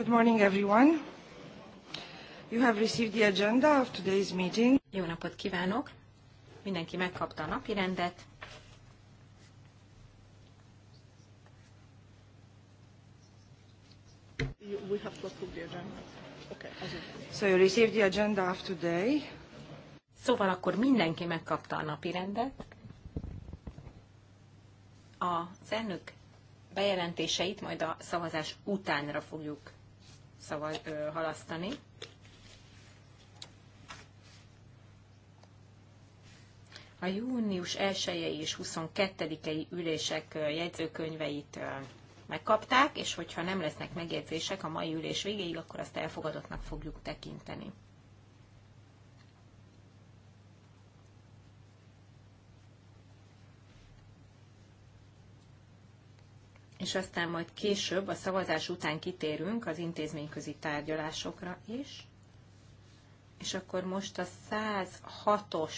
Good morning, everyone. You have received the agenda of today's meeting. Jó napot kívánok! Mindenki megkapta a napi rendet. We have to approve the agenda. Okay, so you received the agenda of today. Szóval akkor mindenki megkapta a napi rendet. A elnök bejelentéseit majd a szavazás utánra fogjuk szavaz, ö, halasztani. A június 1 és 22-i ülések jegyzőkönyveit megkapták, és hogyha nem lesznek megjegyzések a mai ülés végéig, akkor azt elfogadottnak fogjuk tekinteni. és aztán majd később a szavazás után kitérünk az intézményközi tárgyalásokra is. És akkor most a 106-os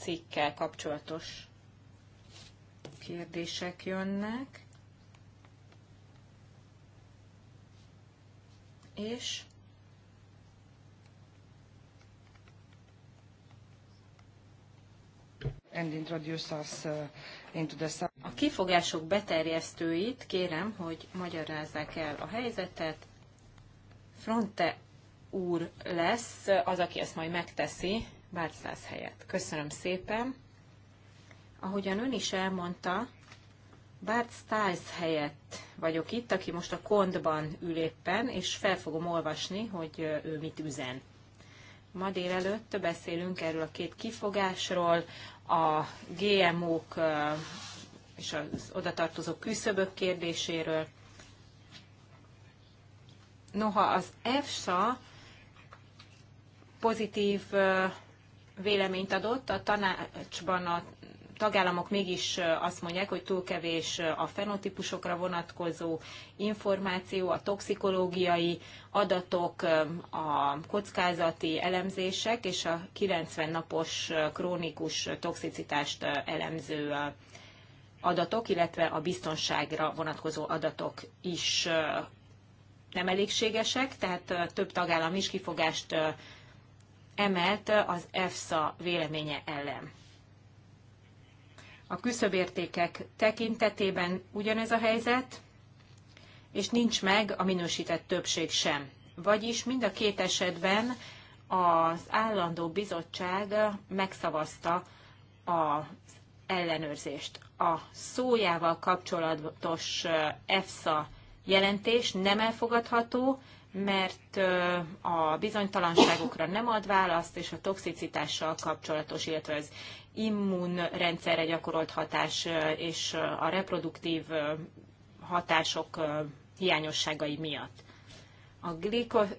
cikkkel kapcsolatos kérdések jönnek. És Uh, a kifogások beterjesztőit kérem, hogy magyarázzák el a helyzetet. Fronte úr lesz az, aki ezt majd megteszi Bárclász helyett. Köszönöm szépen. Ahogyan ön is elmondta, Bart Stiles helyett vagyok itt, aki most a kontban ül éppen, és fel fogom olvasni, hogy uh, ő mit üzen. Ma délelőtt beszélünk erről a két kifogásról, a GMO-k és az oda tartozó küszöbök kérdéséről. Noha az EFSA pozitív véleményt adott, a tanácsban a tagállamok mégis azt mondják, hogy túl kevés a fenotípusokra vonatkozó információ, a toxikológiai adatok, a kockázati elemzések és a 90 napos krónikus toxicitást elemző adatok, illetve a biztonságra vonatkozó adatok is nem elégségesek, tehát több tagállam is kifogást emelt az EFSA véleménye ellen. A küszöbértékek tekintetében ugyanez a helyzet, és nincs meg a minősített többség sem. Vagyis mind a két esetben az állandó bizottság megszavazta az ellenőrzést. A szójával kapcsolatos EFSA jelentés nem elfogadható, mert a bizonytalanságokra nem ad választ, és a toxicitással kapcsolatos, illetve az immunrendszerre gyakorolt hatás és a reproduktív hatások hiányosságai miatt. A glikozátok,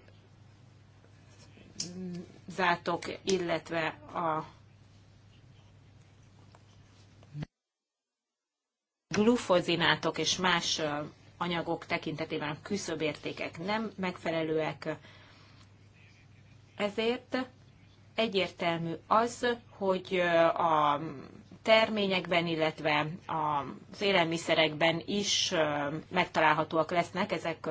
illetve a glufozinátok és más anyagok tekintetében küszöbértékek nem megfelelőek, ezért egyértelmű az, hogy a terményekben, illetve az élelmiszerekben is megtalálhatóak lesznek ezek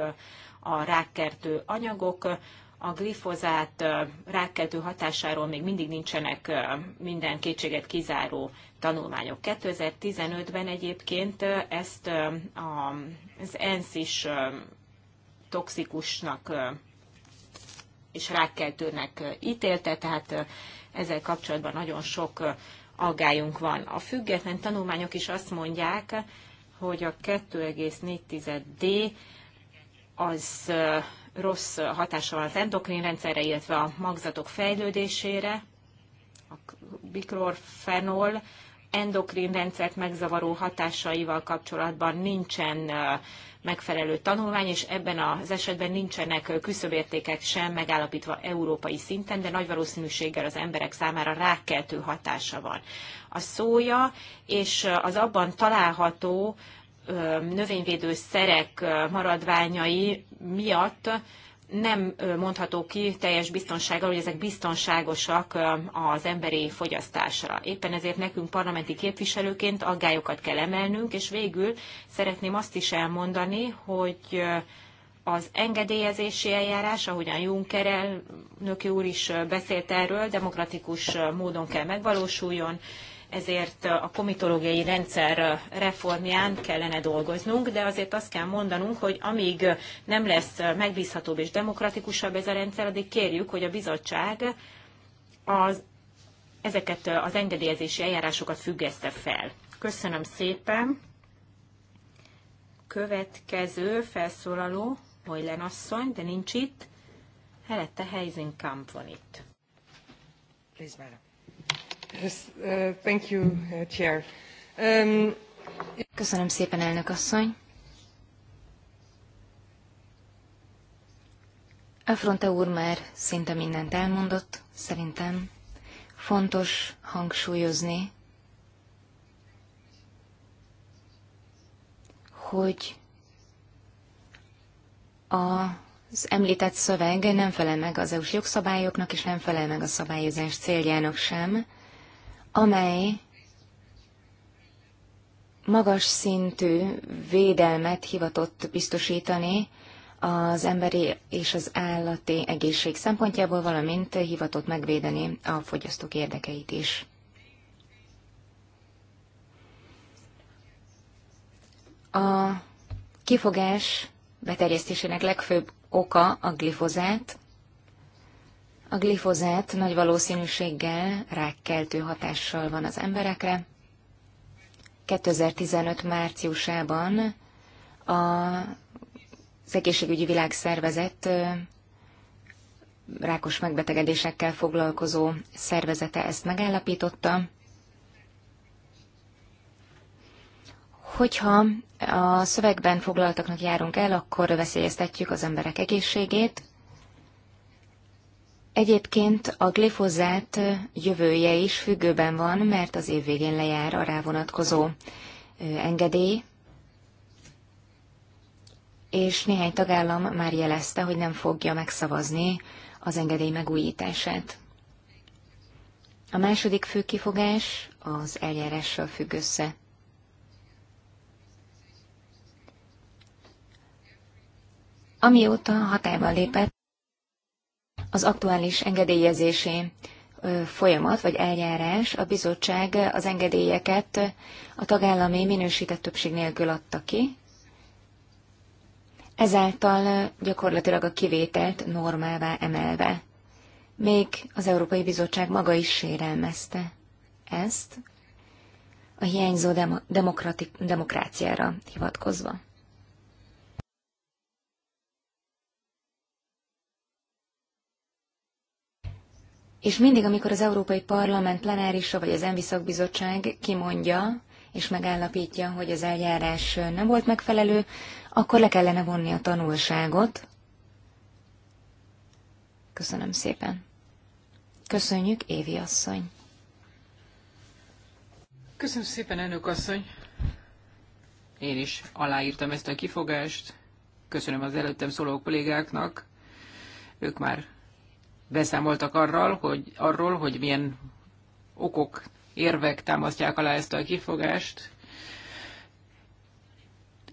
a rákkertő anyagok. A glifozát rákkeltő hatásáról még mindig nincsenek minden kétséget kizáró tanulmányok. 2015-ben egyébként ezt az ENSZ is toxikusnak és rákkeltőnek ítélte, tehát ezzel kapcsolatban nagyon sok aggályunk van. A független tanulmányok is azt mondják, hogy a 2,4D az rossz hatása van az endokrin rendszerre, illetve a magzatok fejlődésére, a mikrofenol endokrin rendszert megzavaró hatásaival kapcsolatban nincsen megfelelő tanulmány, és ebben az esetben nincsenek küszöbértékek sem megállapítva európai szinten, de nagy valószínűséggel az emberek számára rákkeltő hatása van. A szója és az abban található növényvédő szerek maradványai miatt nem mondható ki teljes biztonsággal, hogy ezek biztonságosak az emberi fogyasztásra. Éppen ezért nekünk parlamenti képviselőként aggályokat kell emelnünk, és végül szeretném azt is elmondani, hogy az engedélyezési eljárás, ahogyan Juncker elnöki úr is beszélt erről, demokratikus módon kell megvalósuljon, ezért a komitológiai rendszer reformján kellene dolgoznunk, de azért azt kell mondanunk, hogy amíg nem lesz megbízhatóbb és demokratikusabb ez a rendszer, addig kérjük, hogy a bizottság az, ezeket az engedélyezési eljárásokat függeszte fel. Köszönöm szépen. Következő felszólaló, Mojlen asszony, de nincs itt. Helette Heisenkamp van itt. Please, madam. Uh, uh, um, Köszönöm szépen, elnök asszony. Afronta úr már szinte mindent elmondott, szerintem fontos hangsúlyozni, hogy az említett szöveg nem felel meg az EU-s jogszabályoknak, és nem felel meg a szabályozás céljának sem, amely magas szintű védelmet hivatott biztosítani az emberi és az állati egészség szempontjából, valamint hivatott megvédeni a fogyasztók érdekeit is. A kifogás beterjesztésének legfőbb oka a glifozát, a glifozát nagy valószínűséggel rákkeltő hatással van az emberekre. 2015 márciusában a, az Egészségügyi Világszervezet rákos megbetegedésekkel foglalkozó szervezete ezt megállapította. Hogyha a szövegben foglaltaknak járunk el, akkor veszélyeztetjük az emberek egészségét, Egyébként a glifozát jövője is függőben van, mert az év végén lejár a rá vonatkozó engedély, és néhány tagállam már jelezte, hogy nem fogja megszavazni az engedély megújítását. A második fő kifogás az eljárással függ össze. Amióta hatályban lépett, az aktuális engedélyezési folyamat vagy eljárás, a bizottság az engedélyeket a tagállami minősített többség nélkül adta ki, ezáltal gyakorlatilag a kivételt normává emelve. Még az Európai Bizottság maga is sérelmezte ezt, a hiányzó demokrati- demokráciára hivatkozva. És mindig, amikor az Európai Parlament plenárisa vagy az ENVI szakbizottság kimondja és megállapítja, hogy az eljárás nem volt megfelelő, akkor le kellene vonni a tanulságot. Köszönöm szépen. Köszönjük, Évi asszony. Köszönöm szépen, elnök asszony. Én is aláírtam ezt a kifogást. Köszönöm az előttem szóló kollégáknak. Ők már beszámoltak arról, hogy, arról, hogy milyen okok, érvek támasztják alá ezt a kifogást.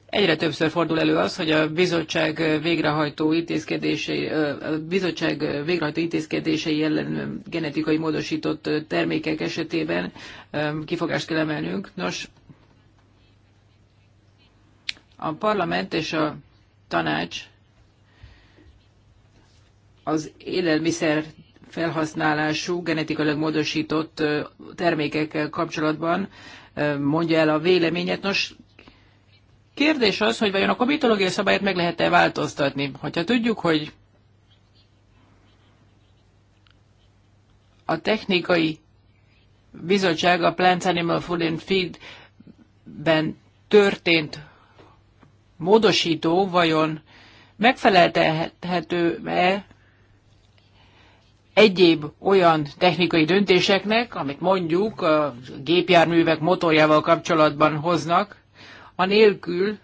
Egyre többször fordul elő az, hogy a bizottság végrehajtó intézkedései, a bizottság végrehajtó intézkedései ellen genetikai módosított termékek esetében kifogást kell emelnünk. Nos, a parlament és a tanács az élelmiszer felhasználású, genetikailag módosított termékekkel kapcsolatban mondja el a véleményet. Nos, kérdés az, hogy vajon a komitológiai szabályt meg lehet-e változtatni? Hogyha tudjuk, hogy a technikai bizottság a Plants Animal Food and Feed-ben történt módosító vajon megfeleltethető-e egyéb olyan technikai döntéseknek, amit mondjuk a gépjárművek motorjával kapcsolatban hoznak, anélkül,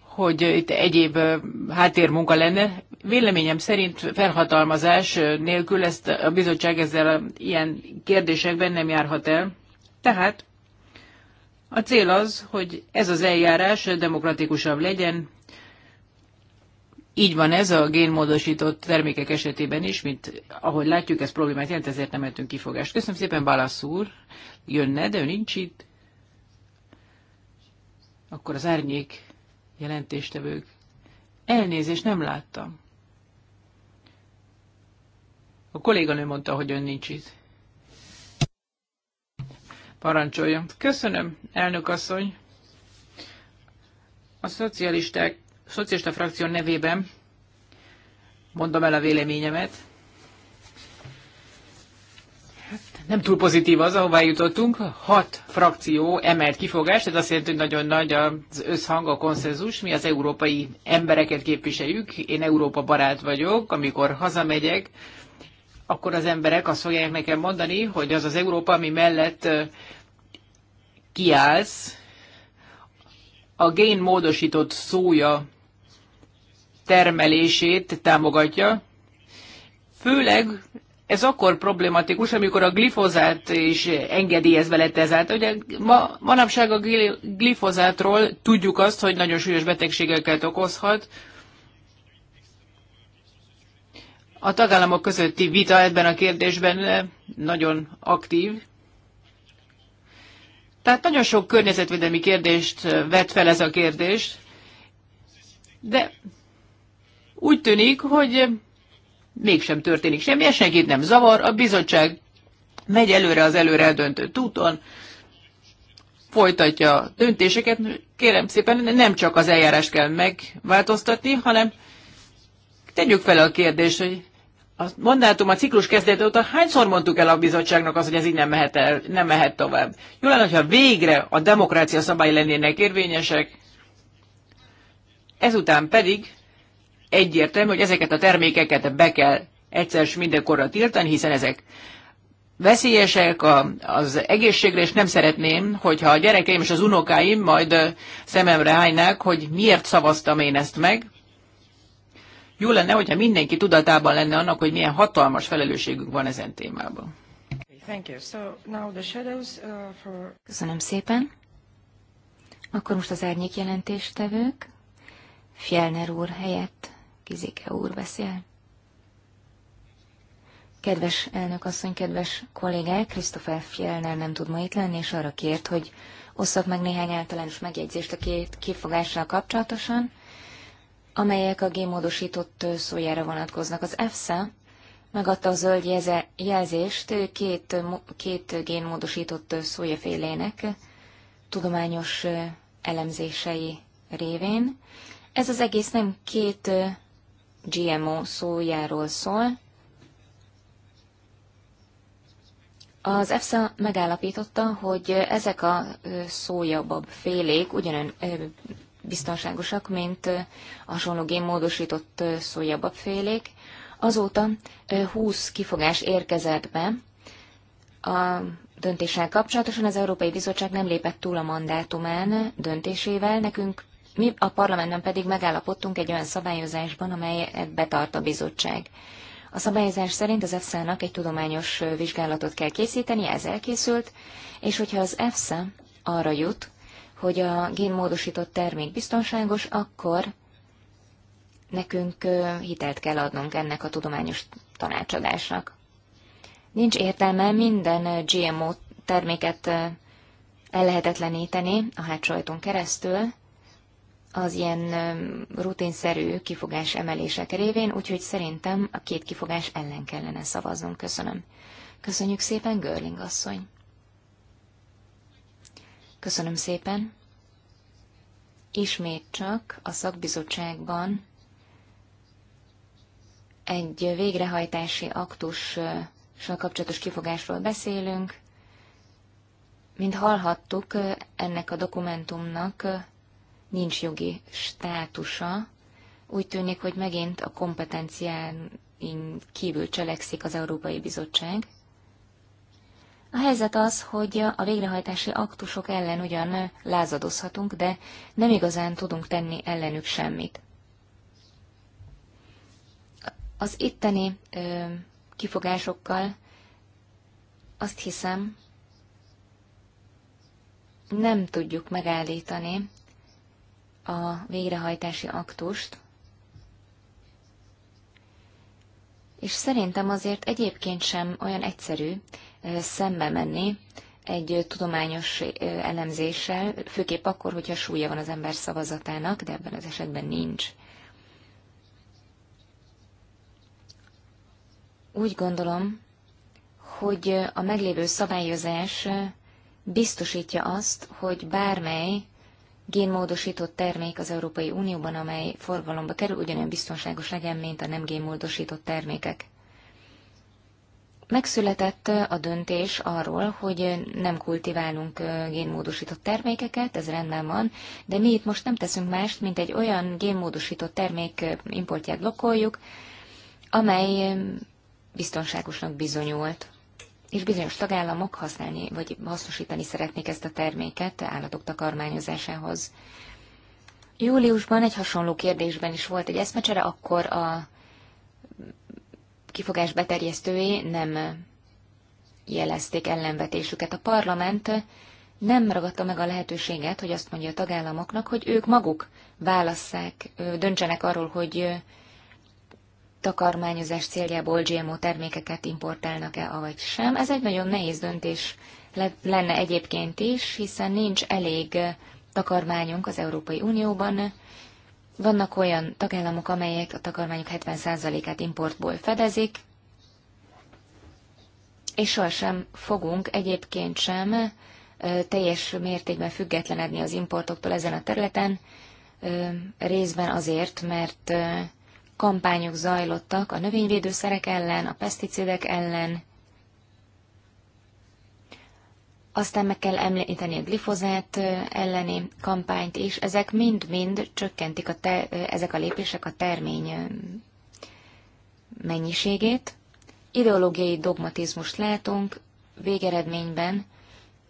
hogy itt egyéb háttérmunka lenne. Véleményem szerint felhatalmazás nélkül ezt a bizottság ezzel a, ilyen kérdésekben nem járhat el. Tehát a cél az, hogy ez az eljárás demokratikusabb legyen, így van ez a génmódosított termékek esetében is, mint ahogy látjuk, ez problémát jelent, ezért nem ettünk kifogást. Köszönöm szépen, Balasz úr, jönne, de ő nincs itt. Akkor az árnyék jelentéstevők. Elnézést, nem láttam. A kolléganő mondta, hogy ön nincs itt. Parancsoljon. Köszönöm, elnök asszony. A szocialisták szocialista frakció nevében mondom el a véleményemet. Hát, nem túl pozitív az, ahová jutottunk. Hat frakció emelt kifogást, ez azt jelenti, hogy nagyon nagy az összhang, a konszenzus. Mi az európai embereket képviseljük, én Európa barát vagyok, amikor hazamegyek, akkor az emberek azt fogják nekem mondani, hogy az az Európa, ami mellett kiállsz, a gén módosított szója termelését támogatja. Főleg ez akkor problematikus, amikor a glifozát is engedélyezve lett ezáltal. Ugye ma, manapság a glifozátról tudjuk azt, hogy nagyon súlyos betegségeket okozhat. A tagállamok közötti vita ebben a kérdésben nagyon aktív. Tehát nagyon sok környezetvédelmi kérdést vet fel ez a kérdés, de úgy tűnik, hogy mégsem történik semmi, senkit nem zavar, a bizottság megy előre az előre eldöntött úton, folytatja a döntéseket. Kérem szépen, nem csak az eljárást kell megváltoztatni, hanem tegyük fel a kérdést, hogy a mandátum a ciklus kezdete óta hányszor mondtuk el a bizottságnak az, hogy ez így nem mehet, el, nem mehet tovább? Jó lenne, hogyha végre a demokrácia szabály lennének érvényesek, ezután pedig egyértelmű, hogy ezeket a termékeket be kell egyszer s mindenkorra tiltani, hiszen ezek veszélyesek a, az egészségre, és nem szeretném, hogyha a gyerekeim és az unokáim majd szememre állnák, hogy miért szavaztam én ezt meg. Jó lenne, hogyha mindenki tudatában lenne annak, hogy milyen hatalmas felelősségünk van ezen témában. Uh, Köszönöm szépen. Akkor most az árnyék jelentéstevők. Fjellner úr helyett Kizike úr beszél. Kedves elnök asszony, kedves kollégák, Christopher Fjellner nem tud ma itt lenni, és arra kért, hogy osszak meg néhány általános megjegyzést a két kifogással kapcsolatosan, amelyek a gémódosított szójára vonatkoznak. Az EFSA megadta a zöld jelzést két, két génmódosított szójafélének tudományos elemzései révén. Ez az egész nem két GMO szójáról szól. Az EFSA megállapította, hogy ezek a szójabab félék ugyanolyan biztonságosak, mint a hasonló génmódosított szójabab félék. Azóta 20 kifogás érkezett be a döntéssel kapcsolatosan. Az Európai Bizottság nem lépett túl a mandátumán döntésével. Nekünk mi a parlamentben pedig megállapodtunk egy olyan szabályozásban, amelyet betart a bizottság. A szabályozás szerint az EFSA-nak egy tudományos vizsgálatot kell készíteni, ez elkészült, és hogyha az EFSA arra jut, hogy a génmódosított termék biztonságos, akkor nekünk hitelt kell adnunk ennek a tudományos tanácsadásnak. Nincs értelme minden GMO terméket ellehetetleníteni a hátsajtunk keresztül, az ilyen rutinszerű kifogás emelések révén, úgyhogy szerintem a két kifogás ellen kellene szavaznunk. Köszönöm. Köszönjük szépen, Görling asszony. Köszönöm szépen. Ismét csak a szakbizottságban egy végrehajtási aktussal kapcsolatos kifogásról beszélünk. Mint hallhattuk, ennek a dokumentumnak nincs jogi státusa. Úgy tűnik, hogy megint a kompetencián kívül cselekszik az Európai Bizottság. A helyzet az, hogy a végrehajtási aktusok ellen ugyan lázadozhatunk, de nem igazán tudunk tenni ellenük semmit. Az itteni ö, kifogásokkal azt hiszem, nem tudjuk megállítani a végrehajtási aktust, és szerintem azért egyébként sem olyan egyszerű szembe menni egy tudományos elemzéssel, főképp akkor, hogyha súlya van az ember szavazatának, de ebben az esetben nincs. Úgy gondolom, hogy a meglévő szabályozás biztosítja azt, hogy bármely génmódosított termék az Európai Unióban, amely forgalomba kerül, ugyanolyan biztonságos legyen, mint a nem génmódosított termékek. Megszületett a döntés arról, hogy nem kultiválunk génmódosított termékeket, ez rendben van, de mi itt most nem teszünk mást, mint egy olyan génmódosított termék importját blokkoljuk, amely biztonságosnak bizonyult és bizonyos tagállamok használni, vagy hasznosítani szeretnék ezt a terméket állatok takarmányozásához. Júliusban egy hasonló kérdésben is volt egy eszmecsere, akkor a kifogás beterjesztői nem jelezték ellenvetésüket. A parlament nem ragadta meg a lehetőséget, hogy azt mondja a tagállamoknak, hogy ők maguk válasszák, döntsenek arról, hogy takarmányozás céljából GMO termékeket importálnak-e, avagy sem. Ez egy nagyon nehéz döntés lenne egyébként is, hiszen nincs elég takarmányunk az Európai Unióban. Vannak olyan tagállamok, amelyek a takarmányok 70%-át importból fedezik, és sohasem fogunk egyébként sem teljes mértékben függetlenedni az importoktól ezen a területen, részben azért, mert kampányok zajlottak a növényvédőszerek ellen, a peszticidek ellen, aztán meg kell említeni a glifozát elleni kampányt is, ezek mind-mind csökkentik a te, ezek a lépések a termény mennyiségét. Ideológiai dogmatizmust látunk, végeredményben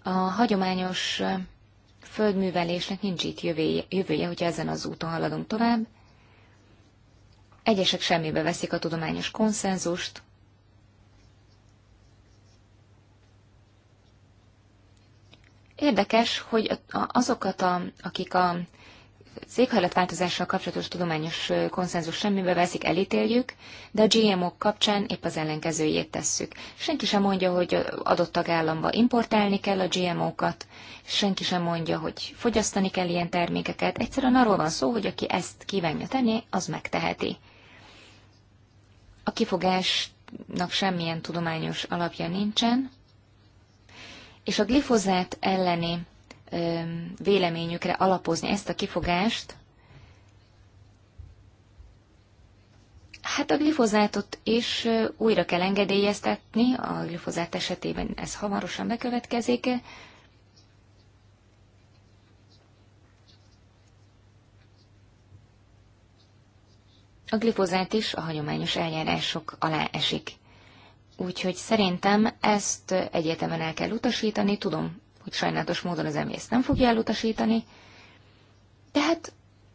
a hagyományos földművelésnek nincs itt jövője, jövője hogyha ezen az úton haladunk tovább. Egyesek semmibe veszik a tudományos konszenzust, Érdekes, hogy azokat, a, akik a széghajlatváltozással kapcsolatos tudományos konszenzus semmibe veszik, elítéljük, de a gmo kapcsán épp az ellenkezőjét tesszük. Senki sem mondja, hogy adott tagállamba importálni kell a GMO-kat, senki sem mondja, hogy fogyasztani kell ilyen termékeket. Egyszerűen arról van szó, hogy aki ezt kívánja tenni, az megteheti. A kifogásnak semmilyen tudományos alapja nincsen, és a glifozát elleni ö, véleményükre alapozni ezt a kifogást, Hát a glifozátot is újra kell engedélyeztetni, a glifozát esetében ez hamarosan bekövetkezik, a glifozát is a hagyományos eljárások alá esik. Úgyhogy szerintem ezt egyetemen el kell utasítani, tudom, hogy sajnálatos módon az emész nem fogja elutasítani, de hát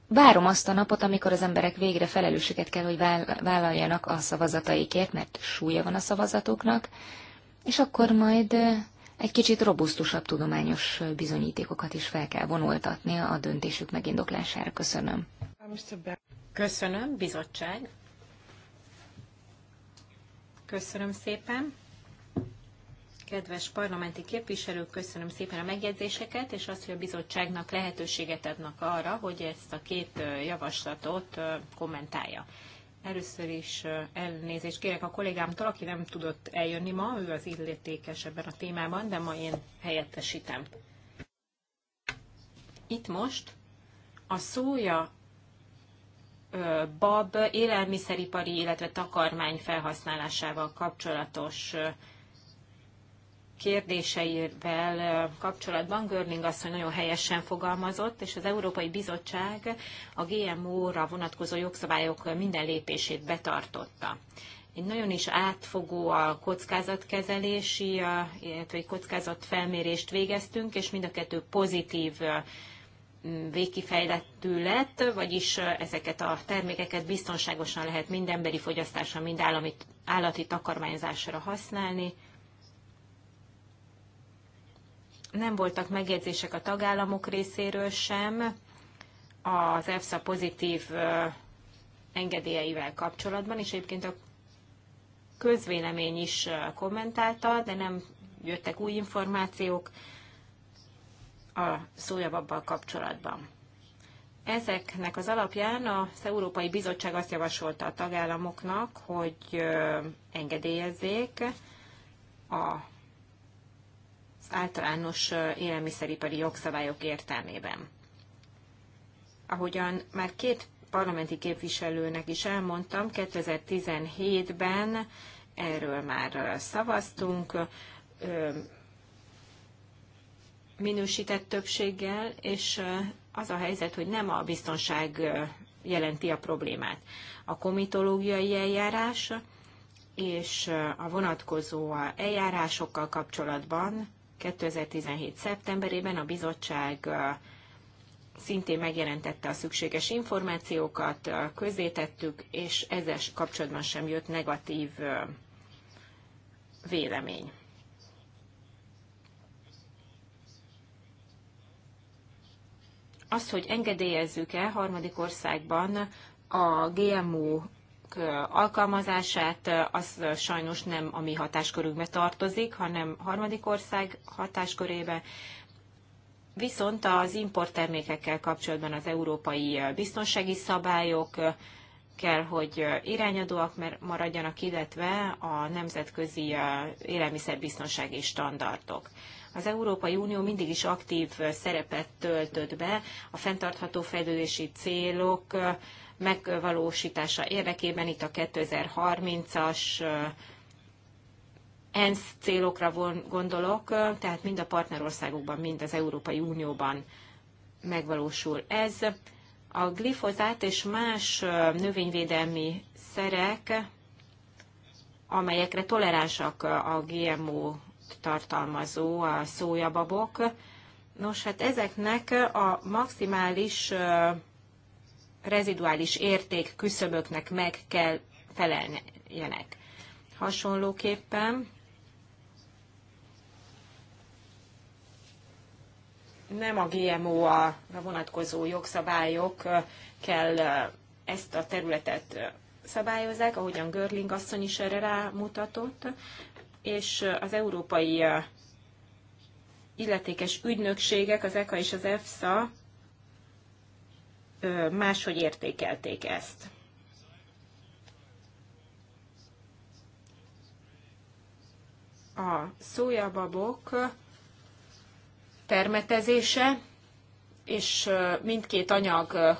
várom azt a napot, amikor az emberek végre felelősséget kell, hogy vállaljanak a szavazataikért, mert súlya van a szavazatoknak, és akkor majd egy kicsit robusztusabb tudományos bizonyítékokat is fel kell vonultatni a döntésük megindoklására. Köszönöm. Köszönöm, bizottság. Köszönöm szépen. Kedves parlamenti képviselők, köszönöm szépen a megjegyzéseket, és azt, hogy a bizottságnak lehetőséget adnak arra, hogy ezt a két javaslatot kommentálja. Először is elnézést kérek a kollégámtól, aki nem tudott eljönni ma, ő az illetékes ebben a témában, de ma én helyettesítem. Itt most a szója bab élelmiszeripari, illetve takarmány felhasználásával kapcsolatos kérdéseivel kapcsolatban Görling asszony nagyon helyesen fogalmazott, és az Európai Bizottság a GMO-ra vonatkozó jogszabályok minden lépését betartotta. Egy nagyon is átfogó a kockázatkezelési, illetve egy kockázatfelmérést végeztünk, és mind a kettő pozitív végkifejlettű lett, vagyis ezeket a termékeket biztonságosan lehet mind emberi fogyasztásra, mind állami, állati takarmányzásra használni. Nem voltak megjegyzések a tagállamok részéről sem az EFSA pozitív engedélyeivel kapcsolatban, és egyébként a közvélemény is kommentálta, de nem jöttek új információk a szójababbal kapcsolatban. Ezeknek az alapján az Európai Bizottság azt javasolta a tagállamoknak, hogy engedélyezzék a általános élelmiszeripari jogszabályok értelmében. Ahogyan már két parlamenti képviselőnek is elmondtam, 2017-ben erről már szavaztunk, minősített többséggel, és az a helyzet, hogy nem a biztonság jelenti a problémát. A komitológiai eljárás és a vonatkozó eljárásokkal kapcsolatban 2017. szeptemberében a bizottság szintén megjelentette a szükséges információkat, közzétettük, és ezzel kapcsolatban sem jött negatív vélemény. az, hogy engedélyezzük-e harmadik országban a GMO alkalmazását, az sajnos nem a mi hatáskörünkbe tartozik, hanem harmadik ország hatáskörébe. Viszont az importtermékekkel kapcsolatban az európai biztonsági szabályok kell, hogy irányadóak maradjanak, illetve a nemzetközi uh, élelmiszerbiztonsági standardok. Az Európai Unió mindig is aktív szerepet töltött be a fenntartható fejlődési célok megvalósítása érdekében itt a 2030-as ENSZ célokra gondolok, tehát mind a partnerországokban, mind az Európai Unióban megvalósul ez. A glifozát és más növényvédelmi szerek, amelyekre toleránsak a GMO tartalmazó a szójababok. Nos, hát ezeknek a maximális reziduális érték küszöböknek meg kell feleljenek. Hasonlóképpen nem a GMO-ra vonatkozó jogszabályok kell ezt a területet szabályozzák, ahogyan Görling asszony is erre rámutatott, és az európai illetékes ügynökségek, az ECA és az EFSA máshogy értékelték ezt. A szójababok termetezése és mindkét anyag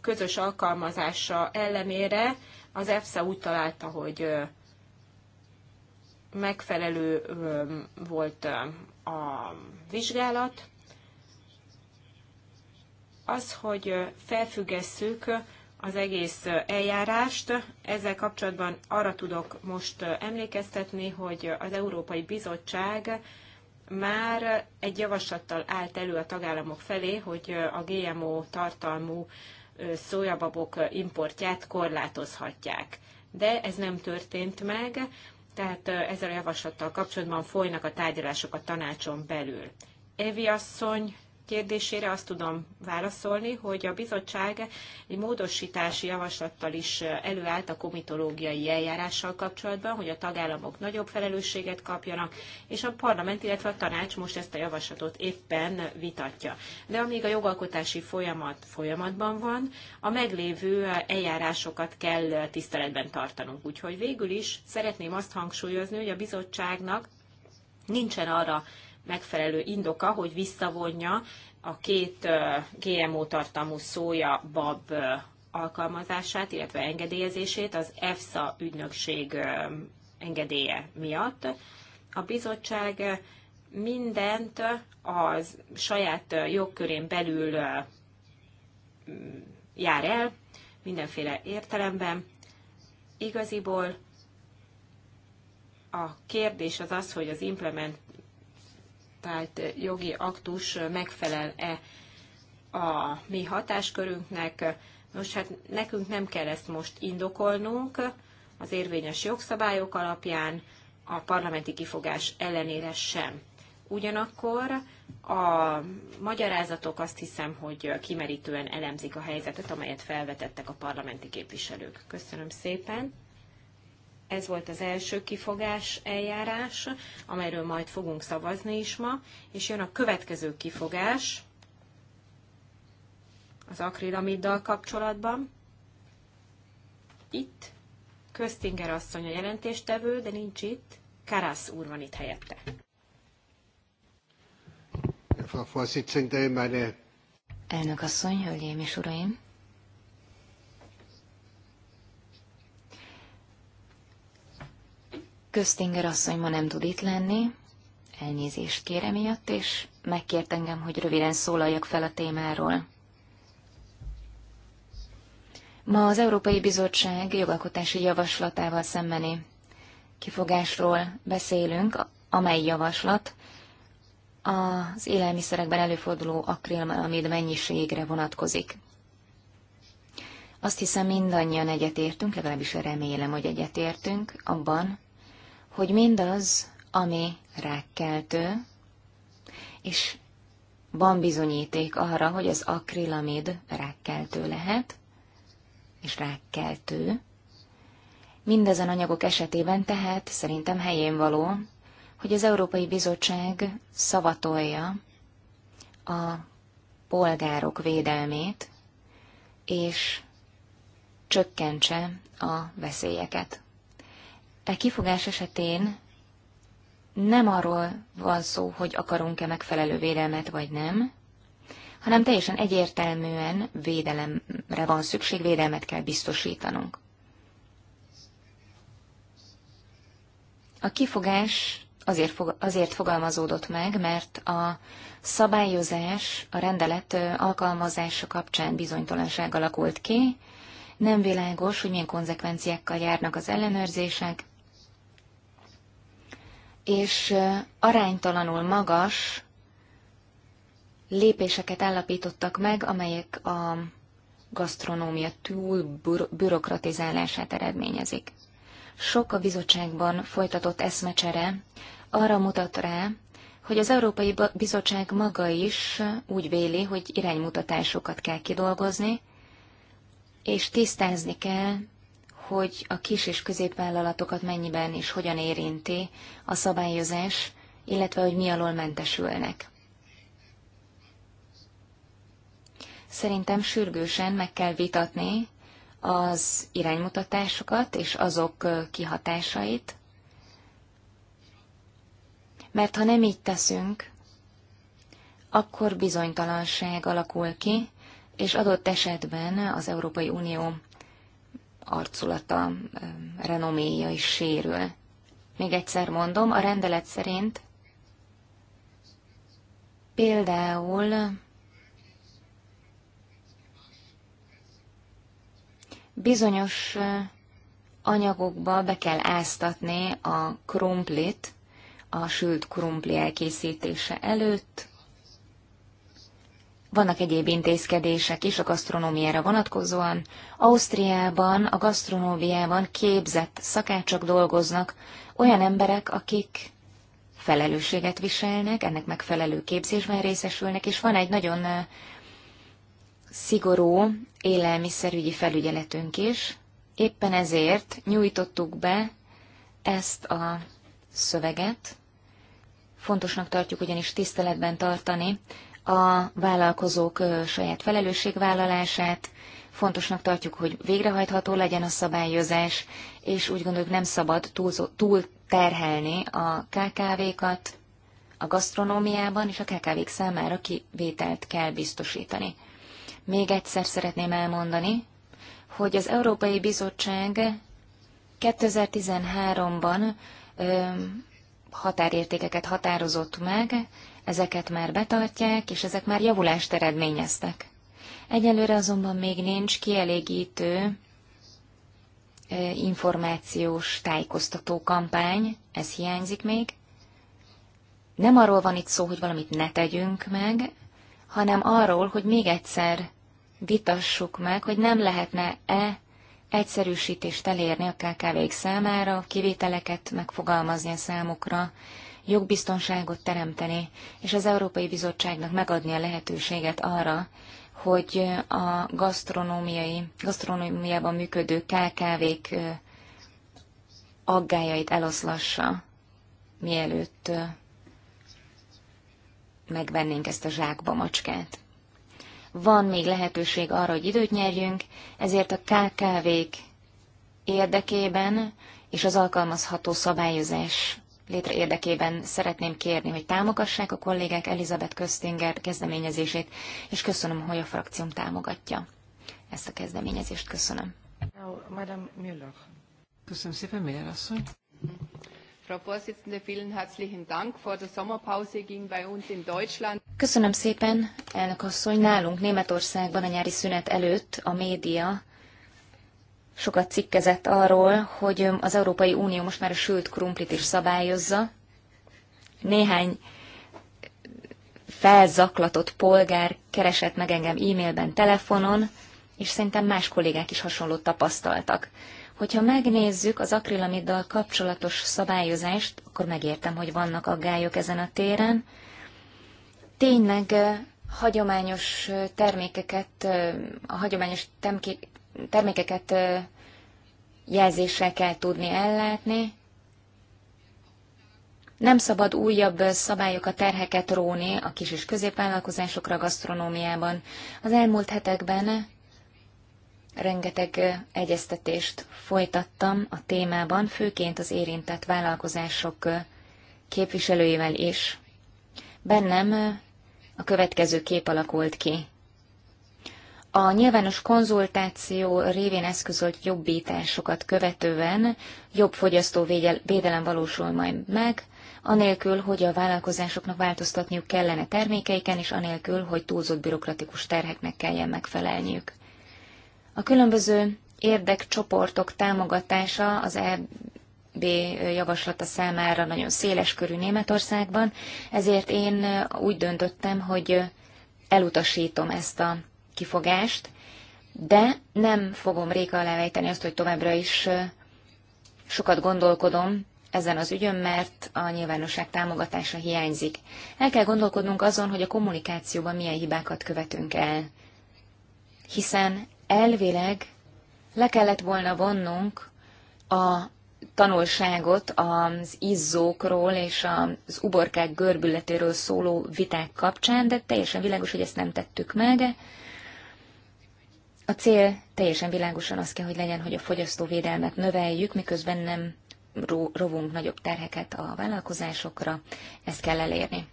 közös alkalmazása ellenére az EFSA úgy találta, hogy megfelelő volt a vizsgálat. Az, hogy felfüggesszük az egész eljárást, ezzel kapcsolatban arra tudok most emlékeztetni, hogy az Európai Bizottság már egy javaslattal állt elő a tagállamok felé, hogy a GMO tartalmú szójababok importját korlátozhatják. De ez nem történt meg. Tehát ezzel a javaslattal kapcsolatban folynak a tárgyalások a tanácson belül. Evi asszony kérdésére azt tudom válaszolni, hogy a bizottság egy módosítási javaslattal is előállt a komitológiai eljárással kapcsolatban, hogy a tagállamok nagyobb felelősséget kapjanak, és a parlament, illetve a tanács most ezt a javaslatot éppen vitatja. De amíg a jogalkotási folyamat folyamatban van, a meglévő eljárásokat kell tiszteletben tartanunk. Úgyhogy végül is szeretném azt hangsúlyozni, hogy a bizottságnak nincsen arra megfelelő indoka, hogy visszavonja a két GMO tartalmú szója bab alkalmazását, illetve engedélyezését az EFSA ügynökség engedélye miatt. A bizottság mindent az saját jogkörén belül jár el, mindenféle értelemben. Igaziból a kérdés az az, hogy az implement, ratifikált jogi aktus megfelel-e a mi hatáskörünknek. Nos, hát nekünk nem kell ezt most indokolnunk az érvényes jogszabályok alapján, a parlamenti kifogás ellenére sem. Ugyanakkor a magyarázatok azt hiszem, hogy kimerítően elemzik a helyzetet, amelyet felvetettek a parlamenti képviselők. Köszönöm szépen! Ez volt az első kifogás eljárás, amelyről majd fogunk szavazni is ma, és jön a következő kifogás az akrilamiddal kapcsolatban. Itt Köztinger asszony a jelentéstevő, de nincs itt. Karász úr van itt helyette. Frau Vorsitzende, meine Elnök asszony, hölgyeim és uraim! Köztinger asszony ma nem tud itt lenni, elnézést kérem miatt, és megkért engem, hogy röviden szólaljak fel a témáról. Ma az Európai Bizottság jogalkotási javaslatával szembeni kifogásról beszélünk, amely javaslat az élelmiszerekben előforduló akrilamid mennyiségre vonatkozik. Azt hiszem mindannyian egyetértünk, legalábbis remélem, hogy egyetértünk abban, hogy mindaz, ami rákkeltő, és van bizonyíték arra, hogy az akrilamid rákkeltő lehet, és rákkeltő. Mindezen anyagok esetében tehát szerintem helyén való, hogy az Európai Bizottság szavatolja a polgárok védelmét, és csökkentse a veszélyeket. E kifogás esetén nem arról van szó, hogy akarunk-e megfelelő védelmet vagy nem, hanem teljesen egyértelműen védelemre van szükség, védelmet kell biztosítanunk. A kifogás azért, fog, azért fogalmazódott meg, mert a szabályozás, a rendelet alkalmazása kapcsán bizonytalanság alakult ki, nem világos, hogy milyen konzekvenciákkal járnak az ellenőrzések, és aránytalanul magas lépéseket állapítottak meg, amelyek a gasztronómia túl bürokratizálását eredményezik. Sok a bizottságban folytatott eszmecsere arra mutat rá, hogy az Európai Bizottság maga is úgy véli, hogy iránymutatásokat kell kidolgozni, és tisztázni kell hogy a kis és középvállalatokat mennyiben és hogyan érinti a szabályozás, illetve hogy mi alól mentesülnek. Szerintem sürgősen meg kell vitatni az iránymutatásokat és azok kihatásait, mert ha nem így teszünk, akkor bizonytalanság alakul ki, és adott esetben az Európai Unió arculata, renoméja is sérül. Még egyszer mondom, a rendelet szerint például bizonyos anyagokba be kell áztatni a krumplit a sült krumpli elkészítése előtt, vannak egyéb intézkedések is a gasztronómiára vonatkozóan. Ausztriában, a gasztronómiában képzett szakácsok dolgoznak, olyan emberek, akik felelősséget viselnek, ennek megfelelő képzésben részesülnek, és van egy nagyon szigorú élelmiszerügyi felügyeletünk is. Éppen ezért nyújtottuk be ezt a szöveget. Fontosnak tartjuk ugyanis tiszteletben tartani a vállalkozók saját felelősségvállalását, fontosnak tartjuk, hogy végrehajtható legyen a szabályozás, és úgy gondoljuk nem szabad túl, túl terhelni a KKV-kat a gasztronómiában, és a KKV-k számára kivételt kell biztosítani. Még egyszer szeretném elmondani, hogy az Európai Bizottság 2013-ban határértékeket határozott meg, ezeket már betartják, és ezek már javulást eredményeztek. Egyelőre azonban még nincs kielégítő információs tájékoztató kampány, ez hiányzik még. Nem arról van itt szó, hogy valamit ne tegyünk meg, hanem arról, hogy még egyszer vitassuk meg, hogy nem lehetne-e egyszerűsítést elérni a kkv számára, kivételeket megfogalmazni a számukra, jogbiztonságot teremteni, és az Európai Bizottságnak megadni a lehetőséget arra, hogy a gasztronómiai, gasztronómiában működő KKV-k aggájait eloszlassa, mielőtt megvennénk ezt a zsákba macskát. Van még lehetőség arra, hogy időt nyerjünk, ezért a KKV-k érdekében és az alkalmazható szabályozás létre érdekében szeretném kérni, hogy támogassák a kollégák Elizabeth Köztinger kezdeményezését, és köszönöm, hogy a frakcióm támogatja ezt a kezdeményezést. Köszönöm. Köszönöm szépen, Miller asszony. Frau vielen herzlichen Dank. Vor der Sommerpause ging bei uns in Deutschland. Köszönöm szépen, elnök asszony. Nálunk Németországban a nyári szünet előtt a média sokat cikkezett arról, hogy az Európai Unió most már a sült krumplit is szabályozza. Néhány felzaklatott polgár keresett meg engem e-mailben, telefonon, és szerintem más kollégák is hasonlót tapasztaltak. Hogyha megnézzük az akrilamiddal kapcsolatos szabályozást, akkor megértem, hogy vannak aggályok ezen a téren. Tényleg hagyományos termékeket, a hagyományos termékeket jelzéssel kell tudni ellátni. Nem szabad újabb szabályokat, terheket róni a kis és középvállalkozásokra a gasztronómiában. Az elmúlt hetekben rengeteg egyeztetést folytattam a témában, főként az érintett vállalkozások képviselőivel is. Bennem a következő kép alakult ki a nyilvános konzultáció révén eszközölt jobbításokat követően jobb fogyasztóvédelem valósul majd meg, anélkül, hogy a vállalkozásoknak változtatniuk kellene termékeiken, és anélkül, hogy túlzott bürokratikus terheknek kelljen megfelelniük. A különböző érdekcsoportok támogatása az EB javaslata számára nagyon széles körű Németországban, ezért én úgy döntöttem, hogy elutasítom ezt a kifogást, de nem fogom réka alá azt, hogy továbbra is sokat gondolkodom ezen az ügyön, mert a nyilvánosság támogatása hiányzik. El kell gondolkodnunk azon, hogy a kommunikációban milyen hibákat követünk el. Hiszen elvileg le kellett volna vonnunk a tanulságot az izzókról és az uborkák görbületéről szóló viták kapcsán, de teljesen világos, hogy ezt nem tettük meg. A cél teljesen világosan az kell, hogy legyen, hogy a fogyasztóvédelmet növeljük, miközben nem rovunk nagyobb terheket a vállalkozásokra. Ezt kell elérni.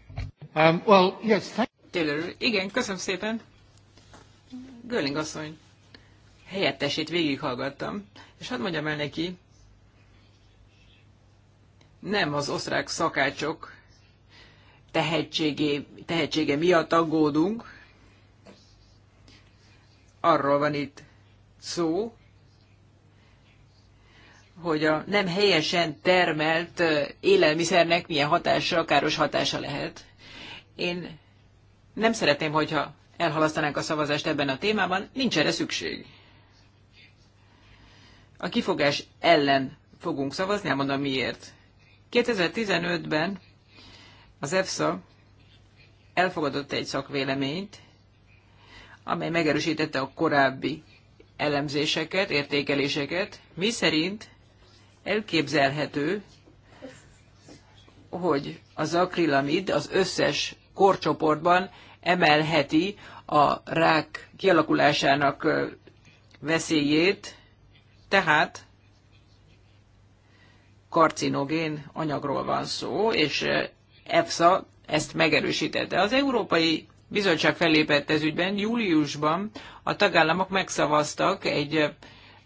Um, well, yes, Taylor, igen, köszönöm szépen. Görling asszony helyettesét végighallgattam, és hadd mondjam el neki, nem az osztrák szakácsok tehetségé, tehetsége miatt aggódunk, arról van itt szó, hogy a nem helyesen termelt élelmiszernek milyen hatása, káros hatása lehet. Én nem szeretném, hogyha elhalasztanánk a szavazást ebben a témában, nincs erre szükség. A kifogás ellen fogunk szavazni, elmondom miért. 2015-ben az EFSA elfogadott egy szakvéleményt, amely megerősítette a korábbi elemzéseket, értékeléseket, mi szerint elképzelhető, hogy az akrilamid az összes korcsoportban emelheti a rák kialakulásának veszélyét, tehát karcinogén anyagról van szó, és EFSA ezt megerősítette. Az Európai bizottság fellépett ez ügyben. Júliusban a tagállamok megszavaztak egy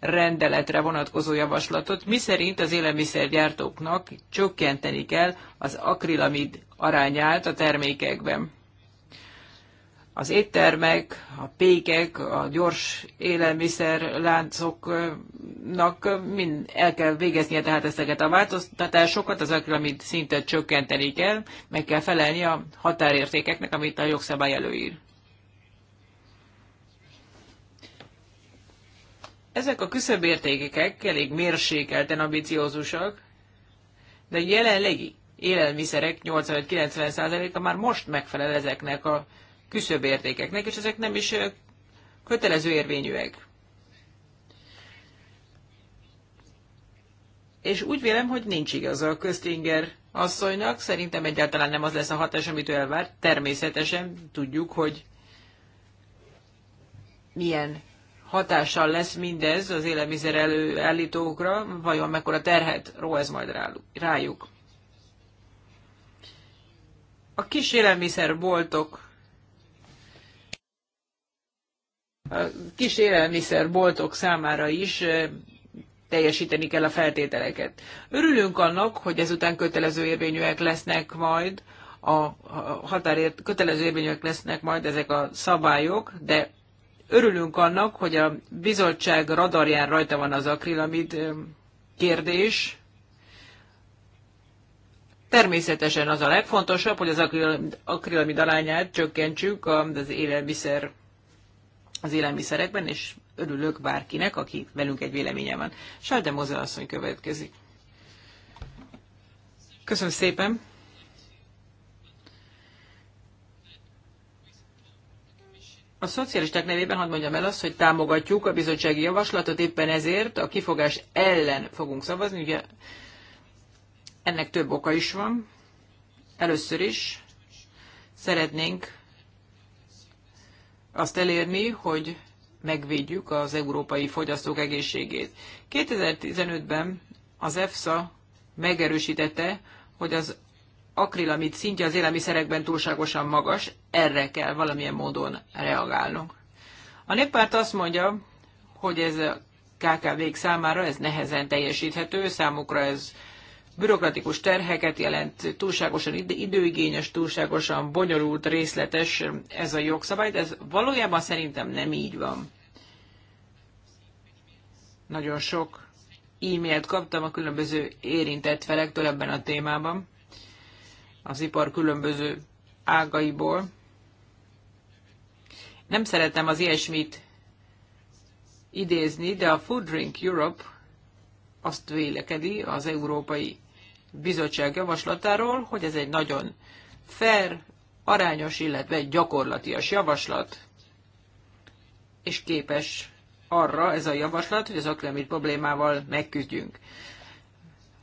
rendeletre vonatkozó javaslatot, miszerint az élelmiszergyártóknak csökkenteni kell az akrilamid arányát a termékekben az éttermek, a pékek, a gyors élelmiszerláncoknak mind el kell végeznie tehát ezeket a változtatásokat, azokra, amit szinte csökkenteni kell, meg kell felelni a határértékeknek, amit a jogszabály előír. Ezek a küszöbértékek elég mérsékelten ambiciózusak, de jelenlegi élelmiszerek 85-90%-a már most megfelel ezeknek a értékeknek, és ezek nem is kötelező érvényűek. És úgy vélem, hogy nincs igaza a Köztinger asszonynak, szerintem egyáltalán nem az lesz a hatás, amit ő elvárt. Természetesen tudjuk, hogy milyen hatással lesz mindez az élelmiszer előállítókra, vajon mekkora terhet ró ez majd rájuk. A kis élelmiszerboltok a kis élelmiszerboltok számára is teljesíteni kell a feltételeket. Örülünk annak, hogy ezután kötelező érvényűek lesznek majd a határért, kötelező érvényűek lesznek majd ezek a szabályok, de örülünk annak, hogy a bizottság radarján rajta van az akrilamid kérdés. Természetesen az a legfontosabb, hogy az akrilamid alányát csökkentsük az élelmiszer az élelmiszerekben, és örülök bárkinek, aki velünk egy véleménye van. Sárde Mozel asszony következik. Köszönöm szépen! A szocialisták nevében hadd mondjam el azt, hogy támogatjuk a bizottsági javaslatot, éppen ezért a kifogás ellen fogunk szavazni. Ugye ennek több oka is van. Először is szeretnénk azt elérni, hogy megvédjük az európai fogyasztók egészségét. 2015-ben az EFSA megerősítette, hogy az akrilamid szintje az élelmiszerekben túlságosan magas, erre kell valamilyen módon reagálnunk. A néppárt azt mondja, hogy ez a KKV-k számára ez nehezen teljesíthető, számukra ez bürokratikus terheket jelent, túlságosan időigényes, túlságosan bonyolult, részletes ez a jogszabály, de ez valójában szerintem nem így van. Nagyon sok e-mailt kaptam a különböző érintett felektől ebben a témában, az ipar különböző ágaiból. Nem szeretem az ilyesmit idézni, de a Food Drink Europe azt vélekedi, az európai bizottság javaslatáról, hogy ez egy nagyon fair, arányos, illetve egy gyakorlatias javaslat, és képes arra ez a javaslat, hogy az aklemit problémával megküzdjünk.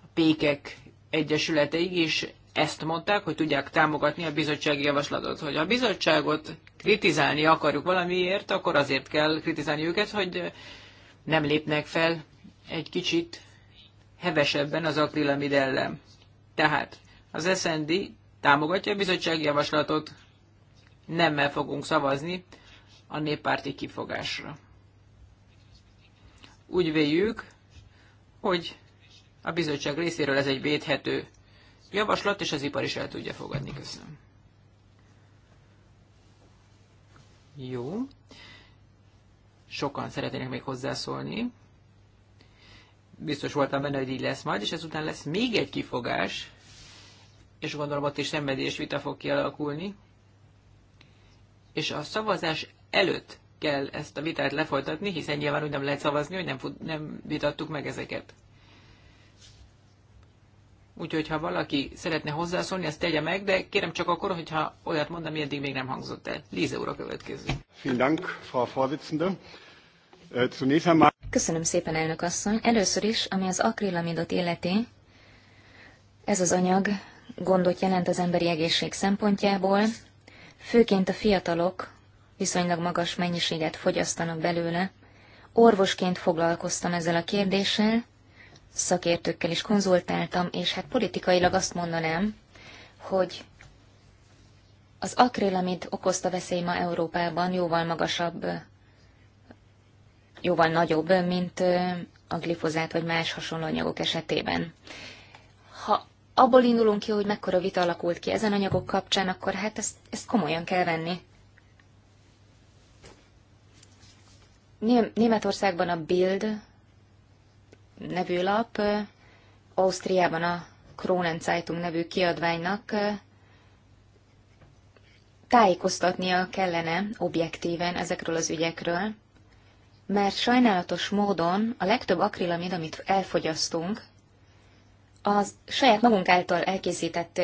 A Pékek Egyesületeig is ezt mondták, hogy tudják támogatni a bizottsági javaslatot. Hogy a bizottságot kritizálni akarjuk valamiért, akkor azért kell kritizálni őket, hogy nem lépnek fel egy kicsit hevesebben az akrilamid ellen. Tehát az SND támogatja a bizottsági javaslatot, nemmel fogunk szavazni a néppárti kifogásra. Úgy véljük, hogy a bizottság részéről ez egy védhető javaslat, és az ipar is el tudja fogadni. Köszönöm. Jó. Sokan szeretnének még hozzászólni biztos voltam benne, hogy így lesz majd, és ezután lesz még egy kifogás, és gondolom ott is szenvedés vita fog kialakulni, és a szavazás előtt kell ezt a vitát lefolytatni, hiszen nyilván úgy nem lehet szavazni, hogy nem, nem vitattuk meg ezeket. Úgyhogy, ha valaki szeretne hozzászólni, ezt tegye meg, de kérem csak akkor, hogyha olyat mond, ami eddig még nem hangzott el. Líze úr a következő. Vielen Dank, Frau Vorsitzende. Köszönöm szépen, elnök asszony. Először is, ami az akrilamidot illeti, ez az anyag gondot jelent az emberi egészség szempontjából, főként a fiatalok viszonylag magas mennyiséget fogyasztanak belőle. Orvosként foglalkoztam ezzel a kérdéssel, szakértőkkel is konzultáltam, és hát politikailag azt mondanám, hogy az akrilamid okozta veszély ma Európában jóval magasabb jóval nagyobb, mint a glifozát vagy más hasonló anyagok esetében. Ha abból indulunk ki, hogy mekkora vita alakult ki ezen anyagok kapcsán, akkor hát ezt, ezt komolyan kell venni. Németországban a Bild nevű lap, Ausztriában a Kronen Zeitung nevű kiadványnak tájékoztatnia kellene objektíven ezekről az ügyekről, mert sajnálatos módon a legtöbb akrilamid, amit elfogyasztunk, az saját magunk által elkészített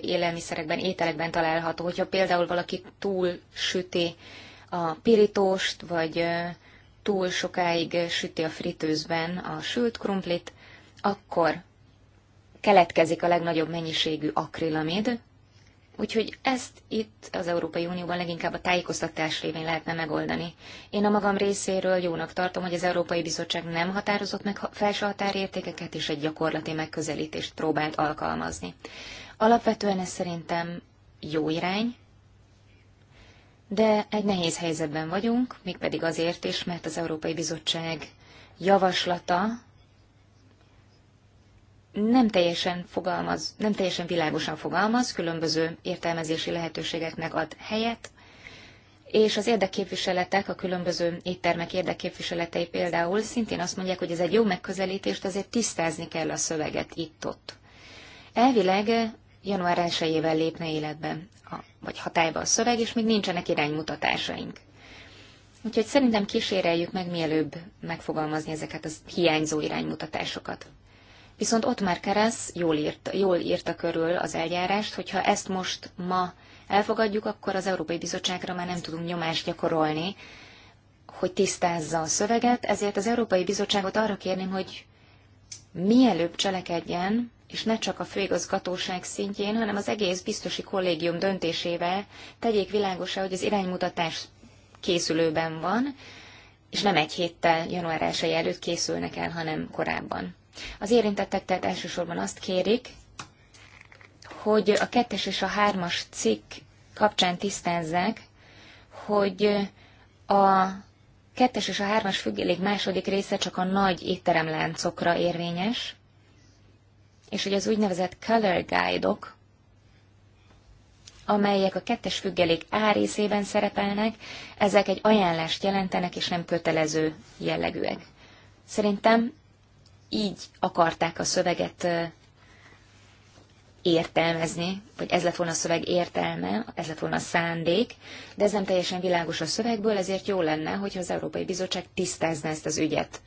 élelmiszerekben, ételekben található. Hogyha például valaki túl süti a pirítóst, vagy túl sokáig süti a fritőzben a sült krumplit, akkor keletkezik a legnagyobb mennyiségű akrilamid, Úgyhogy ezt itt az Európai Unióban leginkább a tájékoztatás révén lehetne megoldani. Én a magam részéről jónak tartom, hogy az Európai Bizottság nem határozott meg felső határértékeket, és egy gyakorlati megközelítést próbált alkalmazni. Alapvetően ez szerintem jó irány, de egy nehéz helyzetben vagyunk, mégpedig azért is, mert az Európai Bizottság javaslata nem teljesen, fogalmaz, nem teljesen világosan fogalmaz, különböző értelmezési lehetőségeknek ad helyet, és az érdekképviseletek, a különböző éttermek érdekképviseletei például szintén azt mondják, hogy ez egy jó megközelítést, azért tisztázni kell a szöveget itt-ott. Elvileg január 1 lépne életbe, a, vagy hatályba a szöveg, és még nincsenek iránymutatásaink. Úgyhogy szerintem kíséreljük meg mielőbb megfogalmazni ezeket a hiányzó iránymutatásokat. Viszont ott már Keresz jól, írt, jól írta körül az eljárást, hogyha ezt most ma elfogadjuk, akkor az Európai Bizottságra már nem tudunk nyomást gyakorolni, hogy tisztázza a szöveget, ezért az Európai Bizottságot arra kérném, hogy mielőbb cselekedjen, és ne csak a főigazgatóság szintjén, hanem az egész biztosi kollégium döntésével tegyék világosá, hogy az iránymutatás készülőben van, és nem egy héttel január 1 előtt készülnek el, hanem korábban. Az érintettek tehát elsősorban azt kérik, hogy a kettes és a hármas cikk kapcsán tisztázzák, hogy a kettes és a hármas függelék második része csak a nagy étteremláncokra érvényes, és hogy az úgynevezett color guide-ok, -ok, amelyek a kettes függelék A részében szerepelnek, ezek egy ajánlást jelentenek, és nem kötelező jellegűek. Szerintem így akarták a szöveget értelmezni, vagy ez lett volna a szöveg értelme, ez lett volna a szándék, de ez nem teljesen világos a szövegből, ezért jó lenne, hogyha az Európai Bizottság tisztázna ezt az ügyet.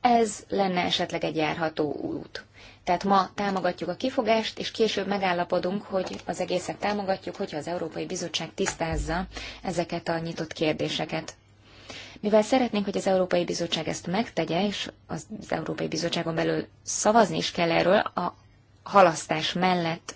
Ez lenne esetleg egy járható út. Tehát ma támogatjuk a kifogást, és később megállapodunk, hogy az egészet támogatjuk, hogyha az Európai Bizottság tisztázza ezeket a nyitott kérdéseket. Mivel szeretnénk, hogy az Európai Bizottság ezt megtegye, és az Európai Bizottságon belül szavazni is kell erről, a halasztás mellett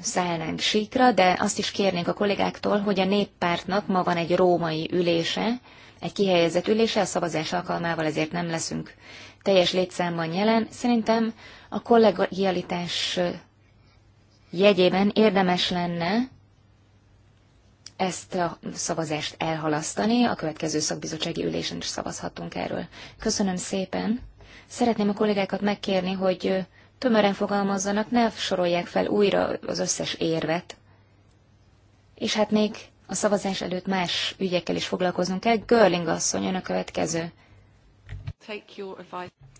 szállnánk síkra, de azt is kérnénk a kollégáktól, hogy a néppártnak ma van egy római ülése, egy kihelyezett ülése, a szavazás alkalmával ezért nem leszünk teljes létszámban jelen. Szerintem a kollegialitás jegyében érdemes lenne ezt a szavazást elhalasztani, a következő szakbizottsági ülésen is szavazhatunk erről. Köszönöm szépen. Szeretném a kollégákat megkérni, hogy tömören fogalmazzanak, ne sorolják fel újra az összes érvet. És hát még a szavazás előtt más ügyekkel is foglalkoznunk kell. Görling asszony, ön a következő.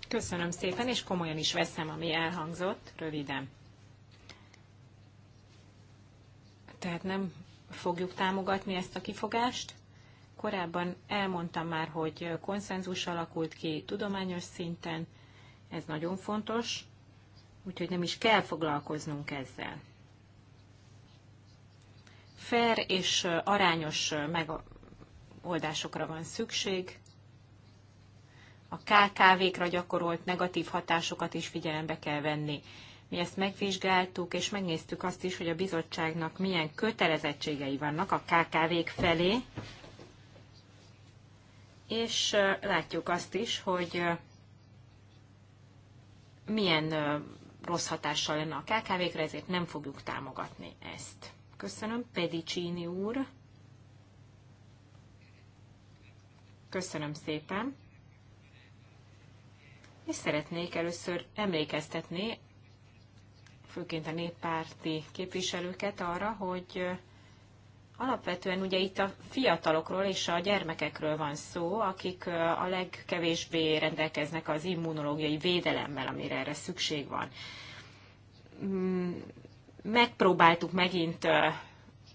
Köszönöm szépen, és komolyan is veszem, ami elhangzott, röviden. Tehát nem fogjuk támogatni ezt a kifogást. Korábban elmondtam már, hogy konszenzus alakult ki tudományos szinten, ez nagyon fontos, úgyhogy nem is kell foglalkoznunk ezzel. Fair és arányos megoldásokra van szükség, a KKV-kra gyakorolt negatív hatásokat is figyelembe kell venni mi ezt megvizsgáltuk, és megnéztük azt is, hogy a bizottságnak milyen kötelezettségei vannak a KKV-k felé, és látjuk azt is, hogy milyen rossz hatással lenne a KKV-kre, ezért nem fogjuk támogatni ezt. Köszönöm, Pedicini úr. Köszönöm szépen. És szeretnék először emlékeztetni főként a néppárti képviselőket arra, hogy alapvetően ugye itt a fiatalokról és a gyermekekről van szó, akik a legkevésbé rendelkeznek az immunológiai védelemmel, amire erre szükség van. Mm, megpróbáltuk megint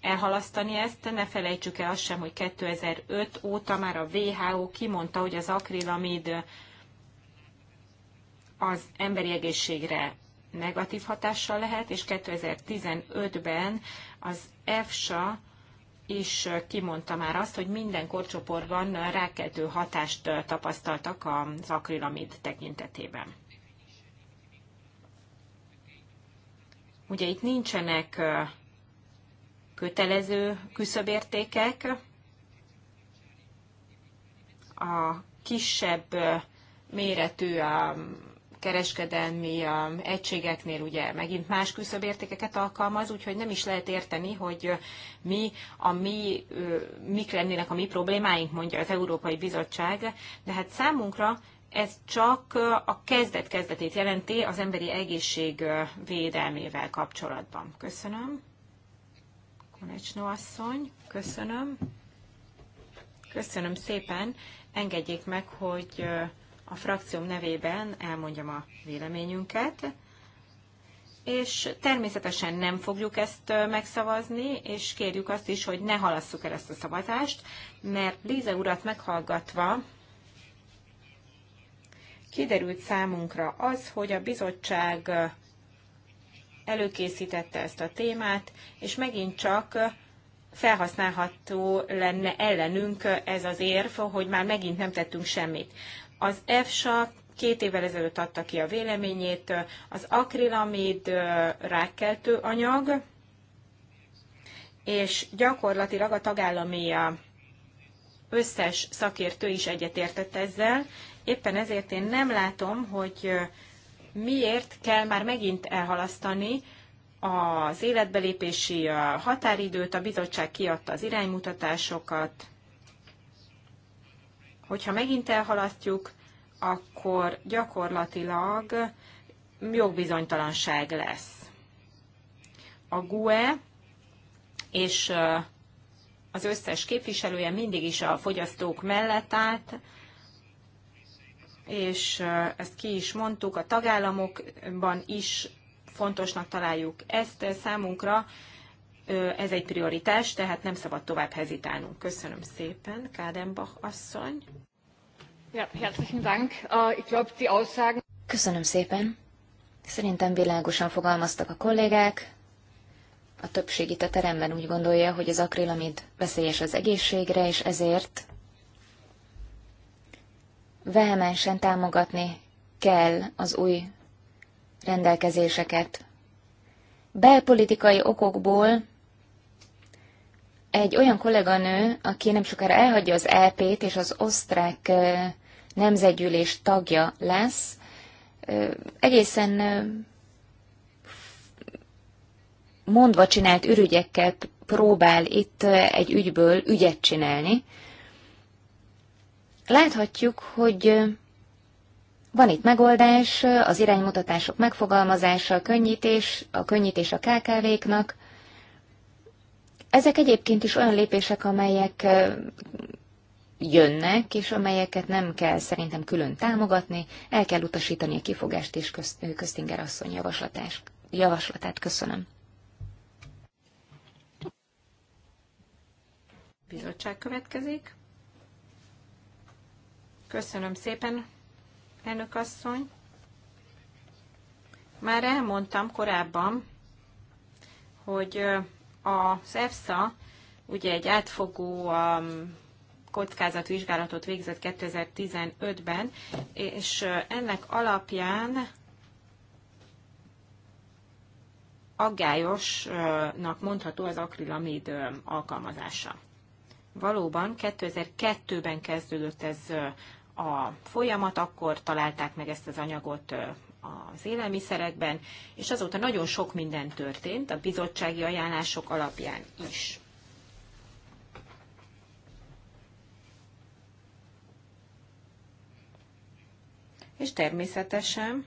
elhalasztani ezt, ne felejtsük el azt sem, hogy 2005 óta már a WHO kimondta, hogy az akrilamid az emberi egészségre negatív hatással lehet, és 2015-ben az EFSA is kimondta már azt, hogy minden korcsoportban rákeltő hatást tapasztaltak az akrilamid tekintetében. Ugye itt nincsenek kötelező küszöbértékek, a kisebb méretű kereskedelmi egységeknél ugye megint más küszöbértékeket alkalmaz, úgyhogy nem is lehet érteni, hogy mi, a mi, mik lennének a mi problémáink, mondja az Európai Bizottság, de hát számunkra ez csak a kezdet-kezdetét jelenti az emberi egészség védelmével kapcsolatban. Köszönöm. Konecsnó asszony, köszönöm. Köszönöm szépen. Engedjék meg, hogy a frakcióm nevében elmondjam a véleményünket, és természetesen nem fogjuk ezt megszavazni, és kérjük azt is, hogy ne halasszuk el ezt a szavazást, mert Líze urat meghallgatva kiderült számunkra az, hogy a bizottság előkészítette ezt a témát, és megint csak felhasználható lenne ellenünk ez az érv, hogy már megint nem tettünk semmit. Az EFSA két évvel ezelőtt adta ki a véleményét, az akrilamid rákkeltő anyag, és gyakorlatilag a tagállami összes szakértő is egyetértett ezzel. Éppen ezért én nem látom, hogy miért kell már megint elhalasztani az életbelépési határidőt, a bizottság kiadta az iránymutatásokat, Hogyha megint elhalasztjuk, akkor gyakorlatilag jogbizonytalanság lesz. A GUE és az összes képviselője mindig is a fogyasztók mellett állt, és ezt ki is mondtuk, a tagállamokban is fontosnak találjuk ezt számunkra, ez egy prioritás, tehát nem szabad tovább hezitálnunk. Köszönöm szépen, Kádenbach asszony. Ja, herzlichen Dank. Ich die Aussagen... Köszönöm szépen. Szerintem világosan fogalmaztak a kollégák. A többség itt a teremben úgy gondolja, hogy az akrilamid veszélyes az egészségre, és ezért vehemensen támogatni kell az új rendelkezéseket. Belpolitikai okokból egy olyan kolléganő, aki nem sokára elhagyja az EP-t, és az osztrák nemzetgyűlés tagja lesz, egészen mondva csinált ürügyekkel próbál itt egy ügyből ügyet csinálni. Láthatjuk, hogy van itt megoldás, az iránymutatások megfogalmazása, a könnyítés, a könnyítés a KKV-knak, ezek egyébként is olyan lépések, amelyek jönnek, és amelyeket nem kell szerintem külön támogatni, el kell utasítani a kifogást és Köztinger asszony javaslatás, javaslatát. Köszönöm. Bizottság következik. Köszönöm szépen, elnök asszony. Már elmondtam korábban, hogy az EFSA ugye egy átfogó um, kockázatvizsgálatot végzett 2015-ben, és ennek alapján aggályosnak mondható az akrilamid alkalmazása. Valóban 2002-ben kezdődött ez a folyamat, akkor találták meg ezt az anyagot az élelmiszerekben, és azóta nagyon sok minden történt a bizottsági ajánlások alapján is. És természetesen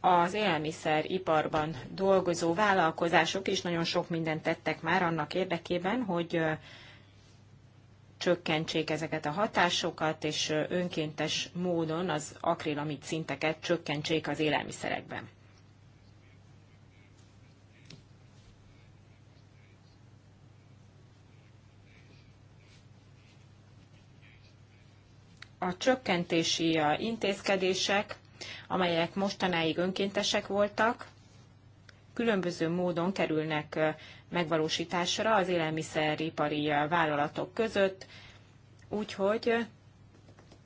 az élelmiszeriparban dolgozó vállalkozások is nagyon sok mindent tettek már annak érdekében, hogy csökkentsék ezeket a hatásokat, és önkéntes módon az akrilamid szinteket csökkentsék az élelmiszerekben. A csökkentési intézkedések, amelyek mostanáig önkéntesek voltak, különböző módon kerülnek megvalósításra az élelmiszeripari vállalatok között, úgyhogy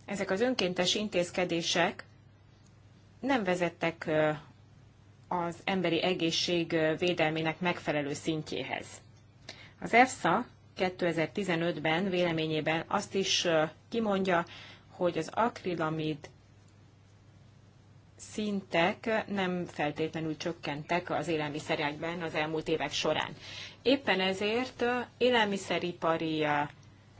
ezek az önkéntes intézkedések nem vezettek az emberi egészség védelmének megfelelő szintjéhez. Az EFSA 2015-ben véleményében azt is kimondja, hogy az akrilamid szintek nem feltétlenül csökkentek az élelmiszerekben az elmúlt évek során. Éppen ezért élelmiszeripari,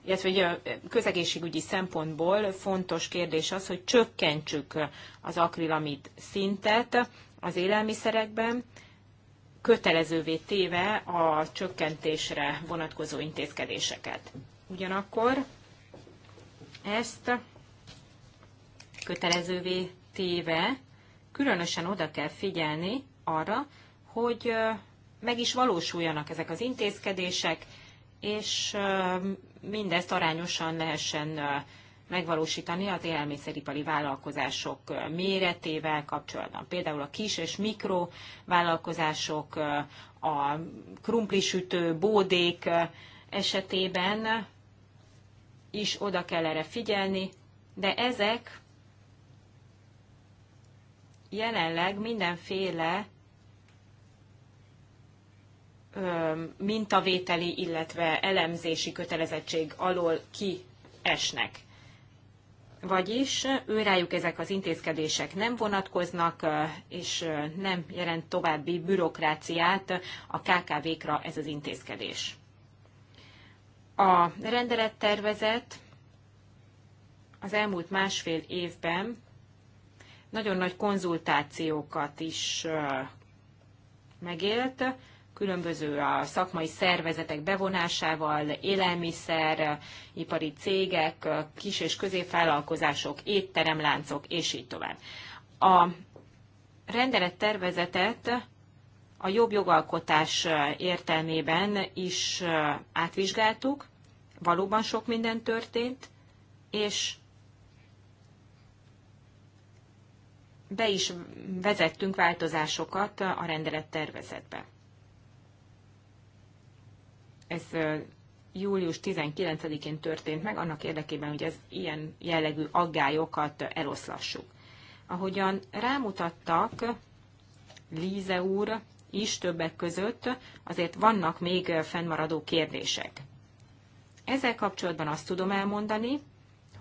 illetve közegészségügyi szempontból fontos kérdés az, hogy csökkentsük az akrilamid szintet az élelmiszerekben, kötelezővé téve a csökkentésre vonatkozó intézkedéseket. Ugyanakkor ezt kötelezővé téve különösen oda kell figyelni arra, hogy meg is valósuljanak ezek az intézkedések, és mindezt arányosan lehessen megvalósítani az élelmiszeripari vállalkozások méretével kapcsolatban. Például a kis és mikro vállalkozások, a krumplisütő, bódék esetében is oda kell erre figyelni, de ezek jelenleg mindenféle mintavételi, illetve elemzési kötelezettség alól kiesnek. Vagyis őrájuk ezek az intézkedések nem vonatkoznak, és nem jelent további bürokráciát a KKV-kra ez az intézkedés. A rendelettervezet az elmúlt másfél évben nagyon nagy konzultációkat is megélt, különböző a szakmai szervezetek bevonásával, élelmiszer, ipari cégek, kis- és középvállalkozások, étteremláncok, és így tovább. A rendelet tervezetet a jobb jogalkotás értelmében is átvizsgáltuk, valóban sok minden történt, és be is vezettünk változásokat a rendelet tervezetbe. Ez július 19-én történt meg, annak érdekében, hogy ez ilyen jellegű aggályokat eloszlassuk. Ahogyan rámutattak Líze úr is többek között, azért vannak még fennmaradó kérdések. Ezzel kapcsolatban azt tudom elmondani,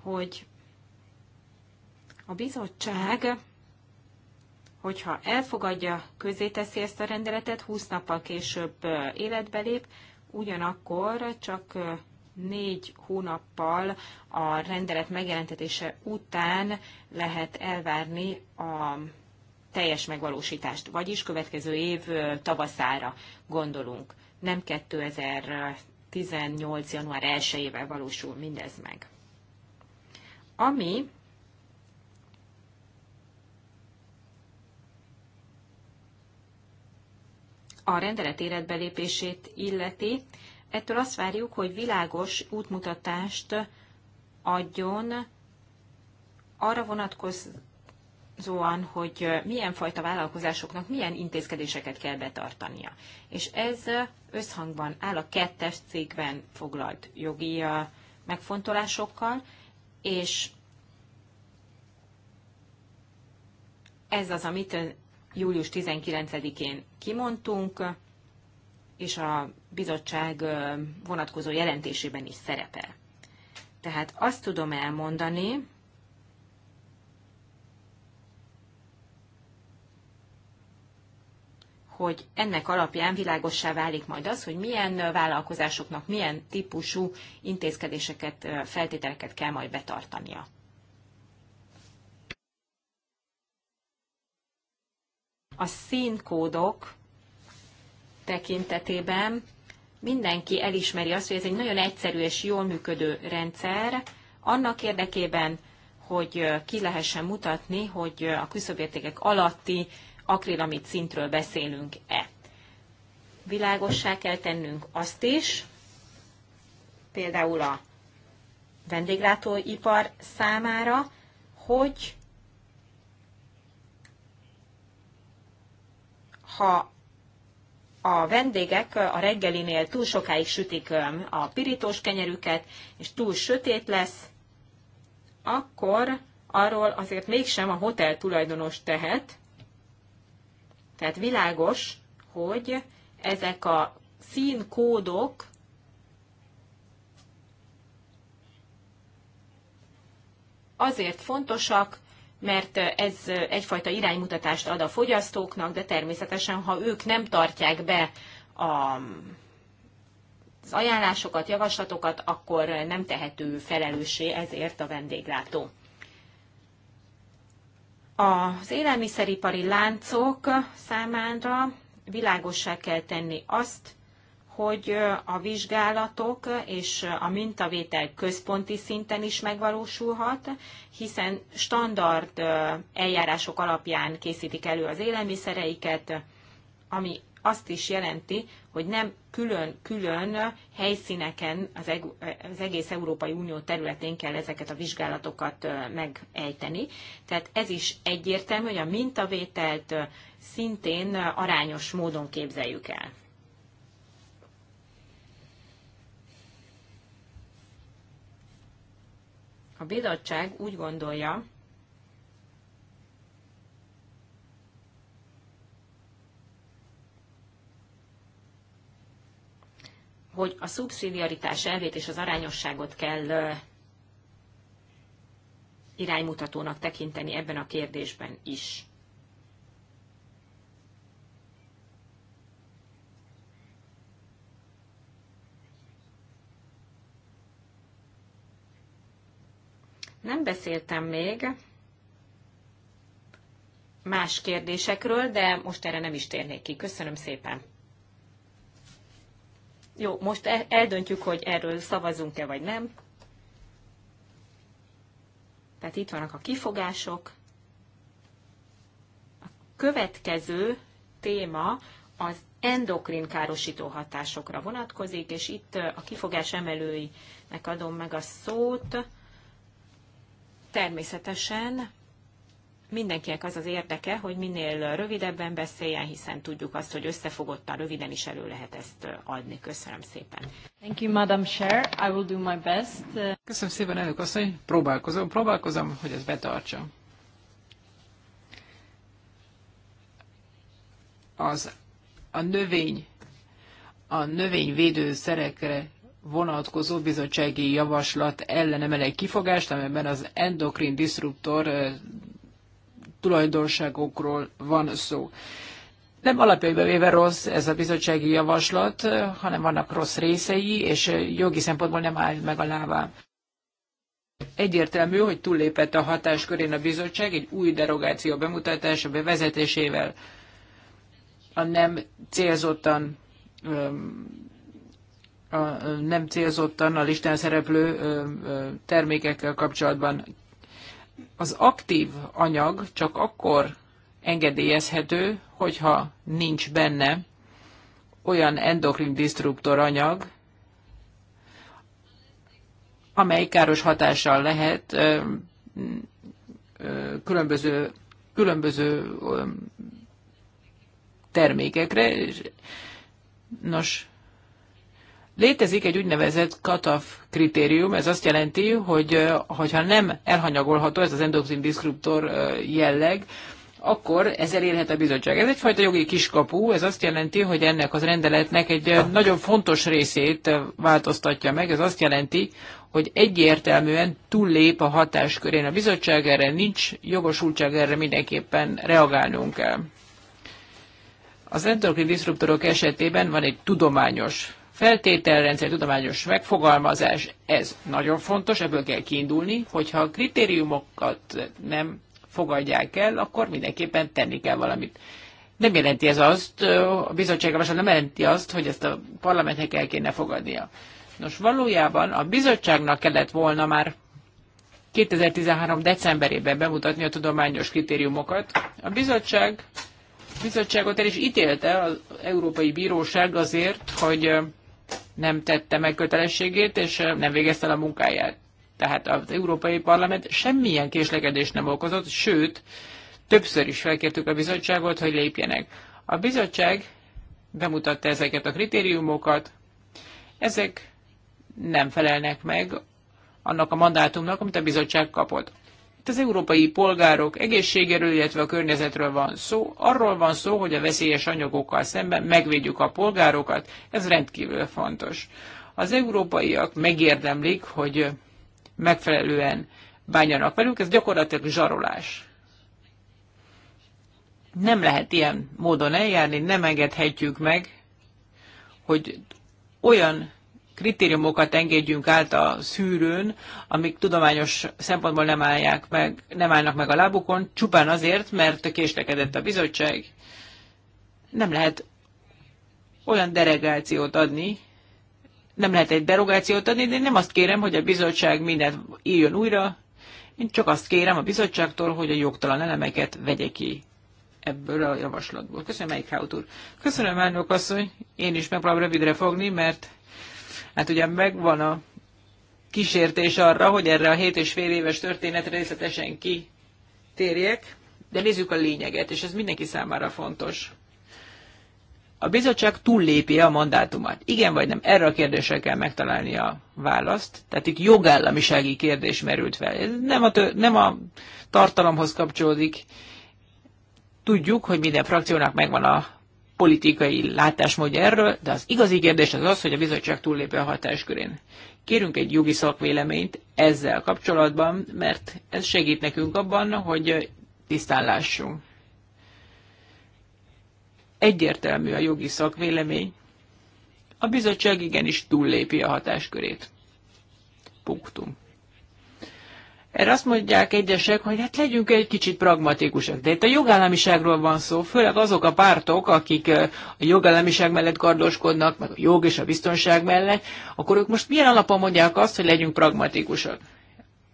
hogy a bizottság hogyha elfogadja, közé teszi ezt a rendeletet, 20 nappal később életbe lép, ugyanakkor csak négy hónappal a rendelet megjelentetése után lehet elvárni a teljes megvalósítást, vagyis következő év tavaszára gondolunk. Nem 2018. január 1-ével valósul mindez meg. Ami a rendelet életbelépését illeti, ettől azt várjuk, hogy világos útmutatást adjon arra vonatkozóan, hogy milyen fajta vállalkozásoknak milyen intézkedéseket kell betartania. És ez összhangban áll a kettes cégben foglalt jogi megfontolásokkal, és ez az, amit július 19-én kimondtunk, és a bizottság vonatkozó jelentésében is szerepel. Tehát azt tudom elmondani, hogy ennek alapján világossá válik majd az, hogy milyen vállalkozásoknak milyen típusú intézkedéseket, feltételeket kell majd betartania. a színkódok tekintetében mindenki elismeri azt, hogy ez egy nagyon egyszerű és jól működő rendszer, annak érdekében, hogy ki lehessen mutatni, hogy a küszöbértékek alatti akrilamid szintről beszélünk-e. Világossá kell tennünk azt is, például a vendéglátóipar számára, hogy ha a vendégek a reggelinél túl sokáig sütik a pirítós kenyerüket, és túl sötét lesz, akkor arról azért mégsem a hotel tulajdonos tehet. Tehát világos, hogy ezek a színkódok azért fontosak, mert ez egyfajta iránymutatást ad a fogyasztóknak, de természetesen, ha ők nem tartják be a az ajánlásokat, javaslatokat, akkor nem tehető felelőssé ezért a vendéglátó. Az élelmiszeripari láncok számára világossá kell tenni azt, hogy a vizsgálatok és a mintavétel központi szinten is megvalósulhat, hiszen standard eljárások alapján készítik elő az élelmiszereiket, ami azt is jelenti, hogy nem külön-külön helyszíneken az egész Európai Unió területén kell ezeket a vizsgálatokat megejteni. Tehát ez is egyértelmű, hogy a mintavételt szintén arányos módon képzeljük el. A bizottság úgy gondolja, hogy a szubszidiaritás elvét és az arányosságot kell iránymutatónak tekinteni ebben a kérdésben is. Nem beszéltem még más kérdésekről, de most erre nem is térnék ki. Köszönöm szépen. Jó, most e- eldöntjük, hogy erről szavazunk-e vagy nem. Tehát itt vannak a kifogások. A következő téma az endokrin károsító hatásokra vonatkozik, és itt a kifogás emelőinek adom meg a szót. Természetesen mindenkinek az az érdeke, hogy minél rövidebben beszéljen, hiszen tudjuk azt, hogy összefogottan röviden is elő lehet ezt adni. Köszönöm szépen. Thank you, Madam Chair. I will do my best. Köszönöm szépen, elnök asszony. Próbálkozom, próbálkozom, hogy ezt betartsam. Az a növény, a növényvédőszerekre vonatkozó bizottsági javaslat ellen emel egy kifogást, amelyben az endokrin disruptor tulajdonságokról van szó. Nem alapjaiban véve rossz ez a bizottsági javaslat, hanem vannak rossz részei, és jogi szempontból nem áll meg a lábán. Egyértelmű, hogy túllépett a hatáskörén a bizottság egy új derogáció bemutatása bevezetésével a nem célzottan öm, a nem célzottan a listán szereplő termékekkel kapcsolatban. Az aktív anyag csak akkor engedélyezhető, hogyha nincs benne olyan endokrin disruptor anyag, amely káros hatással lehet különböző, különböző termékekre. Nos, Létezik egy úgynevezett kataf kritérium, ez azt jelenti, hogy ha nem elhanyagolható ez az endokrin disruptor jelleg, akkor ez elérhet a bizottság. Ez egyfajta jogi kiskapu, ez azt jelenti, hogy ennek az rendeletnek egy nagyon fontos részét változtatja meg, ez azt jelenti, hogy egyértelműen túllép a hatáskörén a bizottság, erre nincs jogosultság, erre mindenképpen reagálnunk kell. Az endokrin disruptorok esetében van egy tudományos feltételrendszer, tudományos megfogalmazás, ez nagyon fontos, ebből kell kiindulni, hogyha a kritériumokat nem fogadják el, akkor mindenképpen tenni kell valamit. Nem jelenti ez azt, a bizottság nem jelenti azt, hogy ezt a parlamentnek el kéne fogadnia. Nos, valójában a bizottságnak kellett volna már 2013. decemberében bemutatni a tudományos kritériumokat. A bizottság bizottságot el is ítélte az Európai Bíróság azért, hogy nem tette meg kötelességét, és nem végezte a munkáját. Tehát az Európai Parlament semmilyen késlekedést nem okozott, sőt, többször is felkértük a bizottságot, hogy lépjenek. A bizottság bemutatta ezeket a kritériumokat, ezek nem felelnek meg annak a mandátumnak, amit a bizottság kapott az európai polgárok egészségéről, illetve a környezetről van szó. Arról van szó, hogy a veszélyes anyagokkal szemben megvédjük a polgárokat. Ez rendkívül fontos. Az európaiak megérdemlik, hogy megfelelően bánjanak velük. Ez gyakorlatilag zsarolás. Nem lehet ilyen módon eljárni, nem engedhetjük meg, hogy olyan kritériumokat engedjünk át a szűrőn, amik tudományos szempontból nem, állják meg, nem állnak meg a lábukon, csupán azért, mert késlekedett a bizottság. Nem lehet olyan derogációt adni, nem lehet egy derogációt adni, de én nem azt kérem, hogy a bizottság mindent írjon újra, én csak azt kérem a bizottságtól, hogy a jogtalan elemeket vegye ki ebből a javaslatból. Köszönöm, Eichhaut úr. Köszönöm, elnök asszony. Én is megpróbálom rövidre fogni, mert Hát ugye megvan a kísértés arra, hogy erre a 7 és fél éves történet részletesen kitérjek, de nézzük a lényeget, és ez mindenki számára fontos. A bizottság túllépi a mandátumát. Igen vagy nem? Erre a kérdésre kell megtalálni a választ. Tehát itt jogállamisági kérdés merült fel. Ez nem a, tő, nem a tartalomhoz kapcsolódik. Tudjuk, hogy minden frakciónak megvan a politikai látásmódja erről, de az igazi kérdés az az, hogy a bizottság túllépő a hatáskörén. Kérünk egy jogi szakvéleményt ezzel kapcsolatban, mert ez segít nekünk abban, hogy tisztán lássunk. Egyértelmű a jogi szakvélemény, a bizottság igenis túllépi a hatáskörét. Punktum. Erre azt mondják egyesek, hogy hát legyünk egy kicsit pragmatikusak. De itt a jogállamiságról van szó, főleg azok a pártok, akik a jogállamiság mellett kardoskodnak, meg a jog és a biztonság mellett, akkor ők most milyen alapon mondják azt, hogy legyünk pragmatikusak?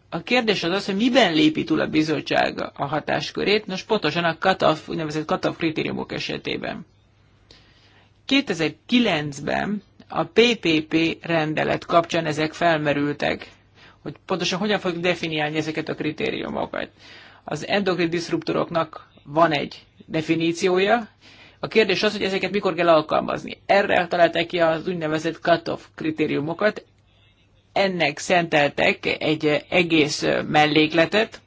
A kérdés az az, hogy miben lépi túl a bizottság a hatáskörét, nos pontosan a kataf, úgynevezett kataf kritériumok esetében. 2009-ben a PPP rendelet kapcsán ezek felmerültek, hogy pontosan hogyan fogjuk definiálni ezeket a kritériumokat. Az endokrin diszruptoroknak van egy definíciója, a kérdés az, hogy ezeket mikor kell alkalmazni. Erre találták ki az úgynevezett cut-off kritériumokat, ennek szenteltek egy egész mellékletet,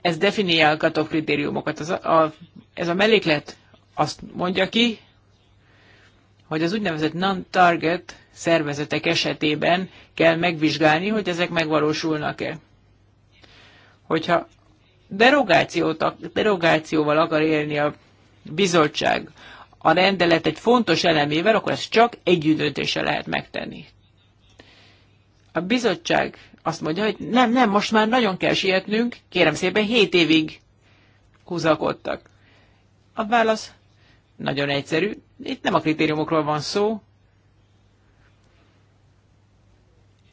ez definiál a cut-off kritériumokat. Ez a, a, ez a melléklet azt mondja ki, hogy az úgynevezett non-target szervezetek esetében kell megvizsgálni, hogy ezek megvalósulnak-e. Hogyha derogációval akar élni a bizottság a rendelet egy fontos elemével, akkor ezt csak együttdöntéssel lehet megtenni. A bizottság azt mondja, hogy nem, nem, most már nagyon kell sietnünk, kérem szépen 7 évig húzakodtak. A válasz nagyon egyszerű, itt nem a kritériumokról van szó,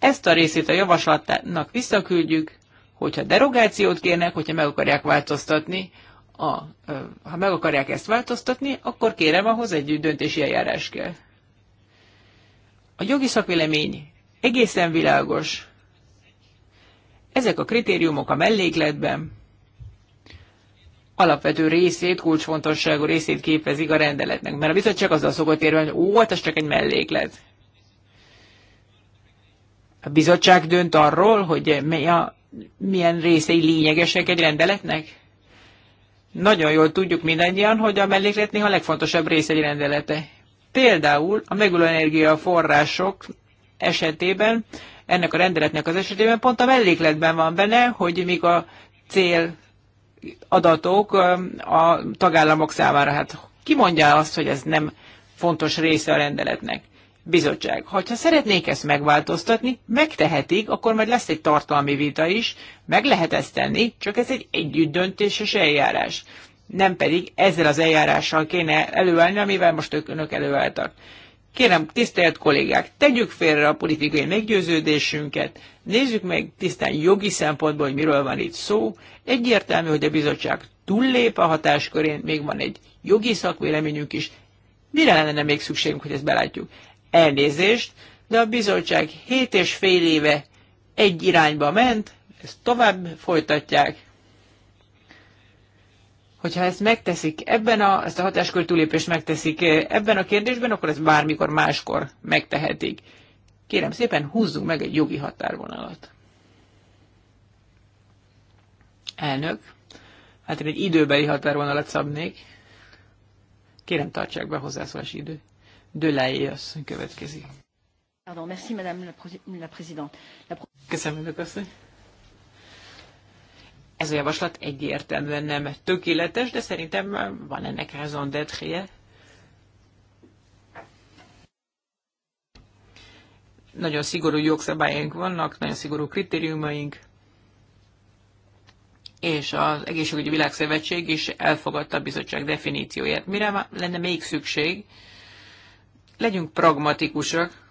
Ezt a részét a javaslatnak visszaküldjük, hogyha derogációt kérnek, hogyha meg akarják változtatni, a, ha meg akarják ezt változtatni, akkor kérem, ahhoz egy döntési eljárás kell. A jogi szakvélemény egészen világos. Ezek a kritériumok a mellékletben alapvető részét, kulcsfontosságú részét képezik a rendeletnek. Mert a bizottság azzal szokott érvelni, hogy ó, hát ez csak egy melléklet. A bizottság dönt arról, hogy mely a, milyen részei lényegesek egy rendeletnek? Nagyon jól tudjuk mindannyian, hogy a melléklet néha a legfontosabb rész egy rendelete. Például a megülő energiaforrások esetében, ennek a rendeletnek az esetében pont a mellékletben van benne, hogy mik a cél adatok a tagállamok számára. Hát ki mondja azt, hogy ez nem fontos része a rendeletnek? bizottság. Ha szeretnék ezt megváltoztatni, megtehetik, akkor majd lesz egy tartalmi vita is, meg lehet ezt tenni, csak ez egy együttdöntéses eljárás. Nem pedig ezzel az eljárással kéne előállni, amivel most ők önök előálltak. Kérem, tisztelt kollégák, tegyük félre a politikai meggyőződésünket, nézzük meg tisztán jogi szempontból, hogy miről van itt szó. Egyértelmű, hogy a bizottság túllép a hatáskörén, még van egy jogi szakvéleményünk is. Mire lenne még szükségünk, hogy ezt belátjuk? elnézést, de a bizottság 7 és fél éve egy irányba ment, ezt tovább folytatják. Hogyha ezt megteszik ebben a, ezt a hatáskör túlépést megteszik eh, ebben a kérdésben, akkor ezt bármikor máskor megtehetik. Kérem szépen, húzzunk meg egy jogi határvonalat. Elnök, hát én egy időbeli határvonalat szabnék. Kérem, tartsák be hozzászólási időt asszony következik. Pardon, merci, madame la, présidente. La... Köszönöm, asszony. Ez a javaslat egyértelműen nem tökéletes, de szerintem van ennek raison d'être Nagyon szigorú jogszabályaink vannak, nagyon szigorú kritériumaink, és az Egészségügyi Világszövetség is elfogadta a bizottság definícióját. Mire lenne még szükség? legyünk pragmatikusak,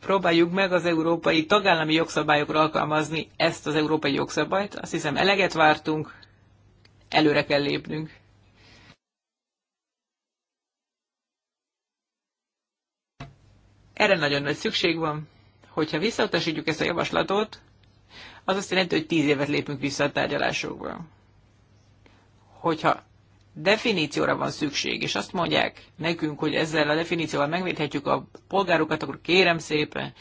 próbáljuk meg az európai tagállami jogszabályokra alkalmazni ezt az európai jogszabályt. Azt hiszem, eleget vártunk, előre kell lépnünk. Erre nagyon nagy szükség van. Hogyha visszautasítjuk ezt a javaslatot, az azt jelenti, hogy tíz évet lépünk vissza a tárgyalásokba. Hogyha definícióra van szükség, és azt mondják nekünk, hogy ezzel a definícióval megvédhetjük a polgárokat, akkor kérem szépen,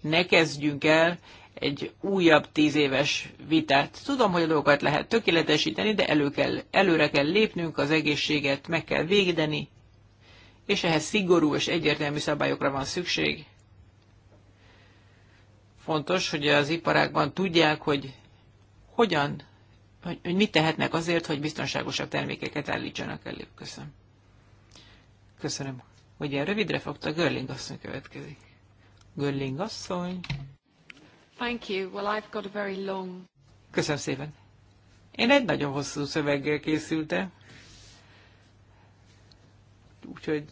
ne kezdjünk el egy újabb tíz éves vitát. Tudom, hogy a dolgokat lehet tökéletesíteni, de elő kell, előre kell lépnünk, az egészséget meg kell védeni, és ehhez szigorú és egyértelmű szabályokra van szükség. Fontos, hogy az iparákban tudják, hogy hogyan hogy, hogy mit tehetnek azért, hogy biztonságosabb termékeket állítsanak elő. Köszönöm. Köszönöm. Hogy ilyen rövidre fogta, Görling asszony következik. Görling asszony. Thank you. Well, I've got a very long... Köszönöm szépen. Én egy nagyon hosszú szöveggel készültem, úgyhogy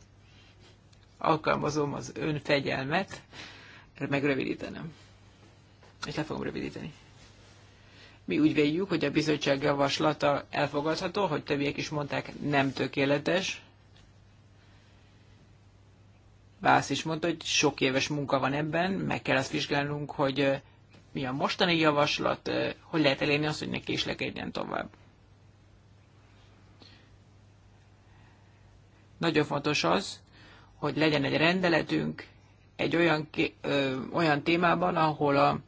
alkalmazom az önfegyelmet, megrövidítenem. És le fogom rövidíteni. Mi úgy véljük, hogy a bizottság javaslata elfogadható, hogy többiek is mondták, nem tökéletes. Vász is mondta, hogy sok éves munka van ebben, meg kell azt vizsgálnunk, hogy mi a mostani javaslat, hogy lehet elérni azt, hogy ne késlekedjen tovább. Nagyon fontos az, hogy legyen egy rendeletünk egy olyan, ö, olyan témában, ahol a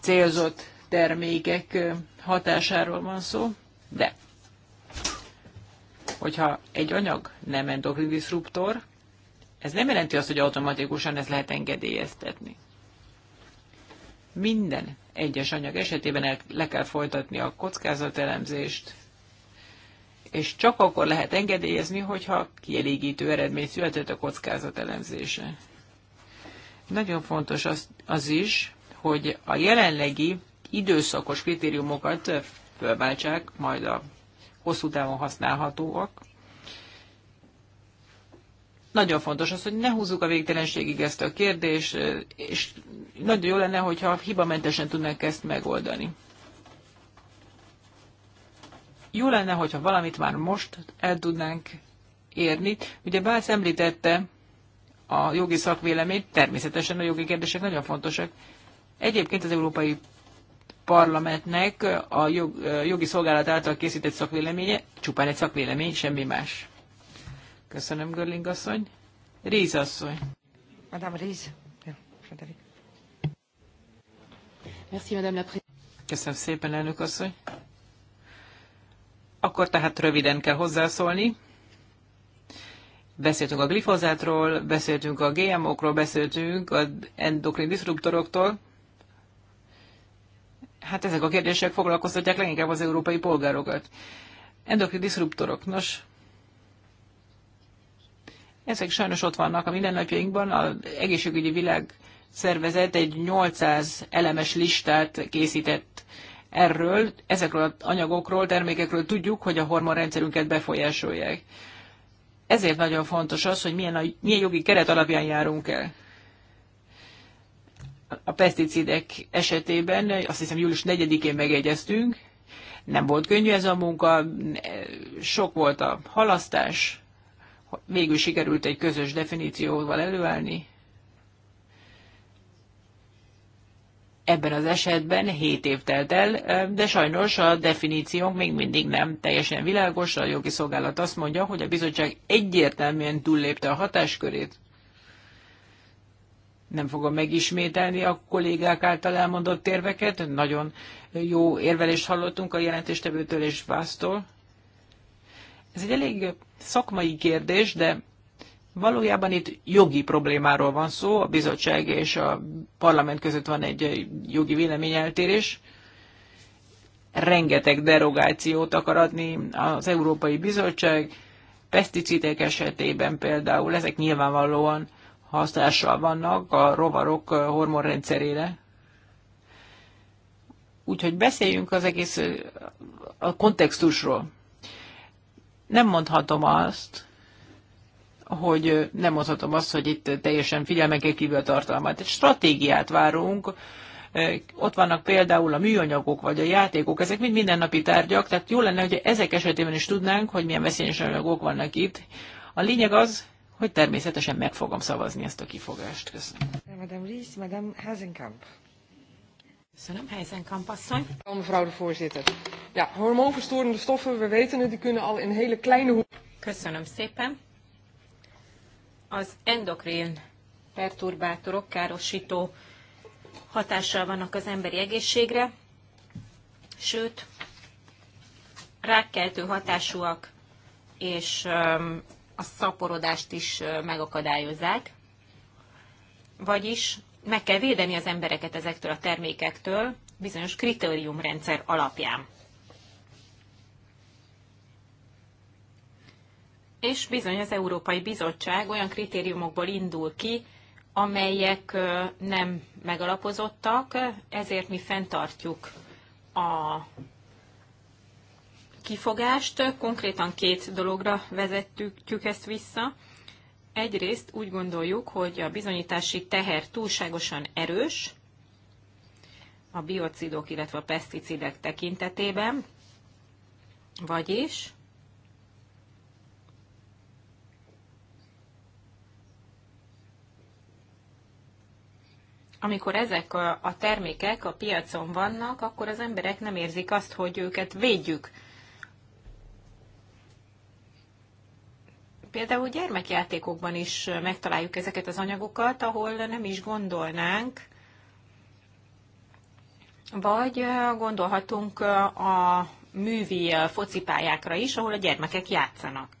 célzott termékek hatásáról van szó, de hogyha egy anyag nem endokrin diszruptor, ez nem jelenti azt, hogy automatikusan ez lehet engedélyeztetni. Minden egyes anyag esetében el, le kell folytatni a kockázatelemzést, és csak akkor lehet engedélyezni, hogyha kielégítő eredmény született a kockázatelemzése. Nagyon fontos az, az is, hogy a jelenlegi időszakos kritériumokat fölváltsák, majd a hosszú távon használhatóak. Nagyon fontos az, hogy ne húzzuk a végtelenségig ezt a kérdést, és nagyon jó lenne, hogyha hibamentesen tudnánk ezt megoldani. Jó lenne, hogyha valamit már most el tudnánk érni. Ugye Bász említette a jogi szakvéleményt, természetesen a jogi kérdések nagyon fontosak. Egyébként az Európai parlamentnek a jog, jogi szolgálat által készített szakvéleménye, csupán egy szakvélemény, semmi más. Köszönöm, Görling asszony. Ríz asszony. Madame Ríz. Merci, Madame la Köszönöm szépen, elnök asszony. Akkor tehát röviden kell hozzászólni. Beszéltünk a glifozátról, beszéltünk a GMO-król, beszéltünk az endokrin diszruptoroktól hát ezek a kérdések foglalkoztatják leginkább az európai polgárokat. Endokrin diszruptorok, nos, ezek sajnos ott vannak a mindennapjainkban, az egészségügyi világ szervezet egy 800 elemes listát készített erről, ezekről az anyagokról, termékekről tudjuk, hogy a hormonrendszerünket befolyásolják. Ezért nagyon fontos az, hogy milyen, a, milyen jogi keret alapján járunk el a peszticidek esetében, azt hiszem július 4-én megegyeztünk, nem volt könnyű ez a munka, sok volt a halasztás, végül sikerült egy közös definícióval előállni. Ebben az esetben 7 év telt el, de sajnos a definíciónk még mindig nem teljesen világos. A jogi szolgálat azt mondja, hogy a bizottság egyértelműen túllépte a hatáskörét nem fogom megismételni a kollégák által elmondott érveket. Nagyon jó érvelést hallottunk a jelentéstevőtől és Vásztól. Ez egy elég szakmai kérdés, de valójában itt jogi problémáról van szó. A bizottság és a parlament között van egy jogi véleményeltérés. Rengeteg derogációt akar adni az Európai Bizottság, peszticidek esetében például, ezek nyilvánvalóan hatással vannak a rovarok hormonrendszerére. Úgyhogy beszéljünk az egész a kontextusról. Nem mondhatom azt, hogy nem mondhatom azt, hogy itt teljesen figyelmen kell kívül a tartalmat. Egy stratégiát várunk, ott vannak például a műanyagok vagy a játékok, ezek mind mindennapi tárgyak, tehát jó lenne, hogy ezek esetében is tudnánk, hogy milyen veszélyes anyagok vannak itt. A lényeg az, hogy természetesen meg fogom szavazni ezt a kifogást. Köszönöm. Madame Ries, Madame Hazenkamp. Köszönöm, Heisenkamp asszony. Mevrouw de voorzitter. Ja, hormoonverstorende stoffen, we weten het, die kunnen al in hele kleine... Köszönöm szépen. Az endokrin perturbátorok károsító hatással vannak az emberi egészségre, sőt, rákkeltő hatásúak, és a szaporodást is megakadályozzák. Vagyis meg kell védeni az embereket ezektől a termékektől bizonyos kritériumrendszer alapján. És bizony az Európai Bizottság olyan kritériumokból indul ki, amelyek nem megalapozottak, ezért mi fenntartjuk a kifogást, konkrétan két dologra vezettük ezt vissza. Egyrészt úgy gondoljuk, hogy a bizonyítási teher túlságosan erős a biocidok, illetve a peszticidek tekintetében, vagyis amikor ezek a, termékek a piacon vannak, akkor az emberek nem érzik azt, hogy őket védjük például gyermekjátékokban is megtaláljuk ezeket az anyagokat, ahol nem is gondolnánk, vagy gondolhatunk a művi focipályákra is, ahol a gyermekek játszanak.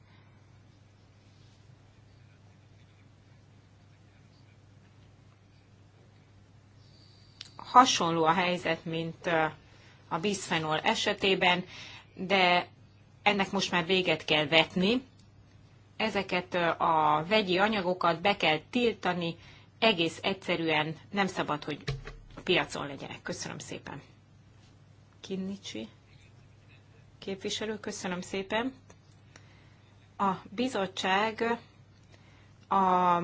Hasonló a helyzet, mint a bisphenol esetében, de ennek most már véget kell vetni, ezeket a vegyi anyagokat be kell tiltani, egész egyszerűen nem szabad, hogy piacon legyenek. Köszönöm szépen. Kinnicsi képviselő, köszönöm szépen. A bizottság a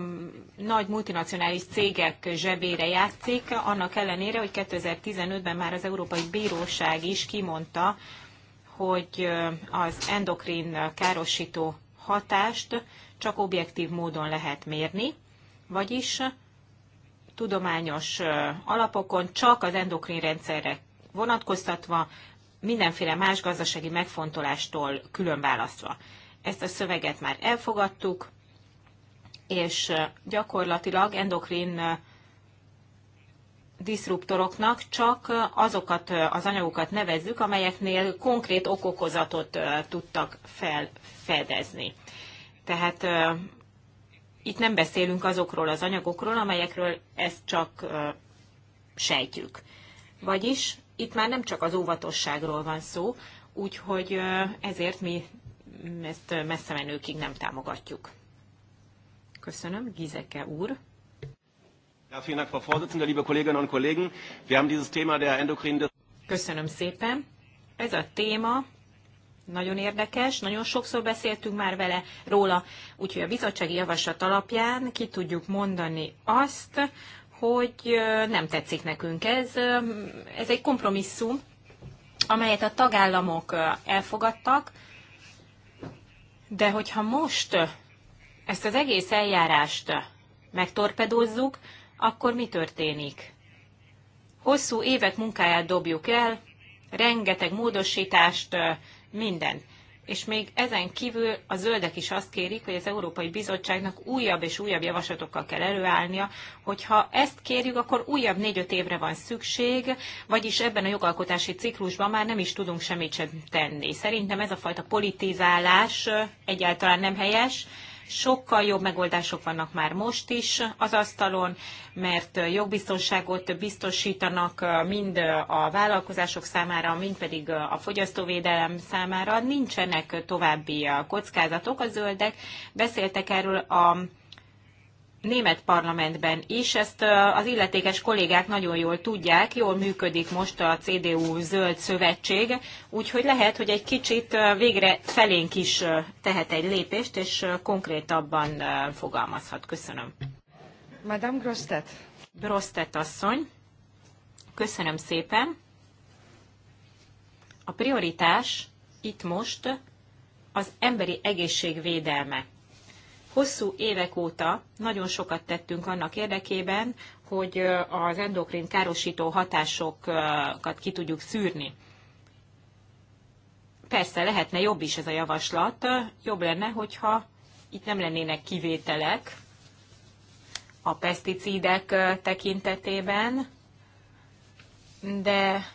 nagy multinacionális cégek zsebére játszik, annak ellenére, hogy 2015-ben már az Európai Bíróság is kimondta, hogy az endokrin károsító hatást csak objektív módon lehet mérni, vagyis tudományos alapokon csak az endokrin rendszerre vonatkoztatva, mindenféle más gazdasági megfontolástól választva. Ezt a szöveget már elfogadtuk, és gyakorlatilag endokrin diszruptoroknak csak azokat az anyagokat nevezzük, amelyeknél konkrét okokozatot tudtak felfedezni. Tehát itt nem beszélünk azokról az anyagokról, amelyekről ezt csak sejtjük. Vagyis itt már nem csak az óvatosságról van szó, úgyhogy ezért mi ezt messze menőkig nem támogatjuk. Köszönöm, Gizeke úr. Ja, vielen Dank, Frau Vorsitzende, liebe Kolleginnen und Kollegen. Wir haben dieses Thema der endokrinen... Köszönöm szépen. Ez a téma nagyon érdekes, nagyon sokszor beszéltünk már vele róla, úgyhogy a bizottsági javaslat alapján ki tudjuk mondani azt, hogy nem tetszik nekünk ez. Ez egy kompromisszum, amelyet a tagállamok elfogadtak, de hogyha most ezt az egész eljárást megtorpedózzuk, akkor mi történik? Hosszú évek munkáját dobjuk el, rengeteg módosítást, mindent. És még ezen kívül a zöldek is azt kérik, hogy az Európai Bizottságnak újabb és újabb javaslatokkal kell előállnia, hogyha ezt kérjük, akkor újabb négy-öt évre van szükség, vagyis ebben a jogalkotási ciklusban már nem is tudunk semmit sem tenni. Szerintem ez a fajta politizálás egyáltalán nem helyes, Sokkal jobb megoldások vannak már most is az asztalon, mert jogbiztonságot biztosítanak mind a vállalkozások számára, mind pedig a fogyasztóvédelem számára. Nincsenek további kockázatok. A zöldek beszéltek erről a német parlamentben is, ezt az illetékes kollégák nagyon jól tudják, jól működik most a CDU Zöld Szövetség, úgyhogy lehet, hogy egy kicsit végre felénk is tehet egy lépést, és konkrétabban fogalmazhat. Köszönöm. Madame Grostet. Grostet asszony, köszönöm szépen. A prioritás itt most az emberi egészség védelme. Hosszú évek óta nagyon sokat tettünk annak érdekében, hogy az endokrin károsító hatásokat ki tudjuk szűrni. Persze lehetne jobb is ez a javaslat, jobb lenne, hogyha itt nem lennének kivételek a peszticidek tekintetében, de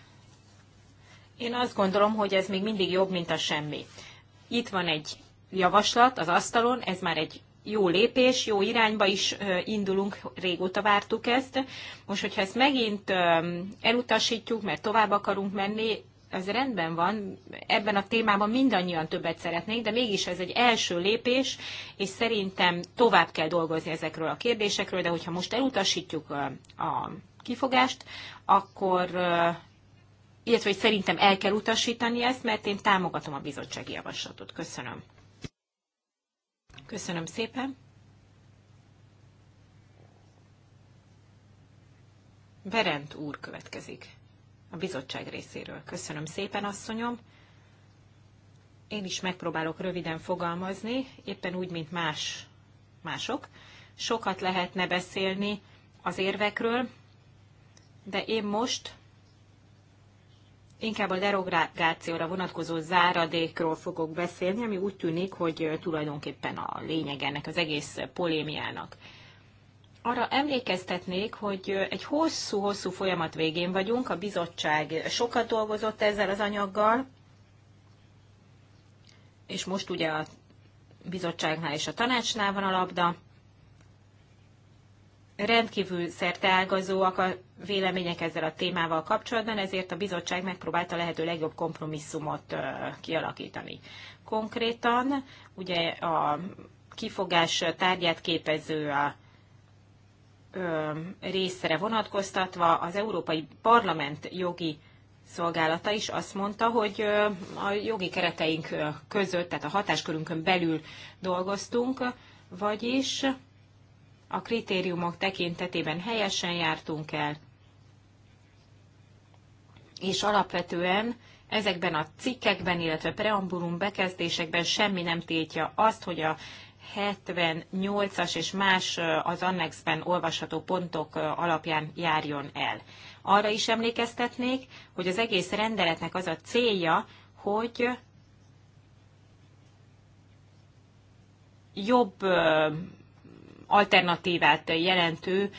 én azt gondolom, hogy ez még mindig jobb, mint a semmi. Itt van egy javaslat az asztalon, ez már egy jó lépés, jó irányba is indulunk, régóta vártuk ezt. Most, hogyha ezt megint elutasítjuk, mert tovább akarunk menni, ez rendben van, ebben a témában mindannyian többet szeretnénk, de mégis ez egy első lépés, és szerintem tovább kell dolgozni ezekről a kérdésekről, de hogyha most elutasítjuk a kifogást, akkor, illetve hogy szerintem el kell utasítani ezt, mert én támogatom a bizottsági javaslatot. Köszönöm. Köszönöm szépen. Berend úr következik a bizottság részéről. Köszönöm szépen, asszonyom. Én is megpróbálok röviden fogalmazni, éppen úgy, mint más, mások. Sokat lehetne beszélni az érvekről, de én most inkább a derogációra vonatkozó záradékról fogok beszélni, ami úgy tűnik, hogy tulajdonképpen a lényeg ennek az egész polémiának. Arra emlékeztetnék, hogy egy hosszú-hosszú folyamat végén vagyunk, a bizottság sokat dolgozott ezzel az anyaggal, és most ugye a bizottságnál és a tanácsnál van a labda, rendkívül szerteágazóak a vélemények ezzel a témával kapcsolatban, ezért a bizottság megpróbálta lehető legjobb kompromisszumot kialakítani. Konkrétan ugye a kifogás tárgyát képező a részre vonatkoztatva az Európai Parlament jogi szolgálata is azt mondta, hogy a jogi kereteink között, tehát a hatáskörünkön belül dolgoztunk, vagyis a kritériumok tekintetében helyesen jártunk el, és alapvetően ezekben a cikkekben, illetve preambulum bekezdésekben semmi nem tiltja azt, hogy a 78-as és más az annexben olvasható pontok alapján járjon el. Arra is emlékeztetnék, hogy az egész rendeletnek az a célja, hogy jobb alternatívát jelentő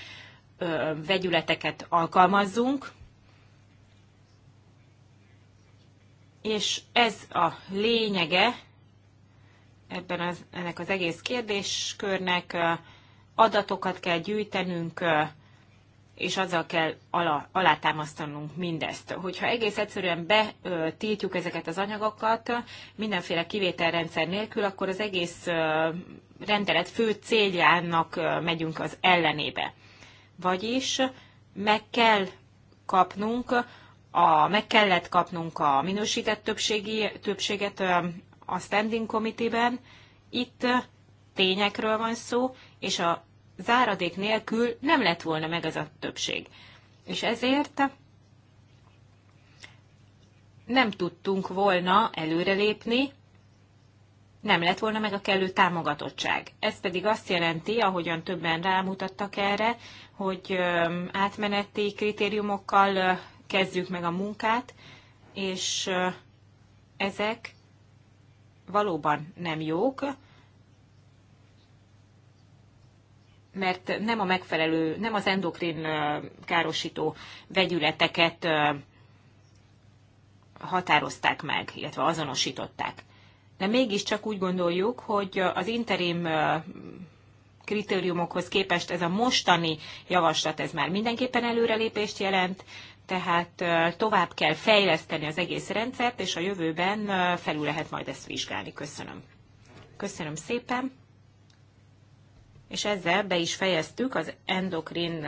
vegyületeket alkalmazzunk, és ez a lényege ebben az, ennek az egész kérdéskörnek adatokat kell gyűjtenünk és azzal kell alá, alátámasztanunk mindezt. Hogyha egész egyszerűen betiltjuk ezeket az anyagokat, mindenféle kivételrendszer nélkül, akkor az egész rendelet fő céljának megyünk az ellenébe. Vagyis meg kell kapnunk, a, meg kellett kapnunk a minősített többségi, többséget a standing committee-ben. Itt tényekről van szó, és a záradék nélkül nem lett volna meg az a többség. És ezért nem tudtunk volna előrelépni, nem lett volna meg a kellő támogatottság. Ez pedig azt jelenti, ahogyan többen rámutattak erre, hogy átmeneti kritériumokkal kezdjük meg a munkát, és ezek valóban nem jók, mert nem a megfelelő, nem az endokrin károsító vegyületeket határozták meg, illetve azonosították. De mégiscsak úgy gondoljuk, hogy az interim kritériumokhoz képest ez a mostani javaslat, ez már mindenképpen előrelépést jelent, tehát tovább kell fejleszteni az egész rendszert, és a jövőben felül lehet majd ezt vizsgálni. Köszönöm. Köszönöm szépen és ezzel be is fejeztük az endokrin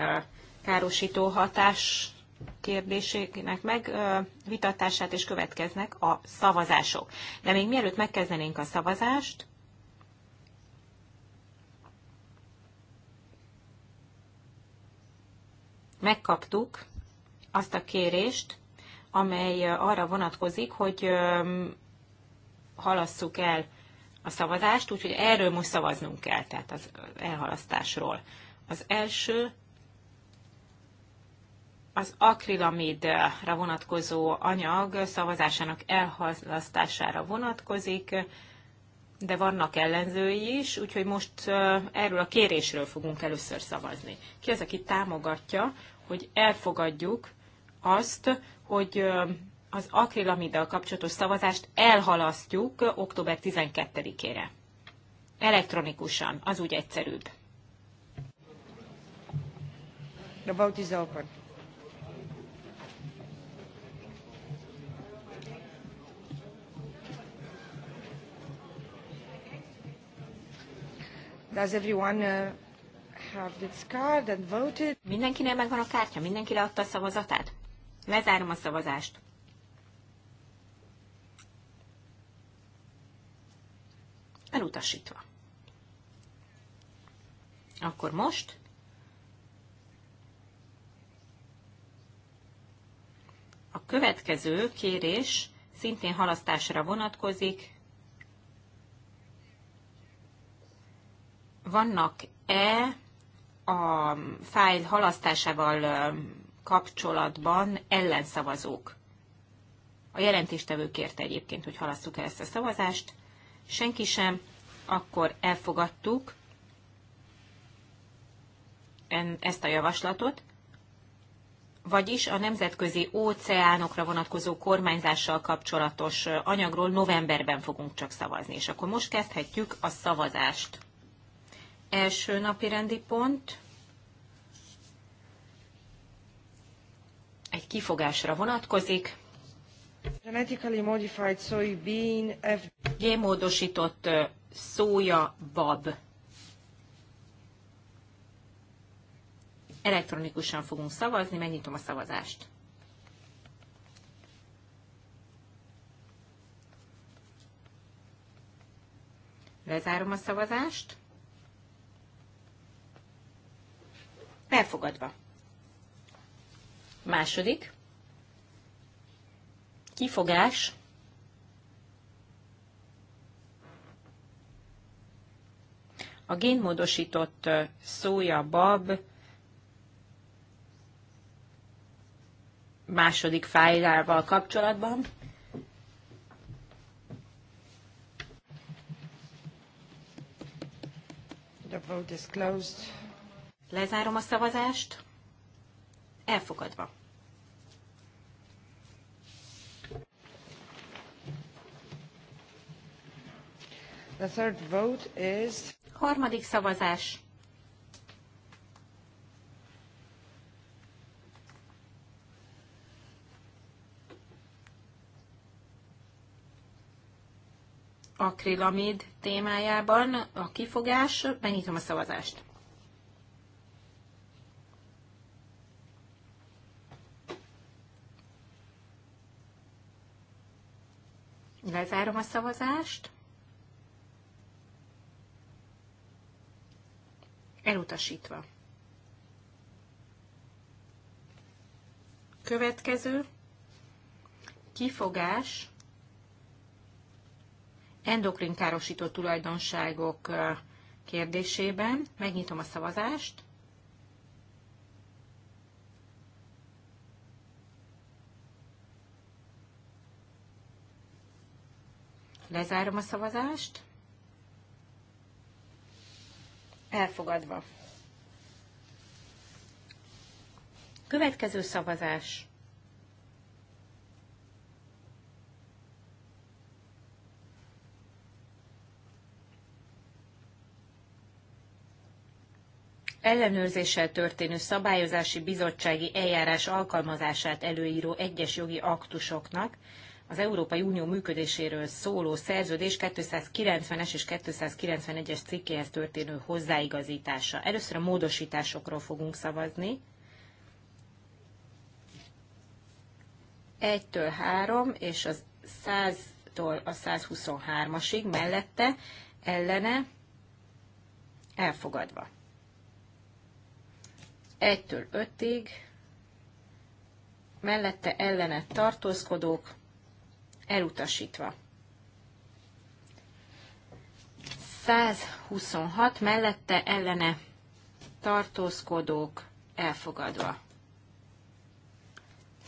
károsító hatás kérdésének megvitatását, és következnek a szavazások. De még mielőtt megkezdenénk a szavazást, megkaptuk azt a kérést, amely arra vonatkozik, hogy halasszuk el a szavazást, úgyhogy erről most szavaznunk kell, tehát az elhalasztásról. Az első az akrilamidra vonatkozó anyag szavazásának elhalasztására vonatkozik, de vannak ellenzői is, úgyhogy most erről a kérésről fogunk először szavazni. Ki az, aki támogatja, hogy elfogadjuk azt, hogy az akrilamiddal kapcsolatos szavazást elhalasztjuk október 12-ére. Elektronikusan, az úgy egyszerűbb. The vote is open. Does everyone uh, have its card and voted? Mindenkinél megvan a kártya? Mindenki leadta a szavazatát? Lezárom a szavazást. elutasítva. Akkor most a következő kérés szintén halasztásra vonatkozik. Vannak-e a fájl halasztásával kapcsolatban ellenszavazók? A jelentéstevő kérte egyébként, hogy halasszuk el ezt a szavazást senki sem, akkor elfogadtuk ezt a javaslatot, vagyis a nemzetközi óceánokra vonatkozó kormányzással kapcsolatos anyagról novemberben fogunk csak szavazni. És akkor most kezdhetjük a szavazást. Első napi rendi pont. Egy kifogásra vonatkozik. Gémódosított szója bab. Elektronikusan fogunk szavazni, megnyitom a szavazást. Lezárom a szavazást. Elfogadva. Második kifogás a génmódosított szója bab második fájlával kapcsolatban. The vote is closed. Lezárom a szavazást. Elfogadva. The third vote is... Harmadik szavazás. akrilamid témájában a kifogás. Megnyitom a szavazást. Lezárom a szavazást. Elutasítva. Következő. Kifogás. Endokrin károsító tulajdonságok kérdésében. Megnyitom a szavazást. Lezárom a szavazást. Elfogadva. Következő szavazás. ellenőrzéssel történő szabályozási bizottsági eljárás alkalmazását előíró egyes jogi aktusoknak, az Európai Unió működéséről szóló szerződés 290-es és 291-es cikkéhez történő hozzáigazítása. Először a módosításokról fogunk szavazni. 1-től 3 és az 100-tól a 123-asig mellette ellene elfogadva. 1-től 5-ig mellette ellene tartózkodók elutasítva. 126 mellette ellene tartózkodók elfogadva.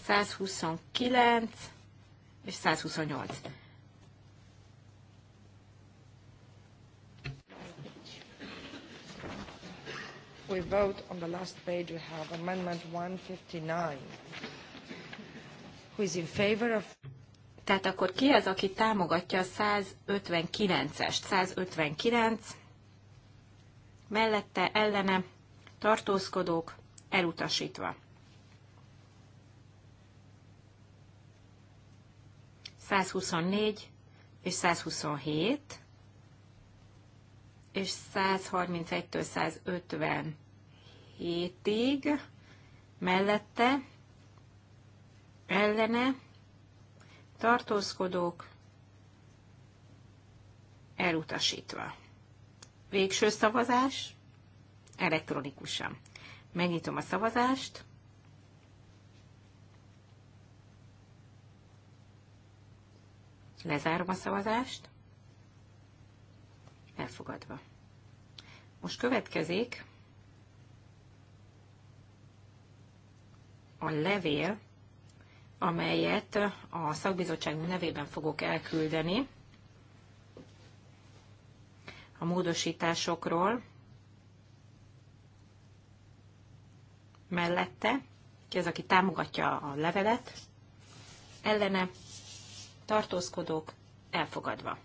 129 és 128. We vote on the last page. We have amendment 159. Who is in favor of tehát akkor ki az, aki támogatja a 159-est? 159 mellette ellene tartózkodók elutasítva. 124 és 127 és 131-től 157-ig mellette ellene tartózkodók, elutasítva. Végső szavazás elektronikusan. Megnyitom a szavazást. Lezárom a szavazást. Elfogadva. Most következik a levél amelyet a szakbizottság nevében fogok elküldeni a módosításokról mellette, ki az, aki támogatja a levelet, ellene tartózkodók elfogadva.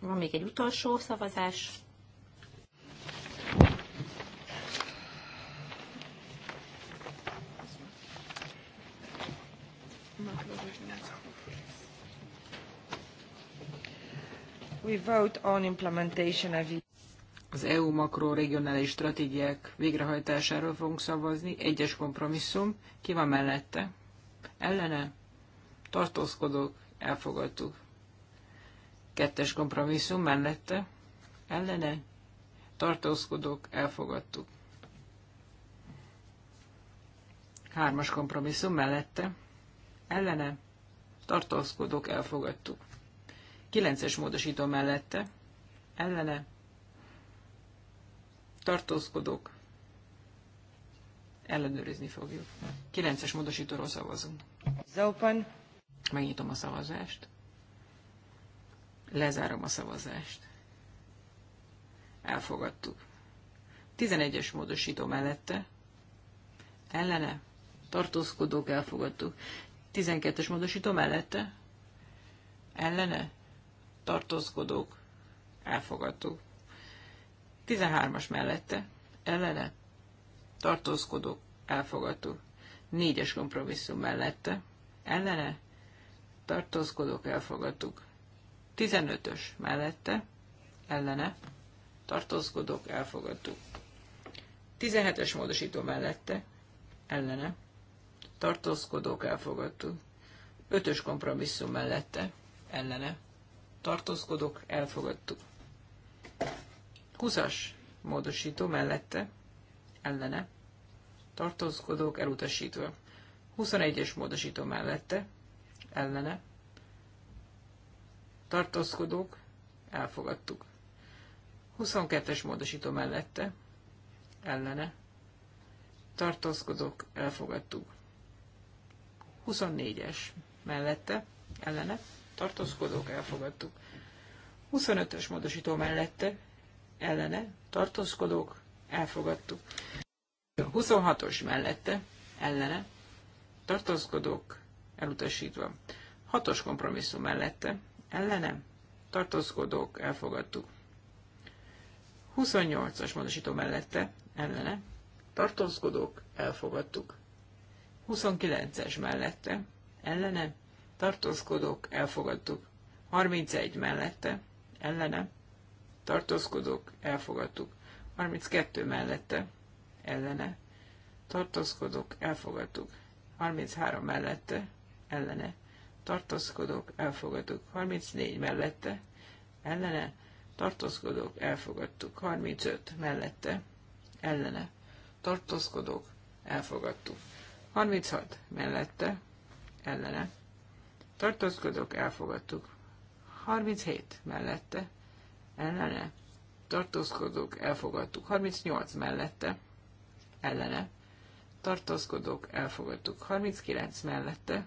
Van még egy utolsó szavazás. az EU makroregionális stratégiák végrehajtásáról fogunk szavazni. Egyes kompromisszum. Ki van mellette? Ellene? Tartózkodók? Elfogadtuk. Kettes kompromisszum mellette? Ellene? Tartózkodók? Elfogadtuk. Hármas kompromisszum mellette? ellene tartózkodók elfogadtuk. Kilences módosító mellette ellene tartózkodók ellenőrizni fogjuk. Kilences módosítóról szavazunk. Open. Megnyitom a szavazást. Lezárom a szavazást. Elfogadtuk. 11-es módosító mellette ellene tartózkodók elfogadtuk. 12-es módosító mellette ellene tartózkodók elfogadtuk. 13-as mellette ellene tartózkodók elfogadtuk. 4-es kompromisszum mellette ellene tartózkodók elfogadtuk. 15-ös mellette ellene tartózkodók elfogadtuk. 17-es módosító mellette ellene tartózkodók elfogadtuk. Ötös kompromisszum mellette, ellene, tartózkodók elfogadtuk. Húszas módosító mellette, ellene, tartózkodók elutasítva. 21-es módosító mellette, ellene, tartózkodók elfogadtuk. 22-es módosító mellette, ellene, tartózkodók elfogadtuk. 24-es mellette, ellene, tartózkodók elfogadtuk. 25-ös módosító mellette, ellene, tartózkodók elfogadtuk. 26-os mellette, ellene, tartózkodók elutasítva. 6-os kompromisszum mellette, ellene, tartózkodók elfogadtuk. 28-as módosító mellette, ellene, tartózkodók elfogadtuk. 29-es mellette, ellene, Tartózkodok, elfogadtuk. 31 mellette, ellene, Tartózkodok, elfogadtuk. 32 mellette, ellene, Tartózkodok, elfogadtuk. 33 mellette, ellene, Tartózkodok, elfogadtuk. 34 mellette, ellene, Tartózkodok, elfogadtuk. 35 mellette, ellene, Tartózkodok, elfogadtuk. 36 mellette, ellene. Tartózkodok, elfogadtuk. 37 mellette, ellene. Tartózkodok, elfogadtuk. 38 mellette, ellene. Tartózkodok, elfogadtuk. 39 mellette,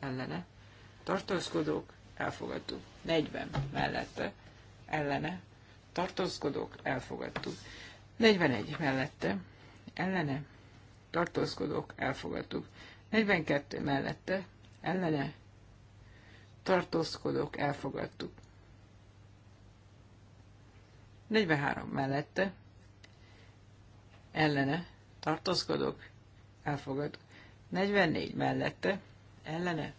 ellene. Tartózkodok, elfogadtuk. 40 mellette, ellene. Tartózkodok, elfogadtuk. 41 mellette, ellene tartózkodók, elfogadtuk. 42 mellette, ellene, tartózkodók, elfogadtuk. 43 mellette, ellene, tartózkodók, elfogadtuk. 44 mellette, ellene,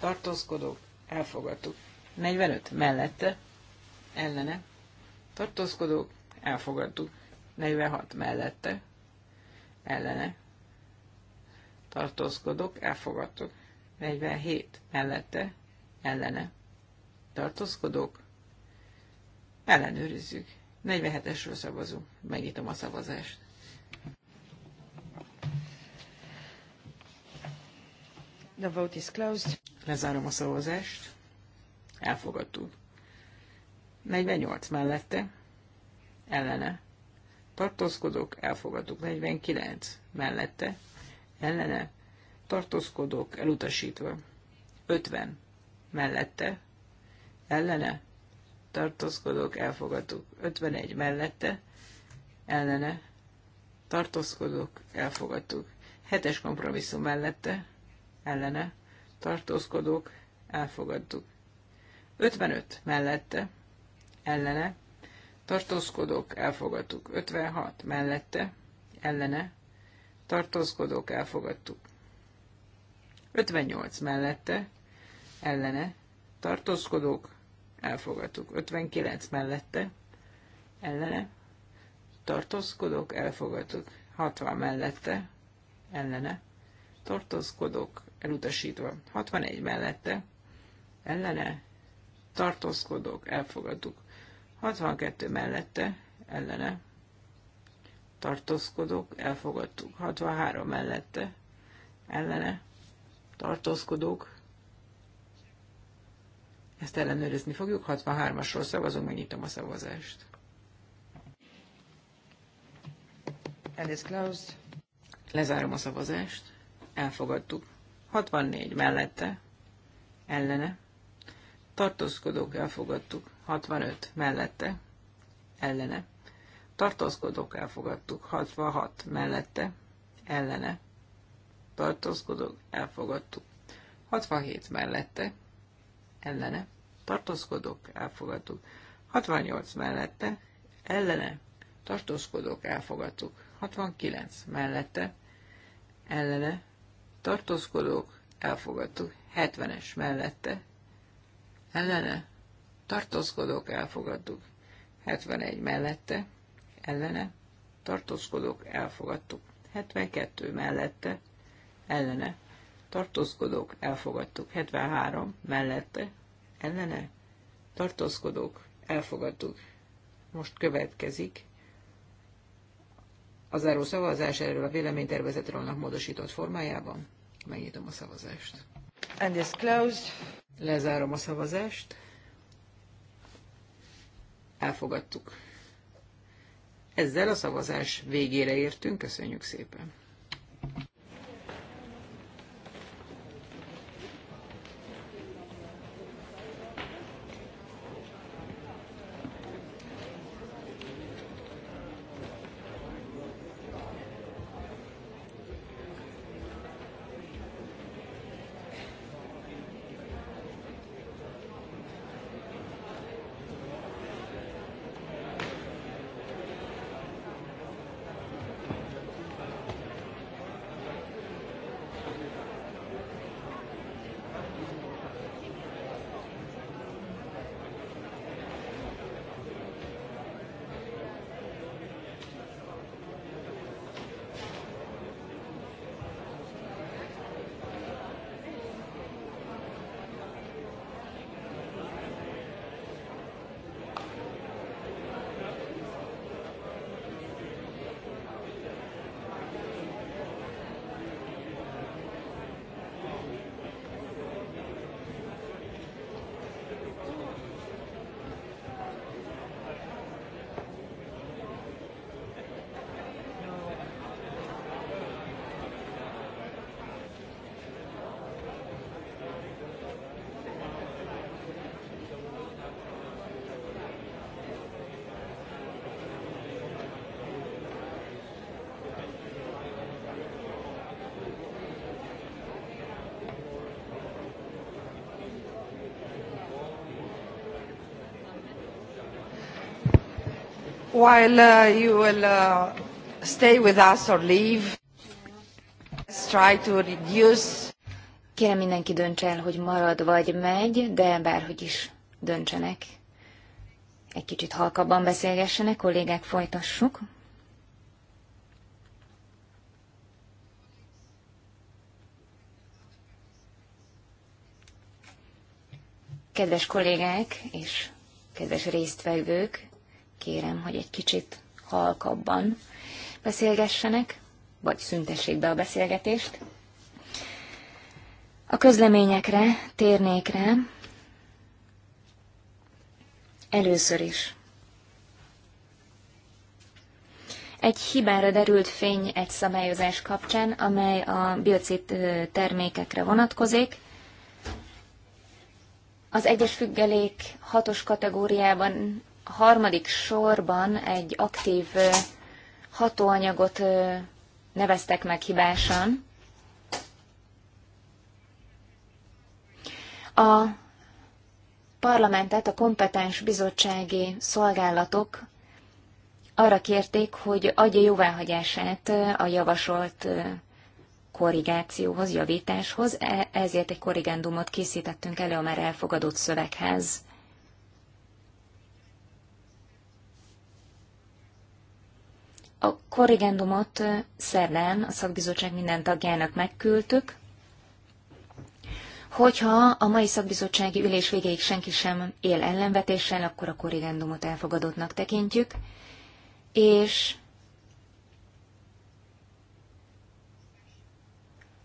tartózkodók, elfogadtuk. 45 mellette, ellene, tartózkodók, elfogadtuk. 46 mellette, ellene tartózkodok, elfogadtok. 47 mellette ellene tartózkodok, ellenőrizzük. 47-esről szavazunk, megnyitom a szavazást. The vote is closed. Lezárom a szavazást. Elfogadtuk. 48 mellette. Ellene tartózkodok, elfogadtuk 49 mellette, ellene, tartózkodok, elutasítva 50 mellette, ellene, tartózkodok, elfogadtuk 51 mellette, ellene, tartózkodok, elfogadtuk 7-es kompromisszum mellette, ellene, tartózkodok, elfogadtuk 55 mellette, ellene, tartózkodók, elfogadtuk. 56 mellette, ellene, tartózkodók, elfogadtuk. 58 mellette, ellene, tartózkodók, elfogadtuk. 59 mellette, ellene, tartózkodók, elfogadtuk. 60 mellette, ellene, tartózkodók, elutasítva. 61 mellette, ellene, tartózkodók, elfogadtuk. 62 mellette ellene tartózkodók, elfogadtuk. 63 mellette ellene tartózkodók, ezt ellenőrizni fogjuk. 63-asról szavazunk, megnyitom a szavazást. And is closed. Lezárom a szavazást. Elfogadtuk. 64 mellette. Ellene. Tartózkodók elfogadtuk. 65 mellette, ellene. Tartózkodók elfogadtuk, 66 mellette, ellene. Tartózkodók elfogadtuk, 67 mellette, ellene. Tartózkodók elfogadtuk, 68 mellette, ellene. Tartózkodók elfogadtuk, 69 mellette, ellene. Tartózkodók elfogadtuk, 70-es mellette, ellene tartózkodók elfogadtuk. 71 mellette, ellene, tartózkodók elfogadtuk. 72 mellette, ellene, tartózkodók elfogadtuk. 73 mellette, ellene, tartózkodók elfogadtuk. Most következik a záró szavazás erről a véleménytervezetről annak módosított formájában. Megnyitom a szavazást. And is closed. Lezárom a szavazást. Elfogadtuk. Ezzel a szavazás végére értünk. Köszönjük szépen! While uh, you will uh, stay with us or leave, let's try to reduce. Kérem mindenki dönts el, hogy marad vagy megy, de bárhogy is döntsenek. Egy kicsit halkabban beszélgessenek, kollégák, folytassuk. Kedves kollégák és kedves résztvevők, kérem, hogy egy kicsit halkabban beszélgessenek, vagy szüntessék be a beszélgetést. A közleményekre térnék rá. Először is. Egy hibára derült fény egy szabályozás kapcsán, amely a biocid termékekre vonatkozik. Az egyes függelék hatos kategóriában harmadik sorban egy aktív hatóanyagot neveztek meg hibásan. A parlamentet a kompetens bizottsági szolgálatok arra kérték, hogy adja jóváhagyását a javasolt korrigációhoz, javításhoz, e-, ezért egy korrigendumot készítettünk elő a már elfogadott szöveghez. A korrigendumot szerdán a szakbizottság minden tagjának megküldtük. Hogyha a mai szakbizottsági ülés végéig senki sem él ellenvetéssel, akkor a korrigendumot elfogadottnak tekintjük, és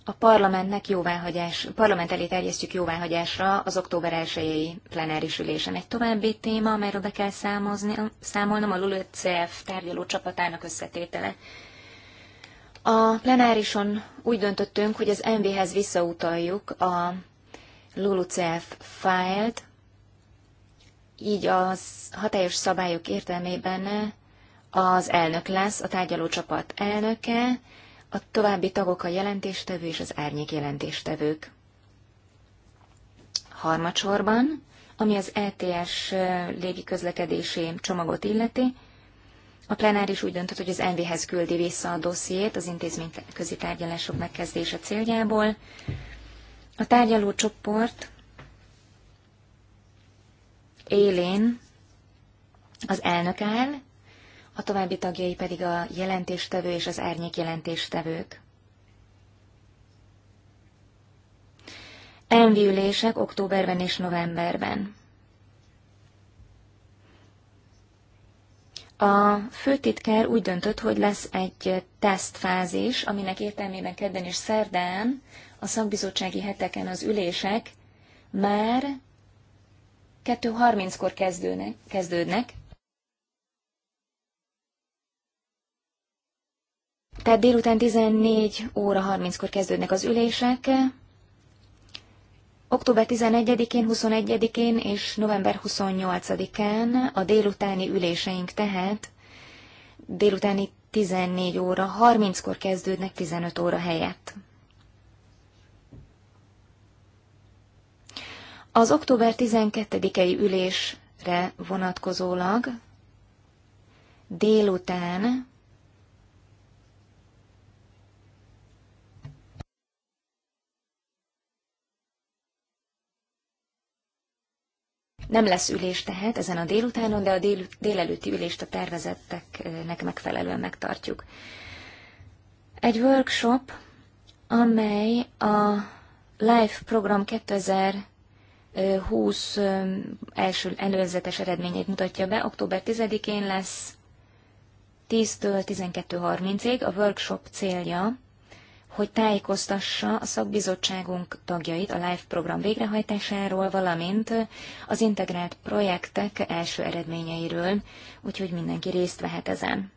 a parlamentnek jóváhagyás, parlament elé terjesztjük jóváhagyásra az október 1 plenáris ülésen. Egy további téma, amelyről be kell számozni, számolnom, a LULÖCF tárgyaló csapatának összetétele. A plenárison úgy döntöttünk, hogy az MV-hez visszautaljuk a LULUCF fájlt, így az hatályos szabályok értelmében az elnök lesz, a tárgyaló csapat elnöke, a további tagok a jelentéstevő és az árnyék jelentéstevők. Harmadsorban, ami az ETS légiközlekedési csomagot illeti, a plenáris úgy döntött, hogy az NV-hez küldi vissza a dossziét az intézmény közi tárgyalások megkezdése céljából. A tárgyaló csoport élén az elnök áll, a további tagjai pedig a jelentéstevő és az árnyék jelentéstevők. Elvi ülések októberben és novemberben. A főtitkár úgy döntött, hogy lesz egy tesztfázis, aminek értelmében kedden és szerdán a szakbizottsági heteken az ülések már 2.30-kor kezdődnek, Tehát délután 14 óra 30-kor kezdődnek az ülések. Október 11-én, 21-én és november 28-án a délutáni üléseink tehát délutáni 14 óra 30-kor kezdődnek 15 óra helyett. Az október 12-i ülésre vonatkozólag délután Nem lesz ülés tehát ezen a délutánon, de a dél, délelőtti ülést a tervezetteknek megfelelően megtartjuk. Egy workshop, amely a Live program 2020 első előzetes eredményét mutatja be. Október 10-én lesz 10-től 12.30-ig. A workshop célja hogy tájékoztassa a szakbizottságunk tagjait a LIFE program végrehajtásáról, valamint az integrált projektek első eredményeiről, úgyhogy mindenki részt vehet ezen.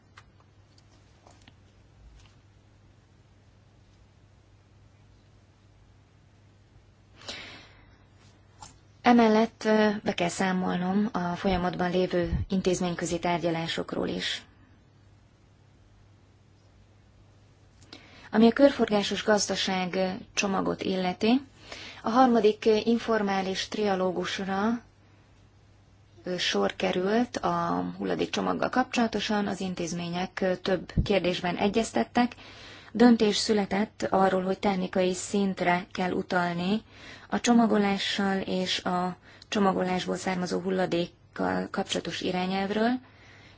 Emellett be kell számolnom a folyamatban lévő intézményközi tárgyalásokról is. Ami a körforgásos gazdaság csomagot illeti, a harmadik informális trialógusra sor került a csomaggal kapcsolatosan, az intézmények több kérdésben egyeztettek. Döntés született arról, hogy technikai szintre kell utalni a csomagolással és a csomagolásból származó hulladékkal kapcsolatos irányelvről,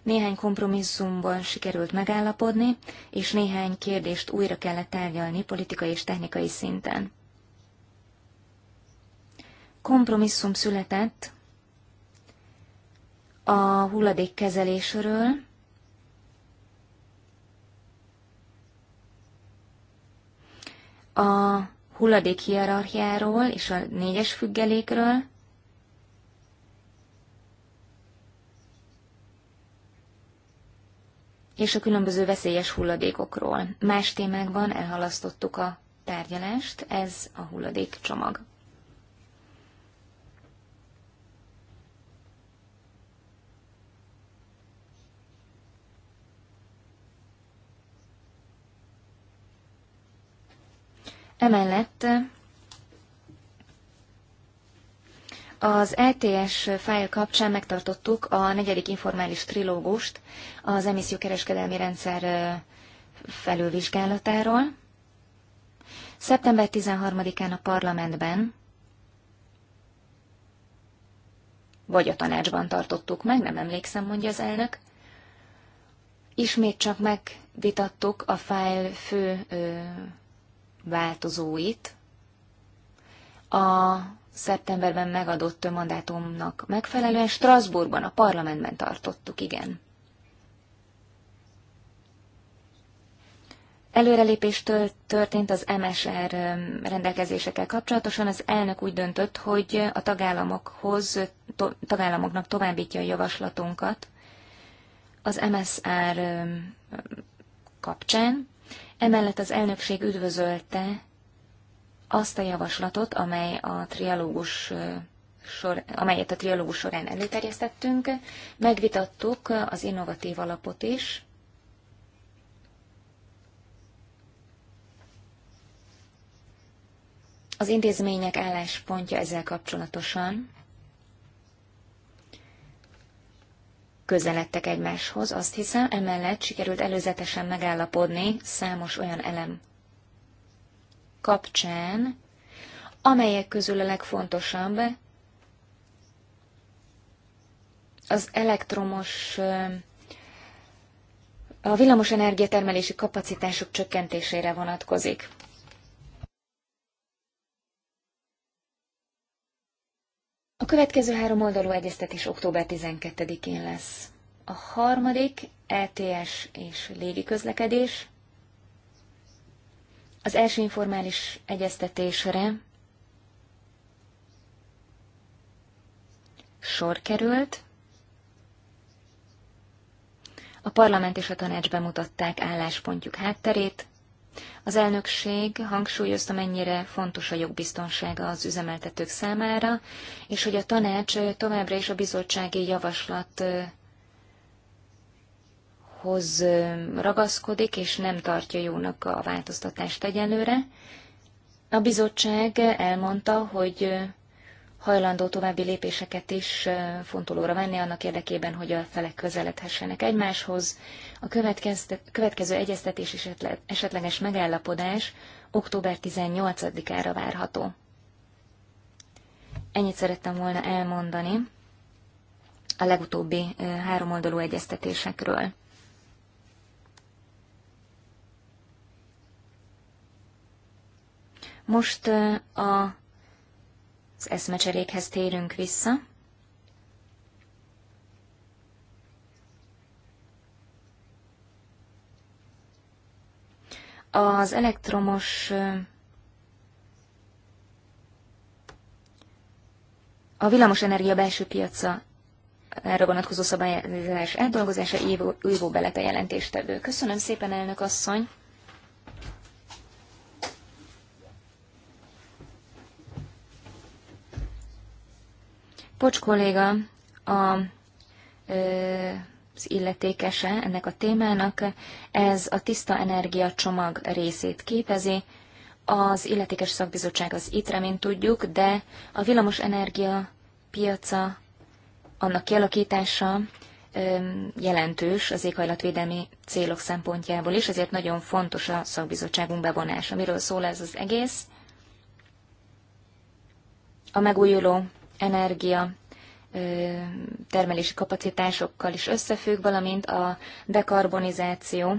néhány kompromisszumban sikerült megállapodni, és néhány kérdést újra kellett tárgyalni politikai és technikai szinten. Kompromisszum született a hulladékkezelésről, a hulladék hierarchiáról és a négyes függelékről, és a különböző veszélyes hulladékokról. Más témákban elhalasztottuk a tárgyalást, ez a hulladékcsomag. Emellett Az LTS e fájl kapcsán megtartottuk a negyedik informális trilógust az emissziókereskedelmi rendszer felülvizsgálatáról. Szeptember 13-án a parlamentben, vagy a tanácsban tartottuk meg, nem emlékszem, mondja az elnök, ismét csak megvitattuk a fájl fő ö, változóit, a szeptemberben megadott mandátumnak megfelelően Strasbourgban, a parlamentben tartottuk, igen. Előrelépés történt az MSR um, rendelkezésekkel kapcsolatosan. Az elnök úgy döntött, hogy a tagállamokhoz, to, tagállamoknak továbbítja a javaslatunkat az MSR um, kapcsán. Emellett az elnökség üdvözölte azt a javaslatot, amely a trialógus sor, amelyet a trialógus során előterjesztettünk, megvitattuk az innovatív alapot is, az intézmények álláspontja ezzel kapcsolatosan közeledtek egymáshoz, azt hiszem, emellett sikerült előzetesen megállapodni számos olyan elem kapcsán, amelyek közül a legfontosabb az elektromos, a villamos energiatermelési kapacitások csökkentésére vonatkozik. A következő három oldalú egyeztetés október 12-én lesz. A harmadik ETS és légi közlekedés. Az első informális egyeztetésre sor került. A parlament és a tanács bemutatták álláspontjuk hátterét. Az elnökség hangsúlyozta, mennyire fontos a jogbiztonsága az üzemeltetők számára, és hogy a tanács továbbra is a bizottsági javaslat Hoz ragaszkodik, és nem tartja jónak a változtatást egyelőre. A bizottság elmondta, hogy hajlandó további lépéseket is fontolóra venni annak érdekében, hogy a felek közeledhessenek egymáshoz. A következő egyeztetés és esetleges megállapodás október 18-ára várható. Ennyit szerettem volna elmondani a legutóbbi háromoldalú egyeztetésekről. Most a, az eszmecserékhez térünk vissza. Az elektromos a energia belső piaca erre vonatkozó szabályozás eldolgozása Ívó, Ívó Belete Köszönöm szépen, elnök asszony! Pocs kolléga a, az illetékese ennek a témának, ez a tiszta energia csomag részét képezi. Az illetékes szakbizottság az ITRE, mint tudjuk, de a villamos energia piaca, annak kialakítása jelentős az éghajlatvédelmi célok szempontjából is, ezért nagyon fontos a szakbizottságunk bevonása. Miről szól ez az egész? A megújuló energia termelési kapacitásokkal is összefügg, valamint a dekarbonizáció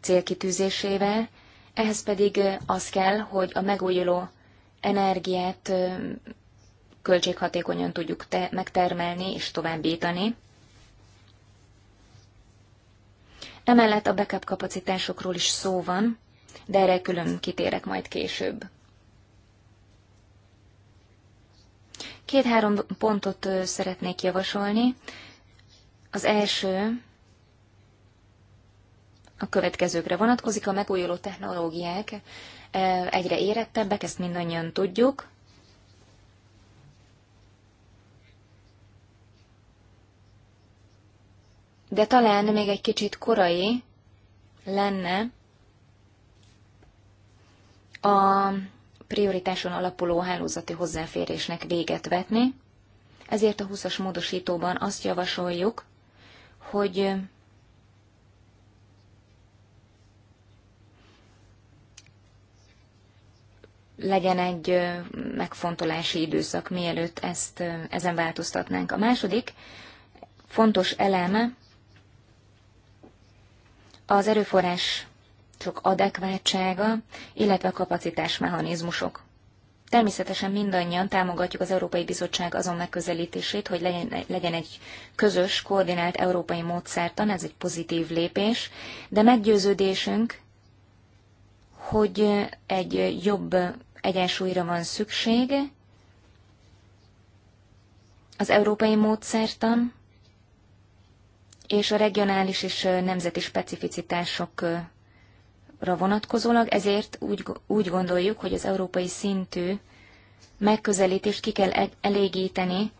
célkitűzésével. Ehhez pedig az kell, hogy a megújuló energiát költséghatékonyan tudjuk te- megtermelni és továbbítani. Emellett a backup kapacitásokról is szó van, de erre külön kitérek majd később. Két-három pontot szeretnék javasolni. Az első a következőkre vonatkozik, a megújuló technológiák egyre érettebbek, ezt mindannyian tudjuk. De talán még egy kicsit korai lenne a prioritáson alapuló hálózati hozzáférésnek véget vetni, ezért a 20-as módosítóban azt javasoljuk, hogy legyen egy megfontolási időszak, mielőtt ezt ezen változtatnánk. A második fontos eleme az erőforrás adatok adekvátsága, illetve a kapacitás mechanizmusok. Természetesen mindannyian támogatjuk az Európai Bizottság azon megközelítését, hogy legyen, legyen egy közös, koordinált európai módszertan, ez egy pozitív lépés, de meggyőződésünk, hogy egy jobb egyensúlyra van szükség az európai módszertan és a regionális és nemzeti specificitások vonatkozólag, ezért úgy, úgy gondoljuk, hogy az európai szintű megközelítést ki kell e- elégíteni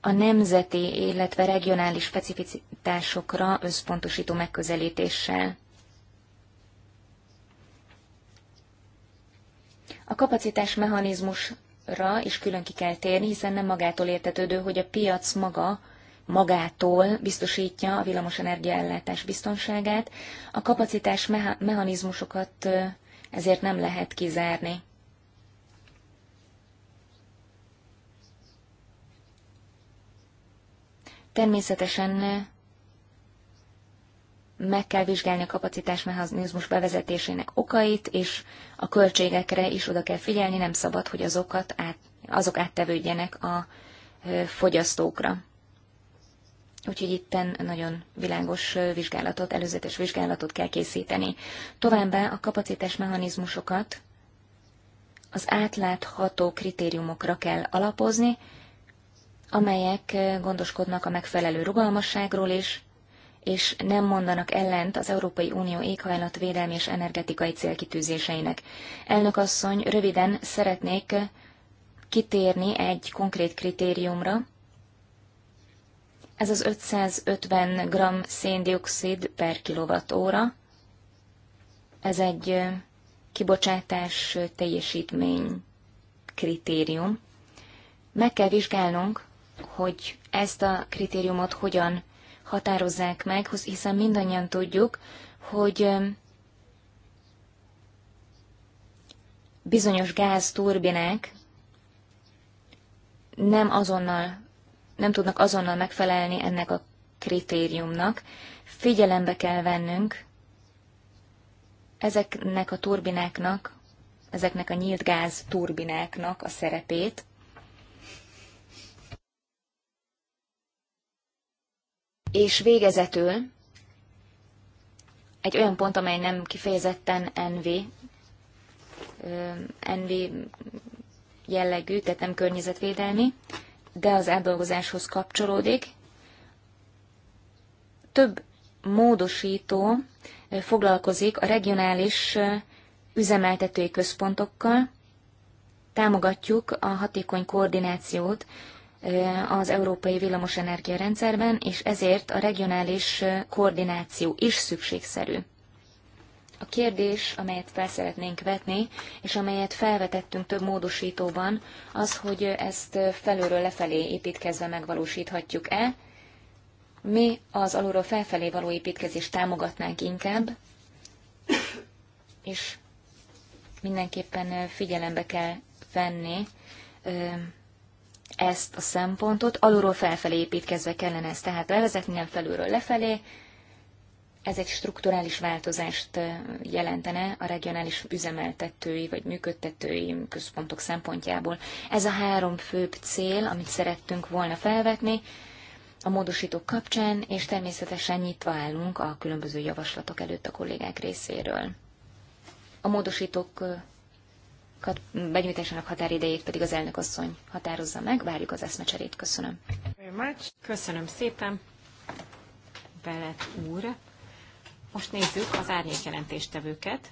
a nemzeti, illetve regionális specificitásokra összpontosító megközelítéssel. A kapacitás mechanizmusra is külön ki kell térni, hiszen nem magától értetődő, hogy a piac maga magától biztosítja a villamosenergia ellátás biztonságát, a kapacitás mechanizmusokat ezért nem lehet kizárni. Természetesen meg kell vizsgálni a kapacitásmechanizmus bevezetésének okait, és a költségekre is oda kell figyelni, nem szabad, hogy azokat át, azok áttevődjenek a fogyasztókra. Úgyhogy itten nagyon világos vizsgálatot, előzetes vizsgálatot kell készíteni. Továbbá a kapacitás mechanizmusokat az átlátható kritériumokra kell alapozni, amelyek gondoskodnak a megfelelő rugalmasságról is, és nem mondanak ellent az Európai Unió éghajlatvédelmi és energetikai célkitűzéseinek. Elnök asszony, röviden szeretnék kitérni egy konkrét kritériumra, ez az 550 g széndiokszid per kilovattóra. Ez egy kibocsátás teljesítmény kritérium. Meg kell vizsgálnunk, hogy ezt a kritériumot hogyan határozzák meg, hiszen mindannyian tudjuk, hogy bizonyos gázturbinák nem azonnal nem tudnak azonnal megfelelni ennek a kritériumnak. Figyelembe kell vennünk ezeknek a turbináknak, ezeknek a nyílt gáz turbináknak a szerepét, És végezetül egy olyan pont, amely nem kifejezetten NV, NV jellegű, tehát nem környezetvédelmi, de az átdolgozáshoz kapcsolódik. Több módosító foglalkozik a regionális üzemeltetői központokkal, támogatjuk a hatékony koordinációt az európai villamosenergia rendszerben, és ezért a regionális koordináció is szükségszerű. A kérdés, amelyet fel szeretnénk vetni, és amelyet felvetettünk több módosítóban, az, hogy ezt felülről lefelé építkezve megvalósíthatjuk-e. Mi az alulról felfelé való építkezést támogatnánk inkább, és mindenképpen figyelembe kell venni ezt a szempontot. Alulról felfelé építkezve kellene ezt tehát levezetni, nem felülről lefelé, ez egy strukturális változást jelentene a regionális üzemeltetői vagy működtetői központok szempontjából. Ez a három főbb cél, amit szerettünk volna felvetni a módosítók kapcsán, és természetesen nyitva állunk a különböző javaslatok előtt a kollégák részéről. A módosítókat benyújtásának határidejét pedig az elnök asszony határozza meg, várjuk az eszmecserét. Köszönöm. Köszönöm szépen. Belet úr. Most nézzük az árnyékjelentéstevőket.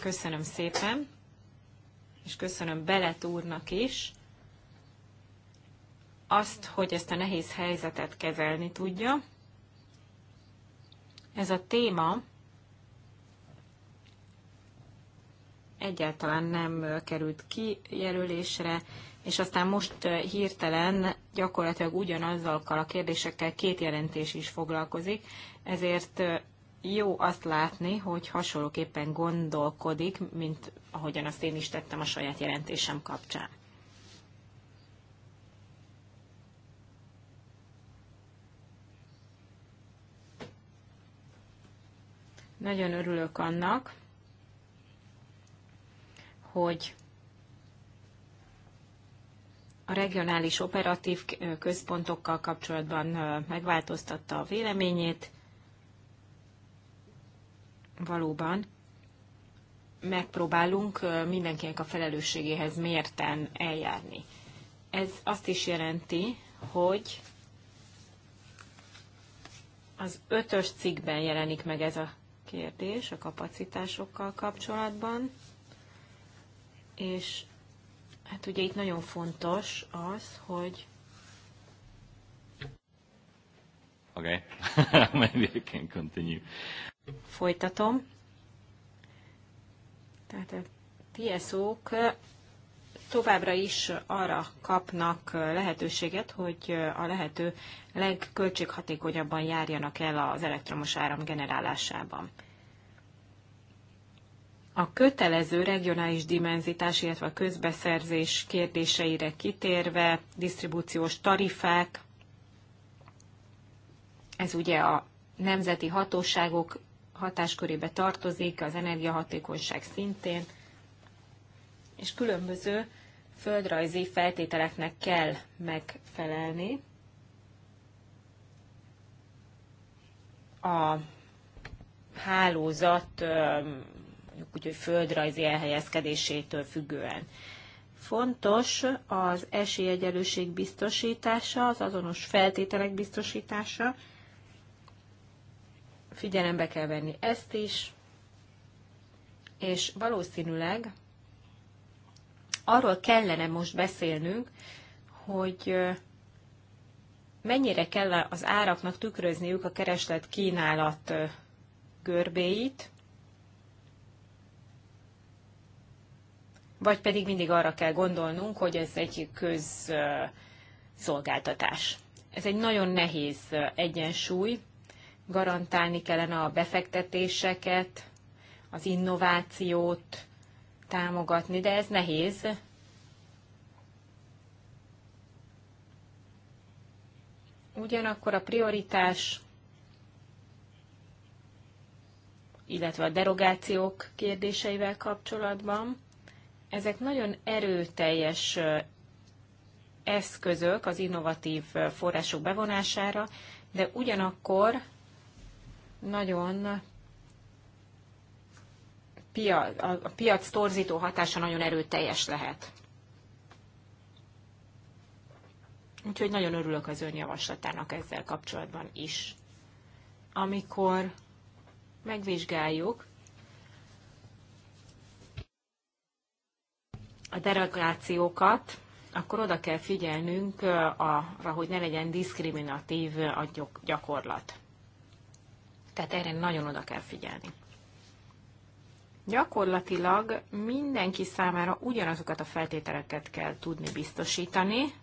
Köszönöm szépen, és köszönöm Belet úrnak is azt, hogy ezt a nehéz helyzetet kezelni tudja. Ez a téma egyáltalán nem került kijelölésre, és aztán most hirtelen gyakorlatilag ugyanazzal a kérdésekkel két jelentés is foglalkozik, ezért jó azt látni, hogy hasonlóképpen gondolkodik, mint ahogyan azt én is tettem a saját jelentésem kapcsán. Nagyon örülök annak, hogy a regionális operatív központokkal kapcsolatban megváltoztatta a véleményét. Valóban megpróbálunk mindenkinek a felelősségéhez mérten eljárni. Ez azt is jelenti, hogy az ötös cikkben jelenik meg ez a kérdés a kapacitásokkal kapcsolatban, és Hát ugye itt nagyon fontos az, hogy Okay. Maybe I can continue. Folytatom. Tehát a TSO-k továbbra is arra kapnak lehetőséget, hogy a lehető legköltséghatékonyabban járjanak el az elektromos áram generálásában a kötelező regionális dimenzitás, illetve a közbeszerzés kérdéseire kitérve, disztribúciós tarifák, ez ugye a nemzeti hatóságok hatáskörébe tartozik, az energiahatékonyság szintén, és különböző földrajzi feltételeknek kell megfelelni. A hálózat mondjuk úgy, hogy földrajzi elhelyezkedésétől függően. Fontos az esélyegyelőség biztosítása, az azonos feltételek biztosítása. Figyelembe kell venni ezt is, és valószínűleg arról kellene most beszélnünk, hogy mennyire kell az áraknak tükrözniük a kereslet kínálat görbéit, vagy pedig mindig arra kell gondolnunk, hogy ez egy közszolgáltatás. Ez egy nagyon nehéz egyensúly, garantálni kellene a befektetéseket, az innovációt támogatni, de ez nehéz. Ugyanakkor a prioritás, illetve a derogációk kérdéseivel kapcsolatban ezek nagyon erőteljes eszközök az innovatív források bevonására, de ugyanakkor nagyon a piac torzító hatása nagyon erőteljes lehet. Úgyhogy nagyon örülök az ön javaslatának ezzel kapcsolatban is. Amikor megvizsgáljuk a derogációkat, akkor oda kell figyelnünk arra, hogy ne legyen diszkriminatív a gyakorlat. Tehát erre nagyon oda kell figyelni. Gyakorlatilag mindenki számára ugyanazokat a feltételeket kell tudni biztosítani,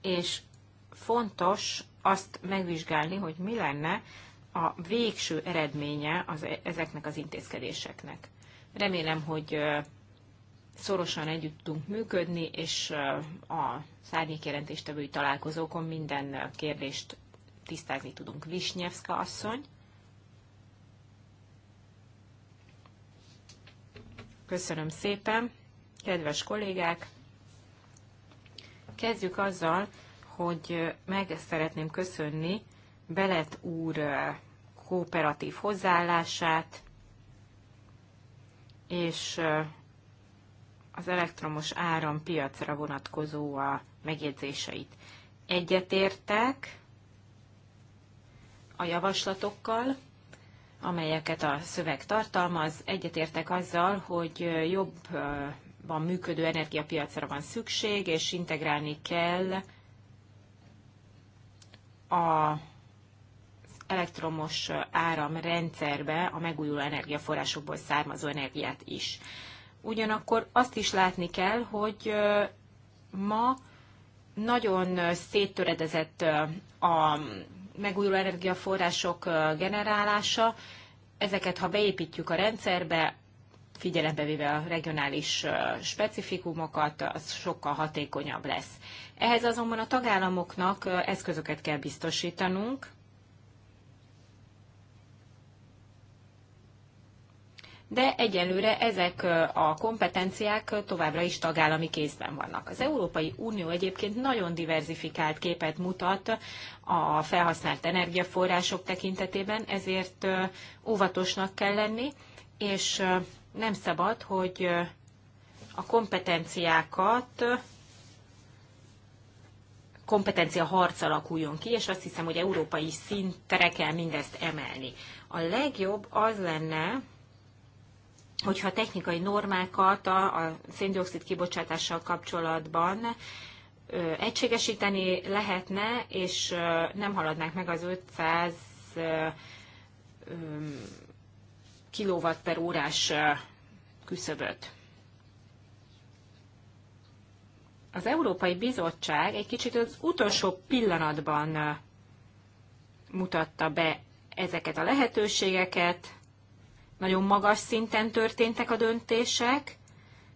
és fontos azt megvizsgálni, hogy mi lenne a végső eredménye az, e-, ezeknek az intézkedéseknek. Remélem, hogy szorosan együtt tudunk működni, és a szárnyékjelentéstevői találkozókon minden kérdést tisztázni tudunk. Visnyevska asszony. Köszönöm szépen, kedves kollégák! Kezdjük azzal, hogy meg szeretném köszönni Belet úr kooperatív hozzáállását, és az elektromos áram piacra vonatkozó a megjegyzéseit. Egyetértek a javaslatokkal, amelyeket a szöveg tartalmaz. Egyetértek azzal, hogy jobban működő energiapiacra van szükség, és integrálni kell a elektromos áramrendszerbe a megújuló energiaforrásokból származó energiát is. Ugyanakkor azt is látni kell, hogy ma nagyon széttöredezett a megújuló energiaforrások generálása. Ezeket, ha beépítjük a rendszerbe, figyelembe véve a regionális specifikumokat, az sokkal hatékonyabb lesz. Ehhez azonban a tagállamoknak eszközöket kell biztosítanunk, de egyelőre ezek a kompetenciák továbbra is tagállami kézben vannak. Az Európai Unió egyébként nagyon diversifikált képet mutat a felhasznált energiaforrások tekintetében, ezért óvatosnak kell lenni, és nem szabad, hogy a kompetenciákat kompetencia harc alakuljon ki, és azt hiszem, hogy európai szintre kell mindezt emelni. A legjobb az lenne, hogyha a technikai normákat a, a széndiokszid kibocsátással kapcsolatban ö, egységesíteni lehetne, és ö, nem haladnák meg az 500 kilowatt per órás küszöböt. Az Európai Bizottság egy kicsit az utolsó pillanatban mutatta be ezeket a lehetőségeket, nagyon magas szinten történtek a döntések,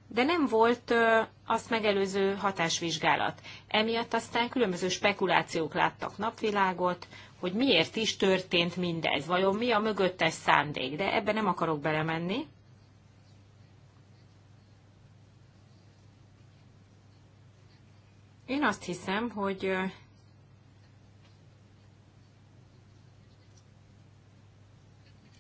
de nem volt azt megelőző hatásvizsgálat. Emiatt aztán különböző spekulációk láttak napvilágot, hogy miért is történt mindez, vajon mi a mögöttes szándék, de ebbe nem akarok belemenni. Én azt hiszem, hogy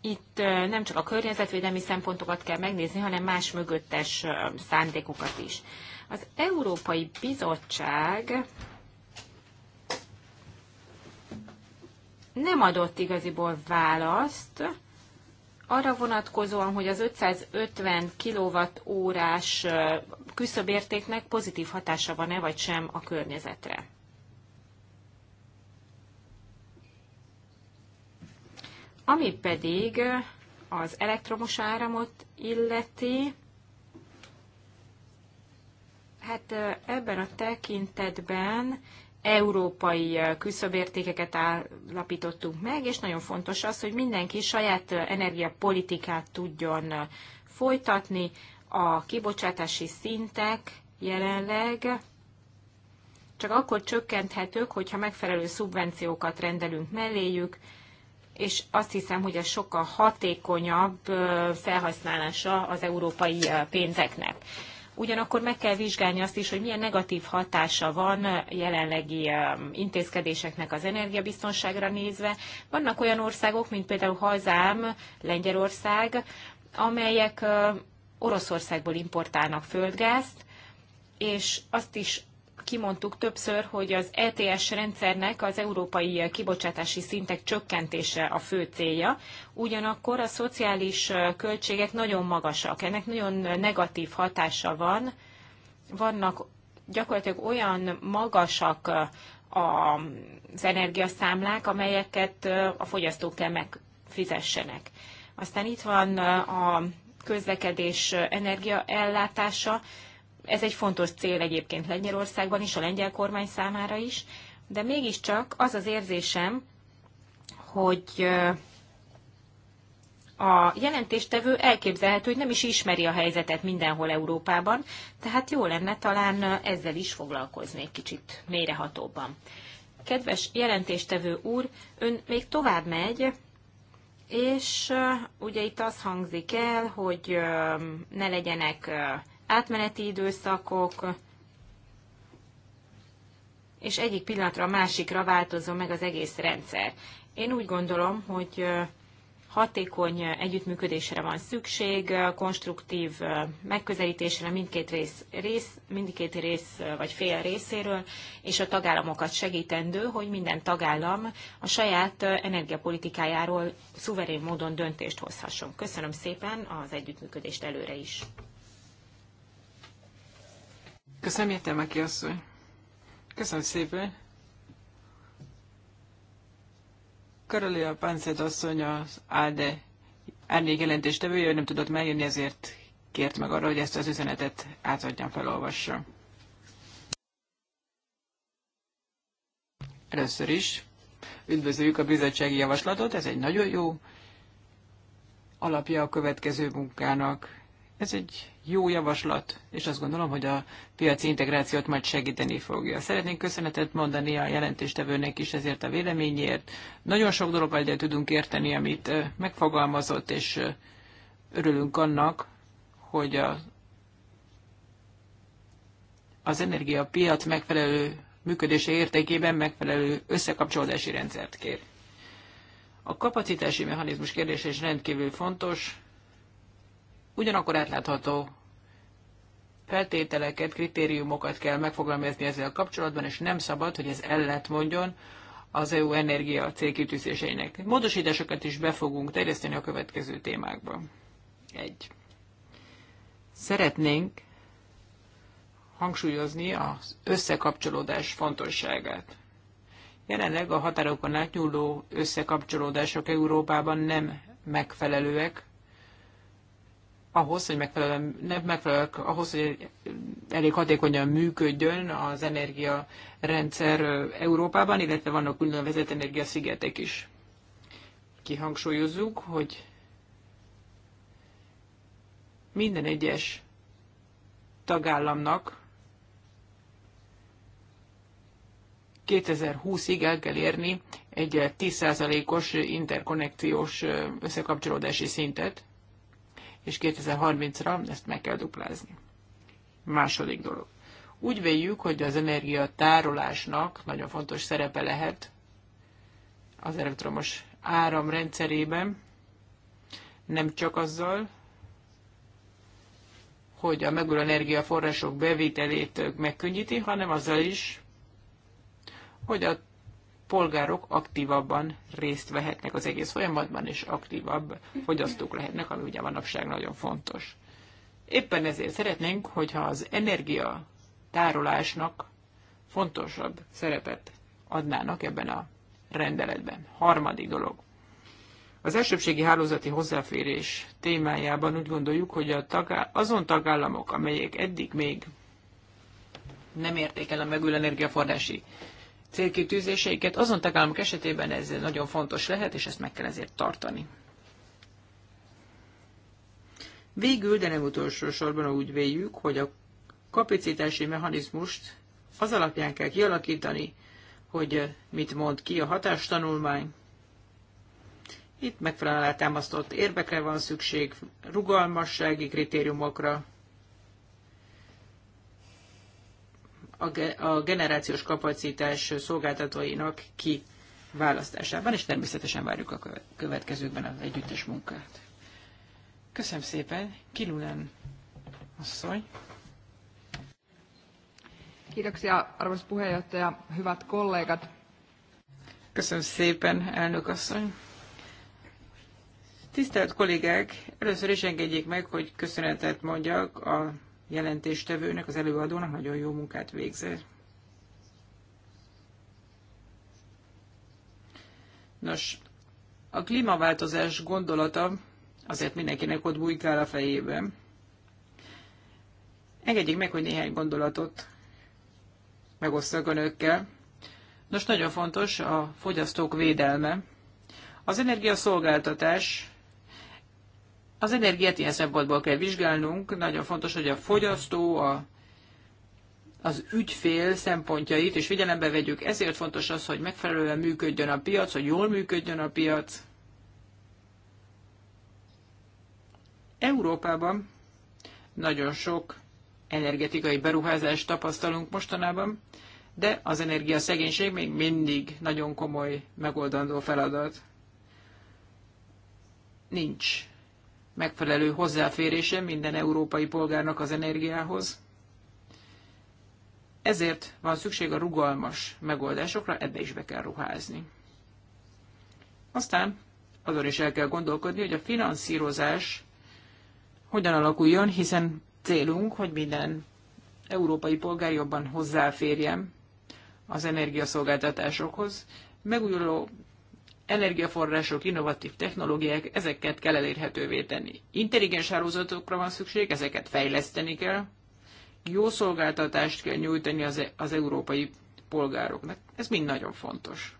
itt nem csak a környezetvédelmi szempontokat kell megnézni, hanem más mögöttes szándékokat is. Az Európai Bizottság nem adott igaziból választ arra vonatkozóan, hogy az 550 kWh-órás küszöbértéknek pozitív hatása van-e vagy sem a környezetre. Ami pedig az elektromos áramot illeti, hát ebben a tekintetben európai küszöbértékeket állapítottunk meg, és nagyon fontos az, hogy mindenki saját energiapolitikát tudjon folytatni. A kibocsátási szintek jelenleg csak akkor csökkenthetők, hogyha megfelelő szubvenciókat rendelünk melléjük, és azt hiszem, hogy ez sokkal hatékonyabb felhasználása az európai pénzeknek. Ugyanakkor meg kell vizsgálni azt is, hogy milyen negatív hatása van jelenlegi intézkedéseknek az energiabiztonságra nézve. Vannak olyan országok, mint például hazám, Lengyelország, amelyek Oroszországból importálnak földgázt, és azt is kimondtuk többször, hogy az ETS rendszernek az európai kibocsátási szintek csökkentése a fő célja, ugyanakkor a szociális költségek nagyon magasak. Ennek nagyon negatív hatása van. Vannak gyakorlatilag olyan magasak az energiaszámlák, amelyeket a fogyasztók kell megfizessenek. Aztán itt van a közlekedés energiaellátása, ez egy fontos cél egyébként Lengyelországban is, a lengyel kormány számára is, de mégiscsak az az érzésem, hogy a jelentéstevő elképzelhető, hogy nem is ismeri a helyzetet mindenhol Európában, tehát jó lenne talán ezzel is foglalkozni egy kicsit mélyrehatóban. Kedves jelentéstevő úr, ön még tovább megy, és ugye itt az hangzik el, hogy ne legyenek átmeneti időszakok, és egyik pillanatra a másikra változom meg az egész rendszer. Én úgy gondolom, hogy hatékony együttműködésre van szükség, konstruktív megközelítésre mindkét rész, rész, mindkét rész vagy fél részéről, és a tagállamokat segítendő, hogy minden tagállam a saját energiapolitikájáról szuverén módon döntést hozhasson. Köszönöm szépen az együttműködést előre is. Köszönöm, értem aki asszony. Köszönöm szépen. Karolia Panced asszony az ALDE árnyék jelentéstevője, nem tudott megjönni, ezért kért meg arra, hogy ezt az üzenetet átadjam, felolvassam. Először is üdvözöljük a bizottsági javaslatot, ez egy nagyon jó alapja a következő munkának. Ez egy jó javaslat, és azt gondolom, hogy a piaci integrációt majd segíteni fogja. Szeretnénk köszönetet mondani a jelentéstevőnek is ezért a véleményért. Nagyon sok dolog egyet tudunk érteni, amit megfogalmazott, és örülünk annak, hogy a, az energiapiac megfelelő működése értékében megfelelő összekapcsolódási rendszert kér. A kapacitási mechanizmus kérdése is rendkívül fontos, ugyanakkor átlátható feltételeket, kritériumokat kell megfogalmazni ezzel kapcsolatban, és nem szabad, hogy ez ellent mondjon az EU energia célkitűzéseinek. Módosításokat is be fogunk terjeszteni a következő témákban. Egy. Szeretnénk hangsúlyozni az összekapcsolódás fontosságát. Jelenleg a határokon átnyúló összekapcsolódások Európában nem megfelelőek ahhoz, hogy megfelelően, nem megfelelően, ahhoz, hogy elég hatékonyan működjön az energiarendszer Európában, illetve vannak úgynevezett energiaszigetek is. Kihangsúlyozzuk, hogy minden egyes tagállamnak 2020-ig el kell érni egy 10%-os interkonnekciós összekapcsolódási szintet, és 2030-ra ezt meg kell duplázni. Második dolog. Úgy véljük, hogy az energia tárolásnak nagyon fontos szerepe lehet az elektromos áram rendszerében, nem csak azzal, hogy a megújuló energiaforrások bevételét megkönnyíti, hanem azzal is, hogy a polgárok aktívabban részt vehetnek az egész folyamatban, és aktívabb fogyasztók lehetnek, ami ugye manapság nagyon fontos. Éppen ezért szeretnénk, hogyha az energia tárolásnak fontosabb szerepet adnának ebben a rendeletben. Harmadik dolog. Az elsőbségi hálózati hozzáférés témájában úgy gondoljuk, hogy a tagá- azon tagállamok, amelyek eddig még nem érték el a megülő energiaforrási célkitűzéseiket. Azon tagállamok esetében ez nagyon fontos lehet, és ezt meg kell ezért tartani. Végül, de nem utolsó sorban úgy véljük, hogy a kapacitási mechanizmust az alapján kell kialakítani, hogy mit mond ki a hatástanulmány. Itt megfelelően támasztott érvekre van szükség, rugalmassági kritériumokra, a generációs kapacitás szolgáltatóinak ki választásában, és természetesen várjuk a következőkben az együttes munkát. Köszönöm szépen, Kilulen asszony. Kiitoksia, arvoisa puheenjohtaja, hyvät kollégat. Köszönöm szépen, elnök asszony. Tisztelt kollégák, először is engedjék meg, hogy köszönetet mondjak a jelentéstevőnek, az előadónak nagyon jó munkát végzel. Nos, a klímaváltozás gondolata azért mindenkinek ott bujkál a fejében. Engedjék meg, hogy néhány gondolatot megosztok önökkel. Nos, nagyon fontos a fogyasztók védelme. Az energiaszolgáltatás az energiát ilyen szempontból kell vizsgálnunk. Nagyon fontos, hogy a fogyasztó, a, az ügyfél szempontjait is figyelembe vegyük. Ezért fontos az, hogy megfelelően működjön a piac, hogy jól működjön a piac. Európában nagyon sok energetikai beruházást tapasztalunk mostanában, de az energiaszegénység még mindig nagyon komoly megoldandó feladat. Nincs megfelelő hozzáférése minden európai polgárnak az energiához. Ezért van szükség a rugalmas megoldásokra, ebbe is be kell ruházni. Aztán azon is el kell gondolkodni, hogy a finanszírozás hogyan alakuljon, hiszen célunk, hogy minden európai polgár jobban hozzáférjen az energiaszolgáltatásokhoz. Megújuló energiaforrások, innovatív technológiák, ezeket kell elérhetővé tenni. Intelligens hálózatokra van szükség, ezeket fejleszteni kell, jó szolgáltatást kell nyújtani az, e az európai polgároknak. Ez mind nagyon fontos.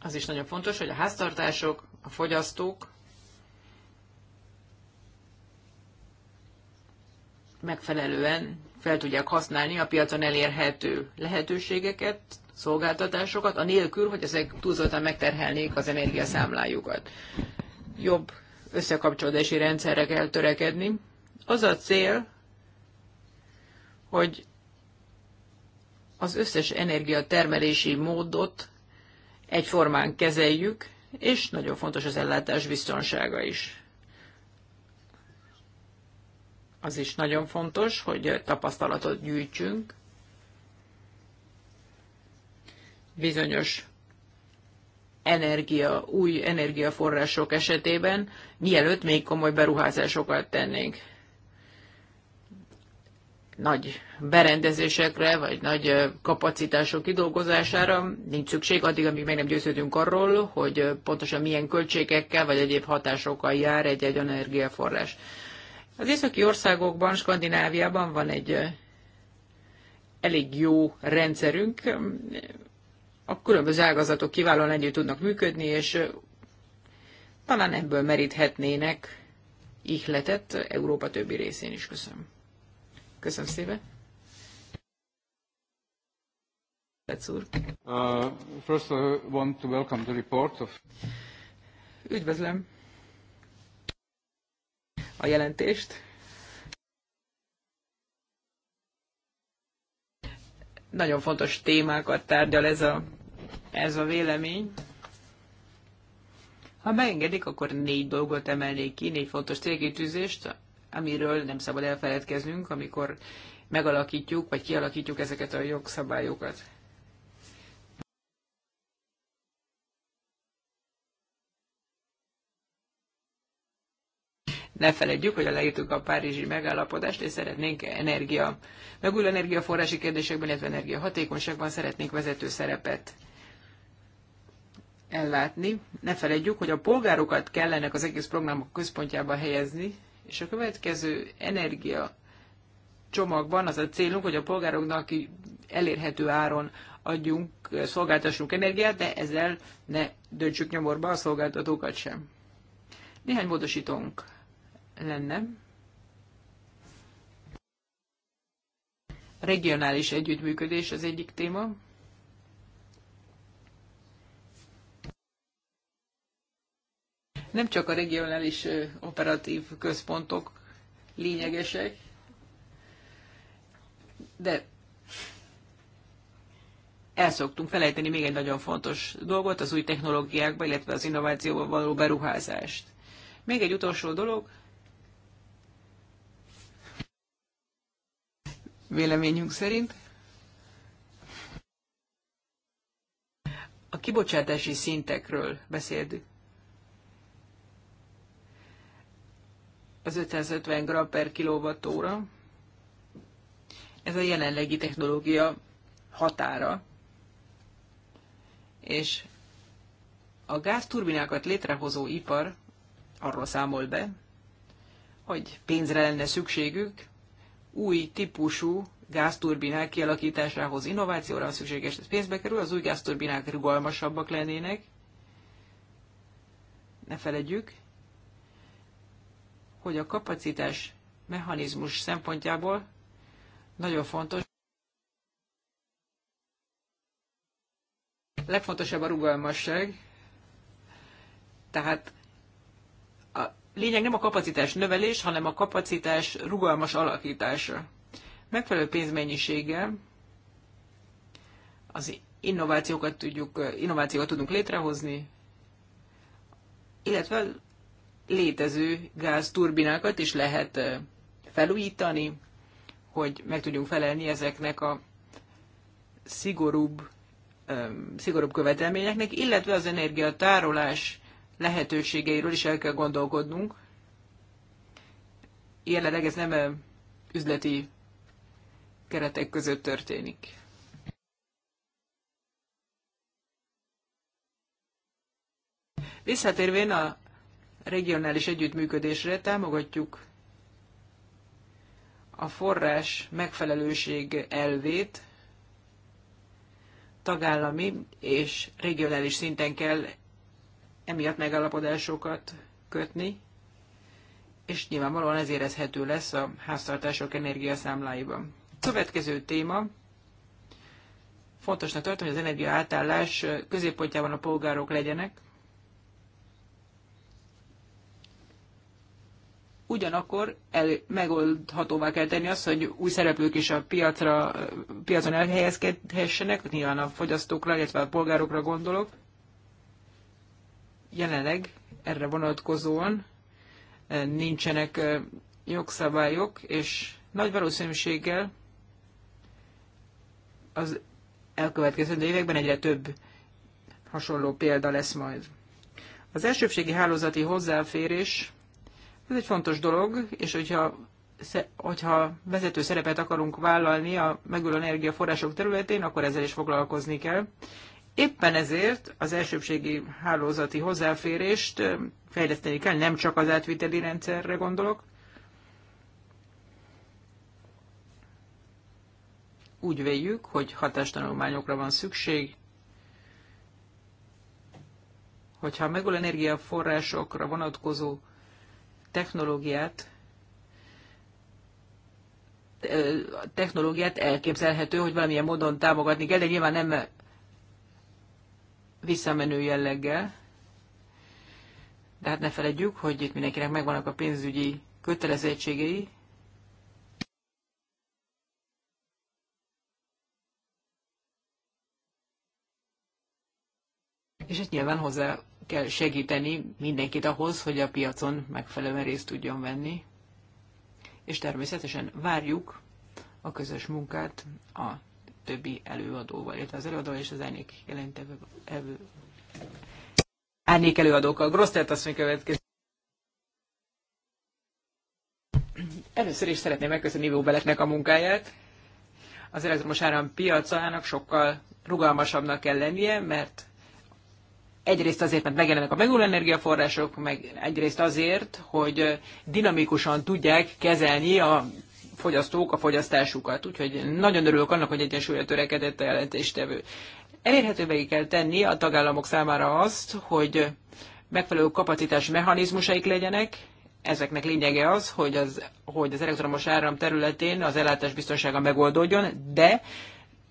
Az is nagyon fontos, hogy a háztartások, a fogyasztók megfelelően fel tudják használni a piacon elérhető lehetőségeket, szolgáltatásokat, anélkül, hogy ezek túlzottan megterhelnék az energiaszámlájukat. Jobb összekapcsolódási rendszerre kell törekedni. Az a cél, hogy az összes energiatermelési módot egyformán kezeljük, és nagyon fontos az ellátás biztonsága is az is nagyon fontos, hogy tapasztalatot gyűjtsünk. Bizonyos energia, új energiaforrások esetében, mielőtt még komoly beruházásokat tennénk. Nagy berendezésekre, vagy nagy kapacitások kidolgozására nincs szükség addig, amíg meg nem győződünk arról, hogy pontosan milyen költségekkel, vagy egyéb hatásokkal jár egy-egy energiaforrás. Az északi országokban, Skandináviában van egy elég jó rendszerünk, a különböző ágazatok kiválóan együtt tudnak működni, és talán ebből meríthetnének ihletet Európa többi részén is. Köszönöm. Köszönöm szépen. Uh, first, I want to welcome the report of... Üdvözlöm a jelentést. Nagyon fontos témákat tárgyal ez a, ez a vélemény. Ha megengedik, akkor négy dolgot emelnék ki, négy fontos célkitűzést, amiről nem szabad elfeledkeznünk, amikor megalakítjuk, vagy kialakítjuk ezeket a jogszabályokat. Ne feledjük, hogy leírtuk a párizsi megállapodást, és szeretnénk energia, megújuló energiaforrási kérdésekben, illetve energiahatékonyságban szeretnénk vezető szerepet ellátni. Ne feledjük, hogy a polgárokat kellene az egész programok központjába helyezni, és a következő energia csomagban az a célunk, hogy a polgároknak elérhető áron adjunk, szolgáltassunk energiát, de ezzel ne döntsük nyomorba a szolgáltatókat sem. Néhány módosítónk lenne. Regionális együttműködés az egyik téma. Nem csak a regionális operatív központok lényegesek, de el szoktunk felejteni még egy nagyon fontos dolgot, az új technológiákba, illetve az innovációba való beruházást. Még egy utolsó dolog, véleményünk szerint. A kibocsátási szintekről beszéltük. Az 550 g per kilovattóra. Ez a jelenlegi technológia határa. És a gázturbinákat létrehozó ipar arról számol be, hogy pénzre lenne szükségük, új típusú gázturbinák kialakításához innovációra van szükséges, ez pénzbe kerül, az új gázturbinák rugalmasabbak lennének. Ne feledjük, hogy a kapacitás mechanizmus szempontjából nagyon fontos. Legfontosabb a rugalmasság, tehát lényeg nem a kapacitás növelés, hanem a kapacitás rugalmas alakítása. Megfelelő pénzmennyiséggel az innovációkat, tudjuk, innovációkat tudunk létrehozni, illetve létező gázturbinákat is lehet felújítani, hogy meg tudjunk felelni ezeknek a szigorúbb, szigorúbb követelményeknek, illetve az energiatárolás lehetőségeiről is el kell gondolkodnunk. Jelenleg ez nem üzleti keretek között történik. Visszatérvén a regionális együttműködésre támogatjuk a forrás megfelelőség elvét tagállami és regionális szinten kell emiatt megállapodásokat kötni, és nyilvánvalóan ez érezhető lesz a háztartások energiaszámláiban. Következő téma, fontosnak tartom, hogy az energia átállás középpontjában a polgárok legyenek, ugyanakkor el, megoldhatóvá kell tenni azt, hogy új szereplők is a piacra, piacon elhelyezkedhessenek, nyilván a fogyasztókra, illetve a polgárokra gondolok jelenleg erre vonatkozóan eh, nincsenek eh, jogszabályok, és nagy valószínűséggel az elkövetkező években egyre több hasonló példa lesz majd. Az elsőbségi hálózati hozzáférés, ez egy fontos dolog, és hogyha, hogyha vezető szerepet akarunk vállalni a megülő energiaforrások területén, akkor ezzel is foglalkozni kell. Éppen ezért az elsőbségi hálózati hozzáférést fejleszteni kell, nem csak az átviteli rendszerre gondolok. Úgy véljük, hogy hatástanulmányokra van szükség, hogyha a megújuló energiaforrásokra vonatkozó technológiát technológiát elképzelhető, hogy valamilyen módon támogatni kell, de nyilván nem visszamenő jelleggel, de hát ne feledjük, hogy itt mindenkinek megvannak a pénzügyi kötelezettségei, és ezt nyilván hozzá kell segíteni mindenkit ahhoz, hogy a piacon megfelelően részt tudjon venni. És természetesen várjuk a közös munkát a többi előadóval, illetve az előadó és az árnyék jelentevő elő, árnyék előadókkal. Grosztelt asszony következik. Először is szeretném megköszönni Ivo Beletnek a munkáját. Az elektromos áram piacának sokkal rugalmasabbnak kell lennie, mert egyrészt azért, mert megjelennek a megújuló energiaforrások, meg egyrészt azért, hogy dinamikusan tudják kezelni a fogyasztók a fogyasztásukat. Úgyhogy nagyon örülök annak, hogy egyensúlyra törekedett a jelentéstevő. Elérhetővé kell tenni a tagállamok számára azt, hogy megfelelő kapacitás mechanizmusaik legyenek, ezeknek lényege az, hogy az, hogy az elektromos áram területén az ellátás biztonsága megoldódjon, de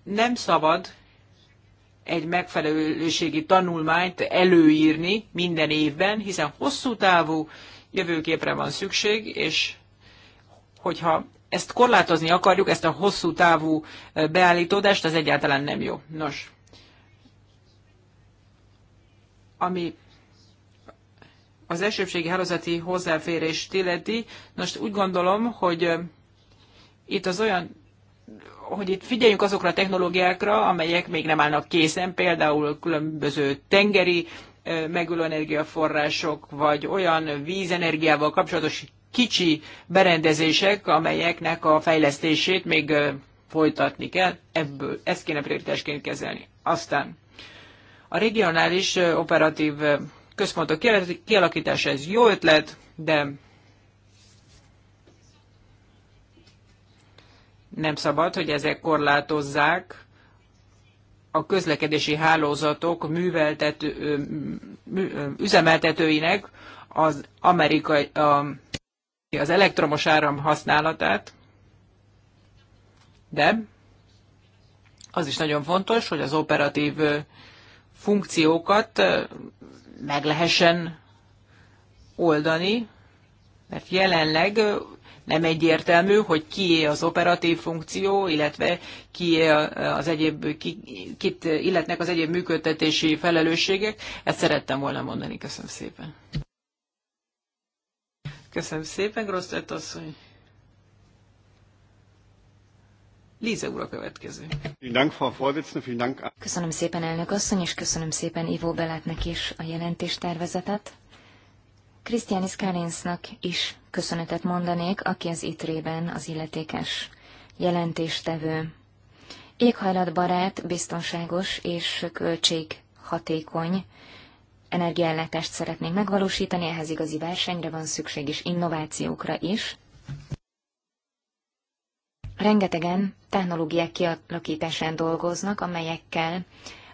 nem szabad egy megfelelőségi tanulmányt előírni minden évben, hiszen hosszú távú jövőképre van szükség, és hogyha ezt korlátozni akarjuk, ezt a hosszú távú beállítódást, az egyáltalán nem jó. Nos, ami az elsőbségi hálózati hozzáférést illeti, most úgy gondolom, hogy itt az olyan hogy itt figyeljünk azokra a technológiákra, amelyek még nem állnak készen, például különböző tengeri megülő energiaforrások, vagy olyan vízenergiával kapcsolatos kicsi berendezések, amelyeknek a fejlesztését még folytatni kell, ebből ezt kéne prioritásként kezelni. Aztán a regionális operatív központok kialakítása ez jó ötlet, de nem szabad, hogy ezek korlátozzák a közlekedési hálózatok műveltető, üzemeltetőinek az amerikai, a az elektromos áram használatát, de az is nagyon fontos, hogy az operatív funkciókat meg lehessen oldani, mert jelenleg nem egyértelmű, hogy kié az operatív funkció, illetve kié az egyéb, ki, kit illetnek az egyéb működtetési felelősségek. Ezt szerettem volna mondani. Köszönöm szépen. Köszönöm szépen, Grosztett asszony. Líze úr a következő. Köszönöm szépen, elnök asszony, és köszönöm szépen Ivó Belátnek is a jelentéstervezetet. Krisztiánis Kárénsznak is köszönetet mondanék, aki az ITRE-ben az illetékes jelentéstevő. Éghajlatbarát, biztonságos és költséghatékony energiállátást szeretnénk megvalósítani, ehhez igazi versenyre van szükség, és innovációkra is. Rengetegen technológiák kialakításán dolgoznak, amelyekkel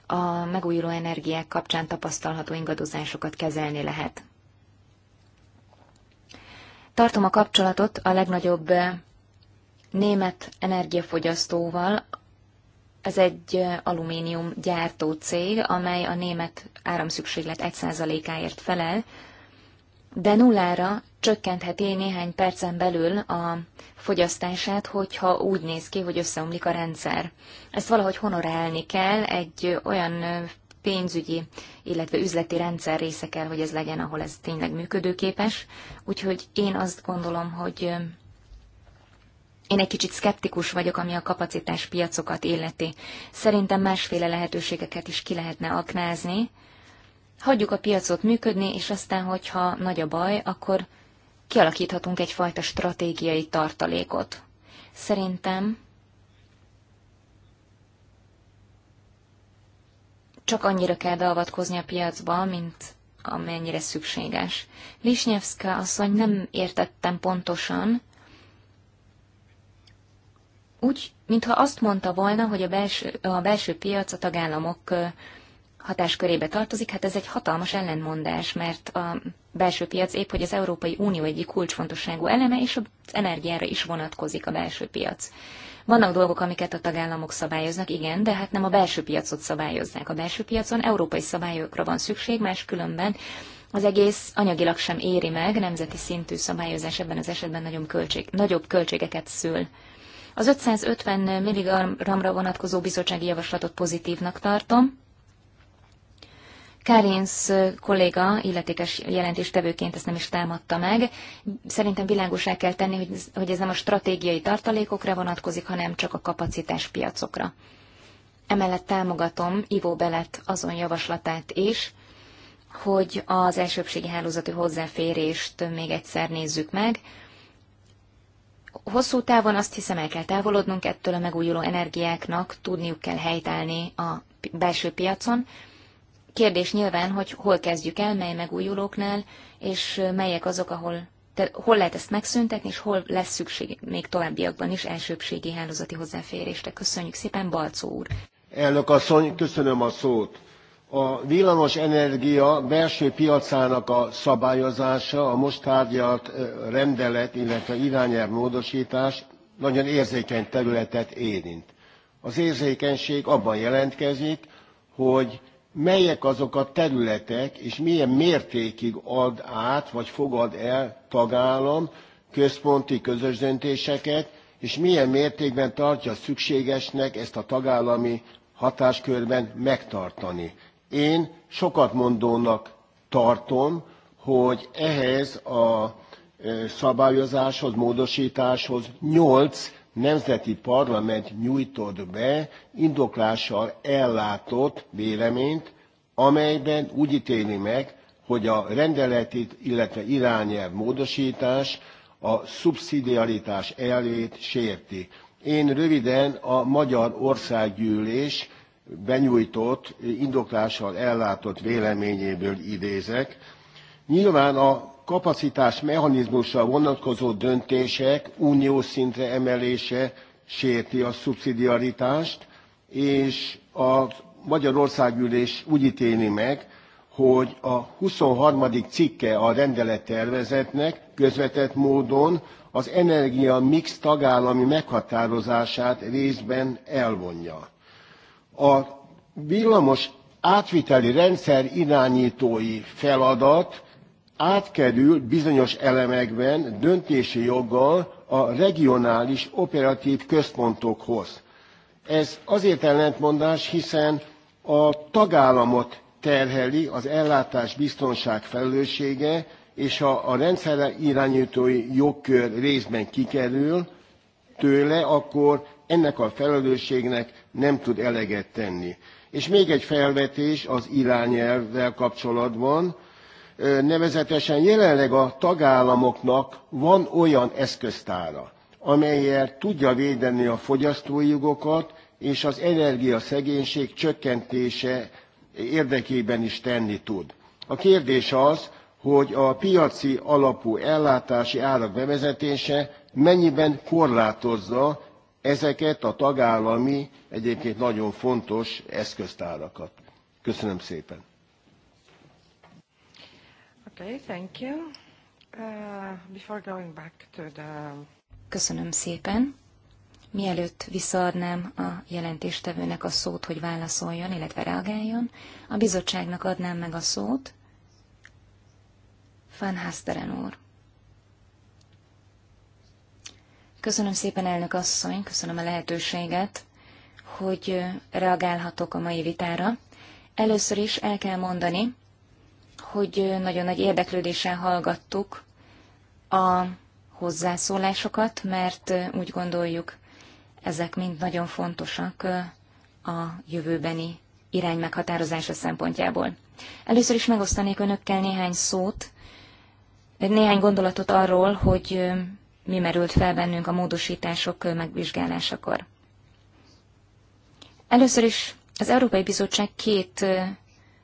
a megújuló energiák kapcsán tapasztalható ingadozásokat kezelni lehet. Tartom a kapcsolatot a legnagyobb német energiafogyasztóval, ez egy alumínium gyártó cég, amely a német áramszükséglet 1%-áért felel, de nullára csökkentheti néhány percen belül a fogyasztását, hogyha úgy néz ki, hogy összeomlik a rendszer. Ezt valahogy honorálni kell, egy olyan pénzügyi, illetve üzleti rendszer része kell, hogy ez legyen, ahol ez tényleg működőképes. Úgyhogy én azt gondolom, hogy én egy kicsit szkeptikus vagyok, ami a kapacitás piacokat illeti. Szerintem másféle lehetőségeket is ki lehetne aknázni. Hagyjuk a piacot működni, és aztán, hogyha nagy a baj, akkor kialakíthatunk egyfajta stratégiai tartalékot. Szerintem csak annyira kell beavatkozni a piacba, mint amennyire szükséges. Lisnyevska asszony nem értettem pontosan, úgy, mintha azt mondta volna, hogy a belső, a belső piac a tagállamok hatáskörébe tartozik, hát ez egy hatalmas ellentmondás, mert a belső piac épp, hogy az Európai Unió egyik kulcsfontosságú eleme, és az energiára is vonatkozik a belső piac. Vannak dolgok, amiket a tagállamok szabályoznak, igen, de hát nem a belső piacot szabályozzák. A belső piacon európai szabályokra van szükség, más különben az egész anyagilag sem éri meg, nemzeti szintű szabályozás ebben az esetben nagyobb, költség, nagyobb költségeket szül. Az 550 mg-ra vonatkozó bizottsági javaslatot pozitívnak tartom. Kárinsz kolléga, illetékes jelentéstevőként ezt nem is támadta meg. Szerintem világosá kell tenni, hogy, ez nem a stratégiai tartalékokra vonatkozik, hanem csak a kapacitás piacokra. Emellett támogatom Ivó Belet azon javaslatát is, hogy az elsőbségi hálózati hozzáférést még egyszer nézzük meg, Hosszú távon azt hiszem el kell távolodnunk ettől a megújuló energiáknak, tudniuk kell helytállni a belső piacon. Kérdés nyilván, hogy hol kezdjük el, mely megújulóknál, és melyek azok, ahol te, hol lehet ezt megszüntetni, és hol lesz szükség még továbbiakban is elsőbségi hálózati hozzáférésre. Köszönjük szépen, Balcó úr! Elnök asszony, köszönöm a szót! a villamos energia belső piacának a szabályozása, a most tárgyalt rendelet, illetve irányelv módosítás nagyon érzékeny területet érint. Az érzékenység abban jelentkezik, hogy melyek azok a területek, és milyen mértékig ad át, vagy fogad el tagállam központi közös döntéseket, és milyen mértékben tartja szükségesnek ezt a tagállami hatáskörben megtartani. Én sokat mondónak tartom, hogy ehhez a e, szabályozáshoz, módosításhoz nyolc nemzeti parlament nyújtott be indoklással ellátott véleményt, amelyben úgy ítéli meg, hogy a rendeleti, illetve irányelv módosítás a szubszidiaritás elvét sérti. Én röviden a Magyar Országgyűlés benyújtott, indoklással ellátott véleményéből idézek. Nyilván a kapacitás mechanizmusra vonatkozó döntések uniós szintre emelése sérti a szubszidiaritást, és a Magyarországgyűlés úgy ítéli meg, hogy a 23. cikke a rendelettervezetnek közvetett módon az energia mix tagállami meghatározását részben elvonja. A villamos átviteli rendszer irányítói feladat átkerül bizonyos elemekben döntési joggal a regionális operatív központokhoz. Ez azért ellentmondás, hiszen a tagállamot terheli az ellátás biztonság felelőssége, és ha a rendszerre irányítói jogkör részben kikerül tőle, akkor ennek a felelősségnek nem tud eleget tenni. És még egy felvetés az irányelvvel kapcsolatban, nevezetesen jelenleg a tagállamoknak van olyan eszköztára, amelyel tudja védeni a fogyasztói jogokat, és az energiaszegénység csökkentése érdekében is tenni tud. A kérdés az, hogy a piaci alapú ellátási árak bevezetése mennyiben korlátozza ezeket a tagállami, egyébként nagyon fontos eszköztárakat. Köszönöm szépen. Okay, thank you. Uh, before going back to the... Köszönöm szépen. Mielőtt visszaadnám a jelentéstevőnek a szót, hogy válaszoljon, illetve reagáljon, a bizottságnak adnám meg a szót. Van Hasteren úr. Köszönöm szépen, elnök asszony, köszönöm a lehetőséget, hogy reagálhatok a mai vitára. Először is el kell mondani, hogy nagyon nagy érdeklődéssel hallgattuk a hozzászólásokat, mert úgy gondoljuk, ezek mind nagyon fontosak a jövőbeni irány meghatározása szempontjából. Először is megosztanék önökkel néhány szót, néhány gondolatot arról, hogy mi merült fel bennünk a módosítások megvizsgálásakor. Először is az Európai Bizottság két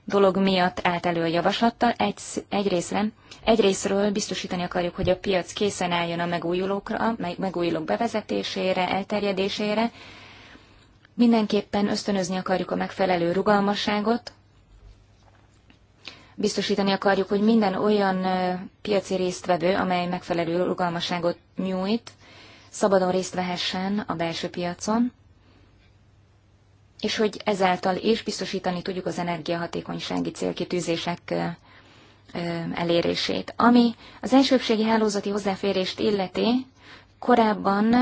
dolog miatt állt elő a javaslattal. Egy, egyrésztről, egyrésztről biztosítani akarjuk, hogy a piac készen álljon a megújulókra, meg, megújulók bevezetésére, elterjedésére. Mindenképpen ösztönözni akarjuk a megfelelő rugalmasságot, Biztosítani akarjuk, hogy minden olyan piaci résztvevő, amely megfelelő rugalmasságot nyújt, szabadon részt vehessen a belső piacon, és hogy ezáltal is biztosítani tudjuk az energiahatékonysági célkitűzések elérését. Ami az elsőbségi hálózati hozzáférést illeti, korábban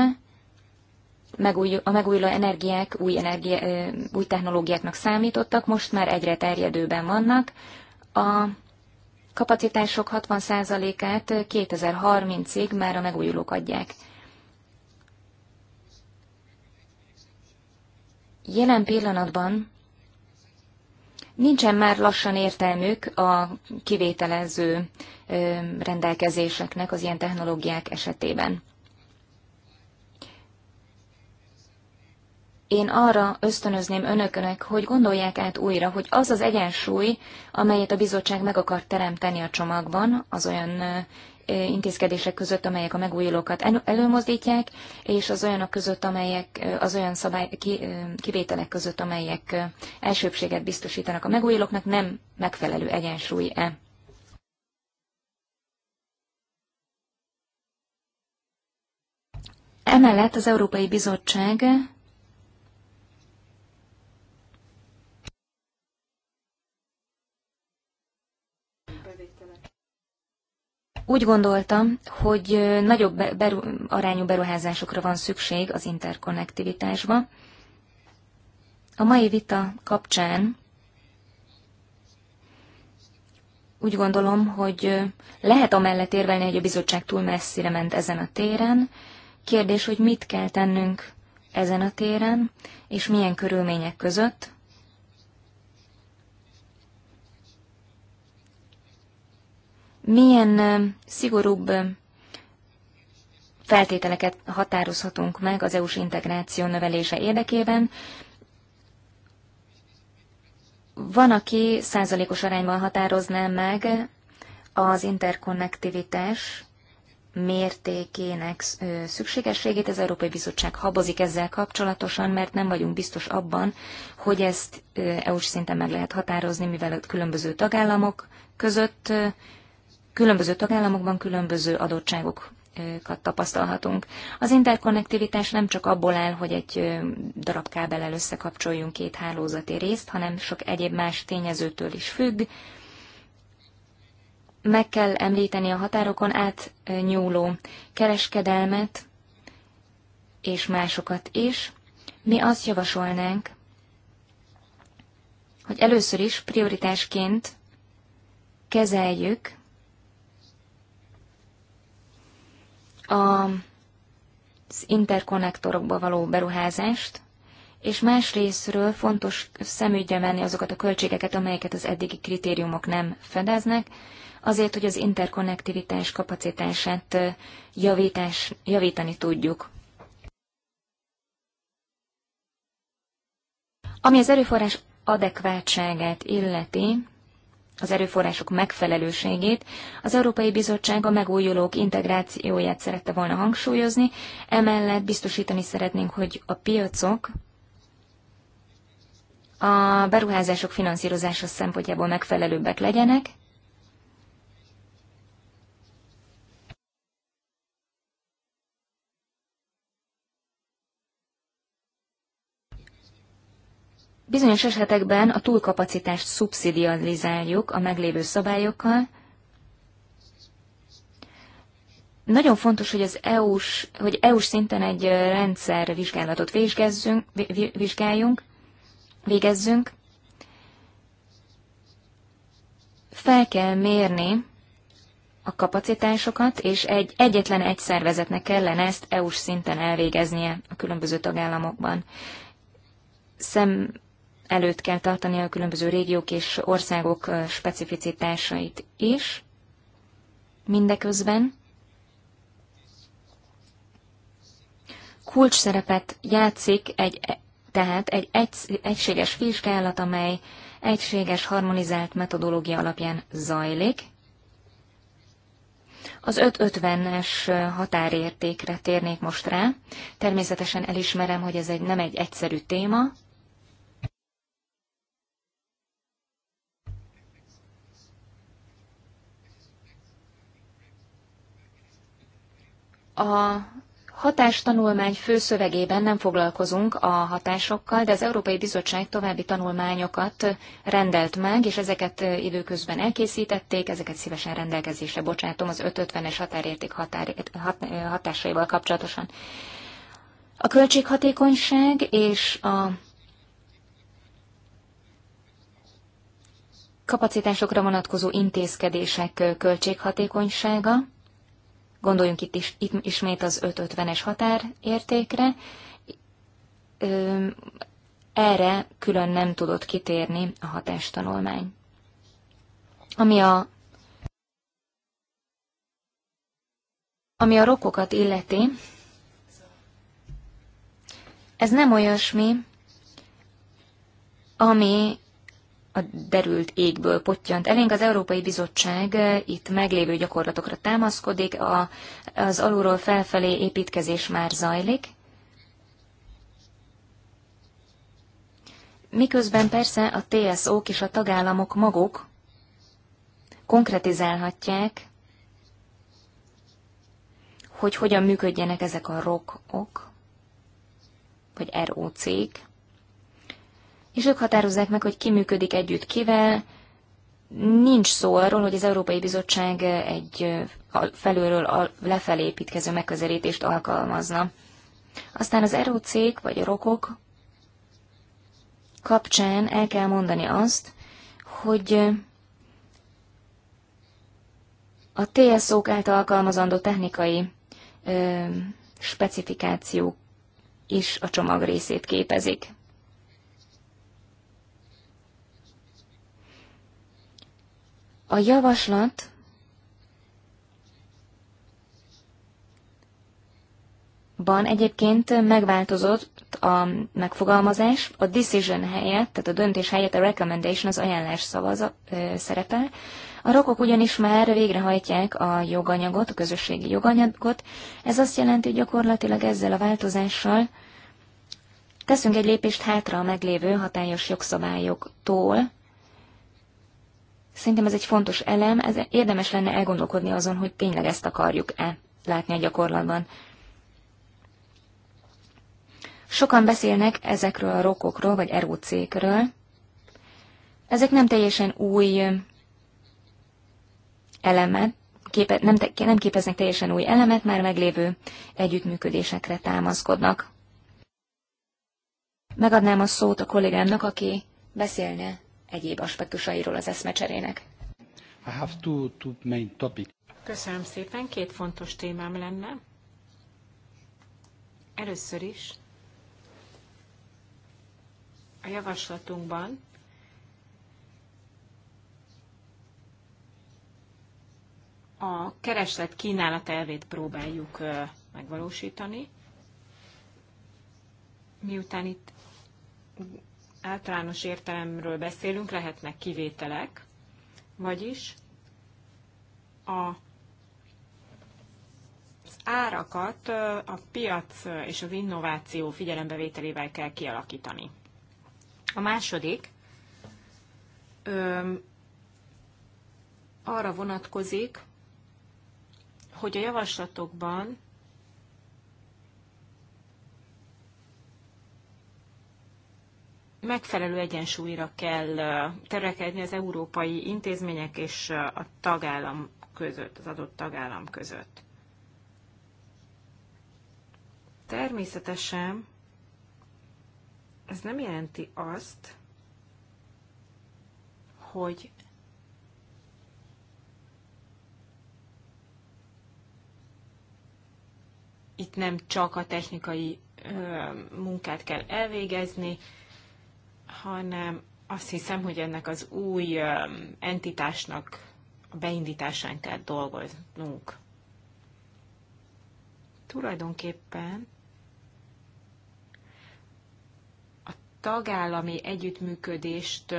a megújuló energiák új, energi- új technológiáknak számítottak, most már egyre terjedőben vannak, a kapacitások 60%-át 2030-ig már a megújulók adják. Jelen pillanatban nincsen már lassan értelmük a kivételező rendelkezéseknek az ilyen technológiák esetében. én arra ösztönözném önökönek, hogy gondolják át újra, hogy az az egyensúly, amelyet a bizottság meg akar teremteni a csomagban, az olyan intézkedések között, amelyek a megújulókat előmozdítják, és az olyanok között, amelyek az olyan szabály, ki, kivételek között, amelyek elsőbséget biztosítanak a megújulóknak, nem megfelelő egyensúly-e. Emellett az Európai Bizottság Úgy gondoltam, hogy nagyobb beru, arányú beruházásokra van szükség az interkonnektivitásba. A mai vita kapcsán úgy gondolom, hogy lehet amellett érvelni, hogy a bizottság túl messzire ment ezen a téren. Kérdés, hogy mit kell tennünk ezen a téren, és milyen körülmények között, milyen szigorúbb feltételeket határozhatunk meg az EU-s integráció növelése érdekében. Van, aki százalékos arányban határozná meg az interkonnektivitás mértékének szükségességét. Az Európai Bizottság habozik ezzel kapcsolatosan, mert nem vagyunk biztos abban, hogy ezt EU-s szinten meg lehet határozni, mivel a különböző tagállamok között különböző tagállamokban különböző adottságok tapasztalhatunk. Az interkonnektivitás nem csak abból áll, hogy egy darab kábellel összekapcsoljunk két hálózati részt, hanem sok egyéb más tényezőtől is függ. Meg kell említeni a határokon átnyúló kereskedelmet és másokat is. Mi azt javasolnánk, hogy először is prioritásként kezeljük az interkonnektorokba való beruházást, és másrésztről fontos szemügyre venni azokat a költségeket, amelyeket az eddigi kritériumok nem fedeznek, azért, hogy az interkonnektivitás kapacitását javítás, javítani tudjuk. Ami az erőforrás adekvátságát illeti, az erőforrások megfelelőségét, az Európai Bizottság a megújulók integrációját szerette volna hangsúlyozni, emellett biztosítani szeretnénk, hogy a piacok a beruházások finanszírozása szempontjából megfelelőbbek legyenek, Bizonyos esetekben a túlkapacitást szubszidializáljuk a meglévő szabályokkal. Nagyon fontos, hogy az EU-s, hogy EU-s szinten egy rendszer vizsgálatot vizsgázzunk, vizsgáljunk, végezzünk. Fel kell mérni a kapacitásokat, és egy, egyetlen egy szervezetnek kellene ezt EU-s szinten elvégeznie a különböző tagállamokban szem, előtt kell tartani a különböző régiók és országok specificitásait is. Mindeközben kulcs szerepet játszik egy, e, tehát egy, egységes vizsgálat, amely egységes, harmonizált metodológia alapján zajlik. Az 550-es határértékre térnék most rá. Természetesen elismerem, hogy ez egy, nem egy egyszerű téma, A hatástanulmány főszövegében nem foglalkozunk a hatásokkal, de az Európai Bizottság további tanulmányokat rendelt meg, és ezeket időközben elkészítették, ezeket szívesen rendelkezésre bocsátom az 550-es határérték határ, hat, hatásaival kapcsolatosan. A költséghatékonyság és a kapacitásokra vonatkozó intézkedések költséghatékonysága, Gondoljunk itt, is, itt ismét az 550-es határértékre. Erre külön nem tudott kitérni a hatástanulmány. Ami a Ami a rokokat illeti, ez nem olyasmi, ami a derült égből pottyant elénk. Az Európai Bizottság eh, itt meglévő gyakorlatokra támaszkodik, a, az alulról felfelé építkezés már zajlik. Miközben persze a TSO-k és a tagállamok maguk konkretizálhatják, hogy hogyan működjenek ezek a ROK-ok, vagy ROC-k, és ők határozzák meg, hogy ki működik együtt kivel. Nincs szó arról, hogy az Európai Bizottság egy felülről lefelé építkező megközelítést alkalmazna. Aztán az roc vagy a rokok kapcsán el kell mondani azt, hogy a TSO-k által alkalmazandó technikai ö, specifikációk is a csomag részét képezik. A javaslat Van egyébként megváltozott a megfogalmazás, a decision helyett, tehát a döntés helyett a recommendation, az ajánlás szavaza, ö, szerepel. A rokok ugyanis már végrehajtják a joganyagot, a közösségi joganyagot. Ez azt jelenti, hogy gyakorlatilag ezzel a változással teszünk egy lépést hátra a meglévő hatályos jogszabályoktól, Szerintem ez egy fontos elem, ez érdemes lenne elgondolkodni azon, hogy tényleg ezt akarjuk-e látni a gyakorlatban. Sokan beszélnek ezekről a rokokról, vagy erócékről. Ezek nem teljesen új elemet, képe, nem, te, nem képeznek teljesen új elemet, már meglévő együttműködésekre támaszkodnak. Megadnám a szót a kollégámnak, aki beszélne egyéb aspektusairól az eszmecserének. I have two, two main topic. Köszönöm szépen, két fontos témám lenne. Először is a javaslatunkban a kereslet kínálat elvét próbáljuk megvalósítani. Miután itt általános értelemről beszélünk, lehetnek kivételek, vagyis a árakat a piac és az innováció figyelembevételével kell kialakítani. A második öm, arra vonatkozik, hogy a javaslatokban megfelelő egyensúlyra kell törekedni az európai intézmények és a tagállam között, az adott tagállam között. Természetesen ez nem jelenti azt, hogy itt nem csak a technikai munkát kell elvégezni, hanem azt hiszem, hogy ennek az új entitásnak a beindításán kell dolgoznunk. Tulajdonképpen a tagállami együttműködést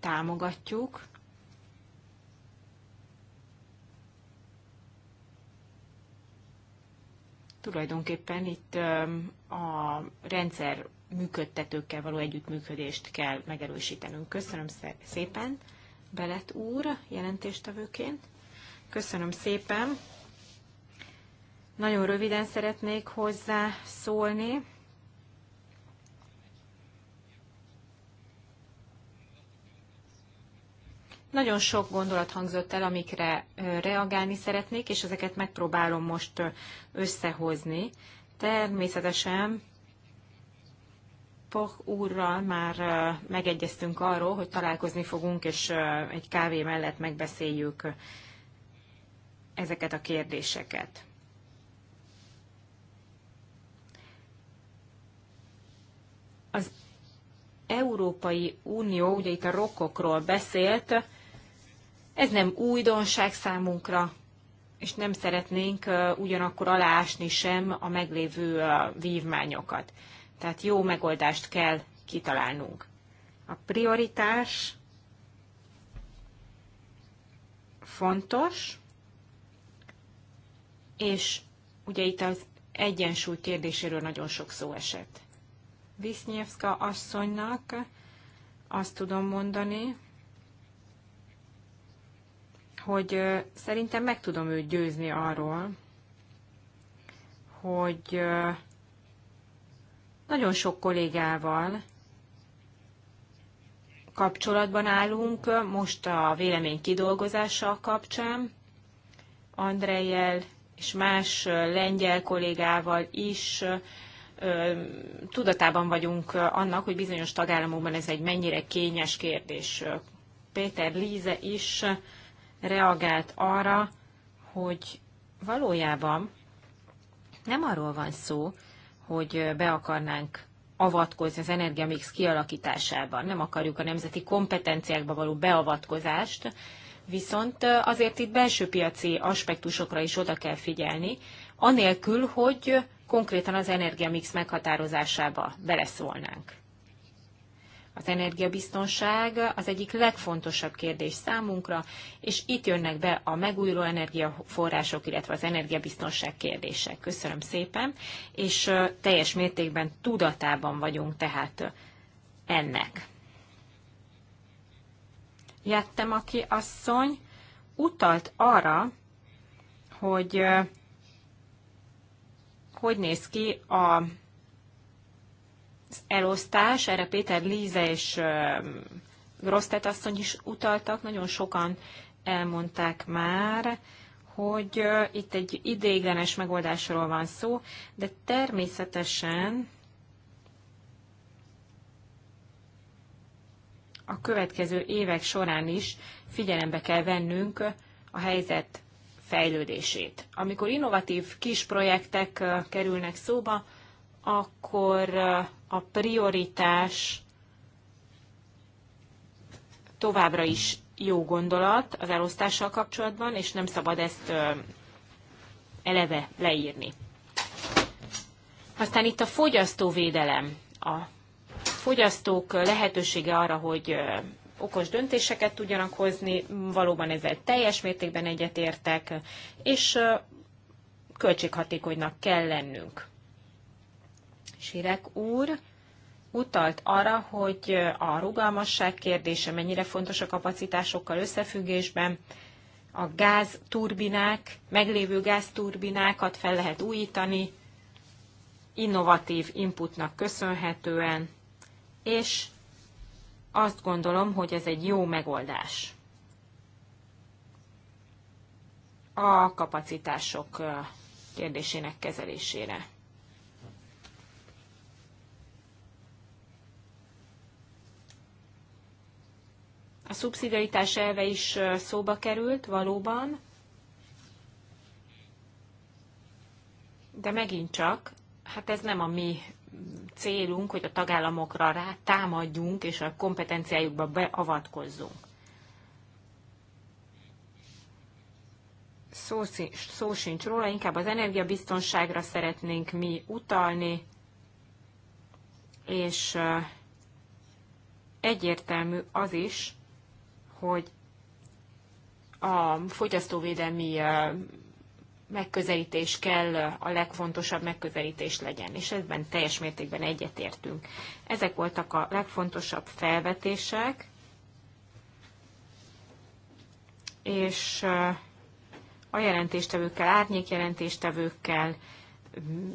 támogatjuk, tulajdonképpen itt a rendszer működtetőkkel való együttműködést kell megerősítenünk. Köszönöm szépen, Belet úr, jelentéstevőként. Köszönöm szépen. Nagyon röviden szeretnék hozzá szólni. Nagyon sok gondolat hangzott el, amikre reagálni szeretnék, és ezeket megpróbálom most összehozni. Természetesen Poch úrral már megegyeztünk arról, hogy találkozni fogunk, és egy kávé mellett megbeszéljük ezeket a kérdéseket. Az Európai Unió, ugye itt a rokokról beszélt, ez nem újdonság számunkra, és nem szeretnénk ugyanakkor aláásni sem a meglévő vívmányokat. Tehát jó megoldást kell kitalálnunk. A prioritás fontos, és ugye itt az egyensúly kérdéséről nagyon sok szó esett. Visznyevska asszonynak azt tudom mondani, hogy szerintem meg tudom őt győzni arról, hogy nagyon sok kollégával kapcsolatban állunk most a vélemény kidolgozással kapcsán. Andrejjel és más lengyel kollégával is tudatában vagyunk annak, hogy bizonyos tagállamokban ez egy mennyire kényes kérdés. Péter Líze is reagált arra, hogy valójában nem arról van szó, hogy be akarnánk avatkozni az energiamix kialakításában. Nem akarjuk a nemzeti kompetenciákba való beavatkozást, viszont azért itt belső piaci aspektusokra is oda kell figyelni, anélkül, hogy konkrétan az energiamix meghatározásába beleszólnánk. Az energiabiztonság az egyik legfontosabb kérdés számunkra, és itt jönnek be a megújuló energiaforrások, illetve az energiabiztonság kérdések. Köszönöm szépen, és teljes mértékben tudatában vagyunk tehát ennek. Jettem, aki asszony utalt arra, hogy hogy néz ki a elosztás, erre Péter Líze és Grosztet asszony is utaltak, nagyon sokan elmondták már, hogy itt egy idéglenes megoldásról van szó, de természetesen a következő évek során is figyelembe kell vennünk a helyzet fejlődését. Amikor innovatív kis projektek kerülnek szóba, akkor a prioritás továbbra is jó gondolat az elosztással kapcsolatban, és nem szabad ezt eleve leírni. Aztán itt a fogyasztóvédelem, a fogyasztók lehetősége arra, hogy okos döntéseket tudjanak hozni, valóban ezzel teljes mértékben egyetértek, és költséghatékonynak kell lennünk. Sirek úr utalt arra, hogy a rugalmasság kérdése mennyire fontos a kapacitásokkal összefüggésben, a gázturbinák, meglévő gázturbinákat fel lehet újítani, innovatív inputnak köszönhetően, és azt gondolom, hogy ez egy jó megoldás. A kapacitások kérdésének kezelésére. A szubszidiaritás elve is szóba került valóban, de megint csak, hát ez nem a mi célunk, hogy a tagállamokra rá támadjunk és a kompetenciájukba beavatkozzunk. Szó, szó sincs róla, inkább az energiabiztonságra szeretnénk mi utalni, és egyértelmű az is, hogy a fogyasztóvédelmi megközelítés kell a legfontosabb megközelítés legyen, és ebben teljes mértékben egyetértünk. Ezek voltak a legfontosabb felvetések, és a jelentéstevőkkel, árnyék jelentéstevőkkel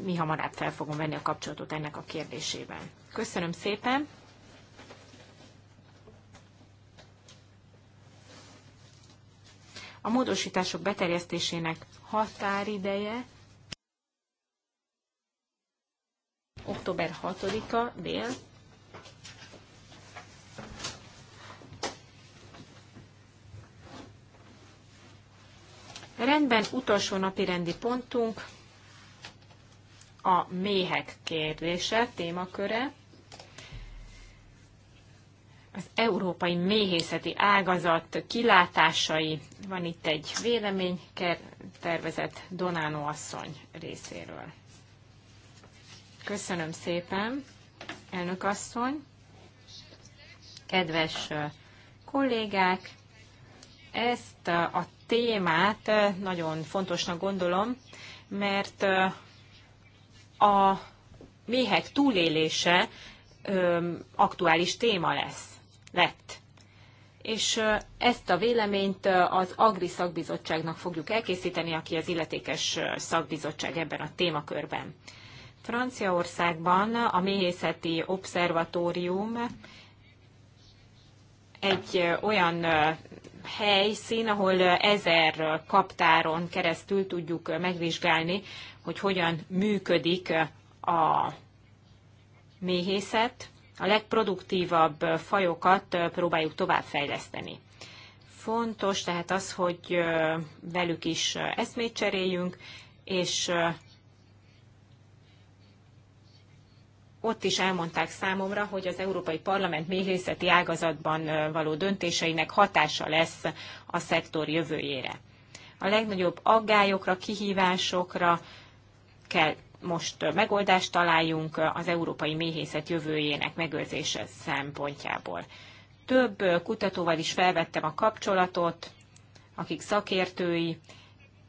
mi hamarabb fel fogom venni a kapcsolatot ennek a kérdésében. Köszönöm szépen! A módosítások beterjesztésének határideje október 6-a dél. Rendben, utolsó napi rendi pontunk a méhek kérdése, témaköre az európai méhészeti ágazat kilátásai. Van itt egy vélemény tervezett Donánó asszony részéről. Köszönöm szépen, elnök asszony, kedves kollégák, ezt a témát nagyon fontosnak gondolom, mert a méhek túlélése aktuális téma lesz lett. És ezt a véleményt az Agri szakbizottságnak fogjuk elkészíteni, aki az illetékes szakbizottság ebben a témakörben. Franciaországban a Méhészeti Obszervatórium egy olyan helyszín, ahol ezer kaptáron keresztül tudjuk megvizsgálni, hogy hogyan működik a méhészet a legproduktívabb fajokat próbáljuk továbbfejleszteni. Fontos tehát az, hogy velük is eszmét cseréljünk, és ott is elmondták számomra, hogy az Európai Parlament méhészeti ágazatban való döntéseinek hatása lesz a szektor jövőjére. A legnagyobb aggályokra, kihívásokra kell most megoldást találjunk az európai méhészet jövőjének megőrzése szempontjából. Több kutatóval is felvettem a kapcsolatot, akik szakértői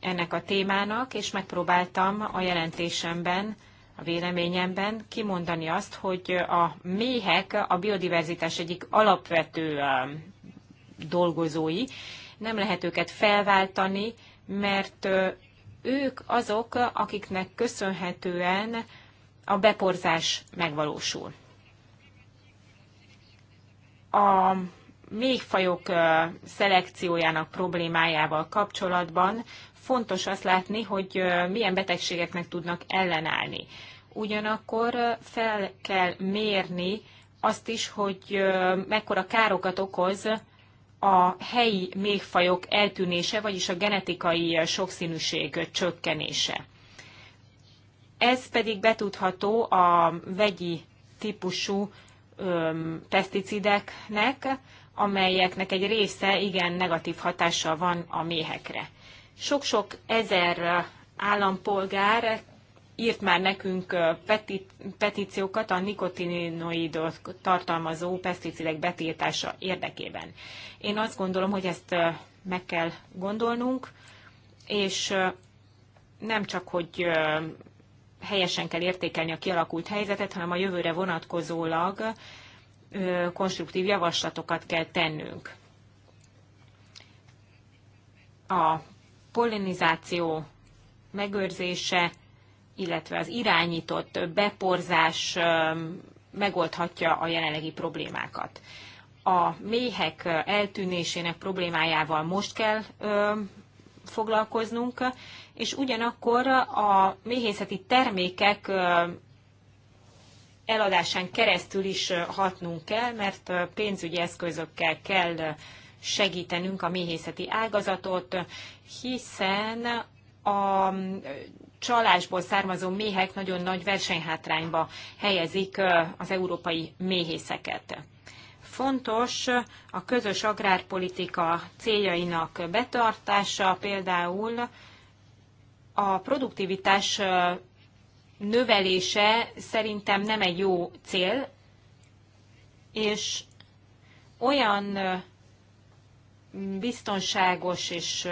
ennek a témának, és megpróbáltam a jelentésemben, a véleményemben kimondani azt, hogy a méhek a biodiverzitás egyik alapvető um, dolgozói, nem lehet őket felváltani, mert uh, ők azok, akiknek köszönhetően a beporzás megvalósul. A méhfajok szelekciójának problémájával kapcsolatban fontos azt látni, hogy milyen betegségeknek tudnak ellenállni. Ugyanakkor fel kell mérni azt is, hogy mekkora károkat okoz a helyi méhfajok eltűnése, vagyis a genetikai eh, sokszínűség csökkenése. Ez pedig betudható a vegyi típusú öm, peszticideknek, amelyeknek egy része igen negatív hatással van a méhekre. Sok-sok ezer eh, állampolgár írt már nekünk petíciókat a nikotinoidot tartalmazó peszticidek betiltása érdekében. Én azt gondolom, hogy ezt meg kell gondolnunk, és nem csak, hogy helyesen kell értékelni a kialakult helyzetet, hanem a jövőre vonatkozólag konstruktív javaslatokat kell tennünk. A pollinizáció megőrzése illetve az irányított beporzás megoldhatja a jelenlegi problémákat. A méhek eltűnésének problémájával most kell foglalkoznunk, és ugyanakkor a méhészeti termékek eladásán keresztül is hatnunk kell, mert pénzügyi eszközökkel kell segítenünk a méhészeti ágazatot, hiszen a csalásból származó méhek nagyon nagy versenyhátrányba helyezik az európai méhészeket. Fontos a közös agrárpolitika céljainak betartása, például a produktivitás növelése szerintem nem egy jó cél, és olyan biztonságos és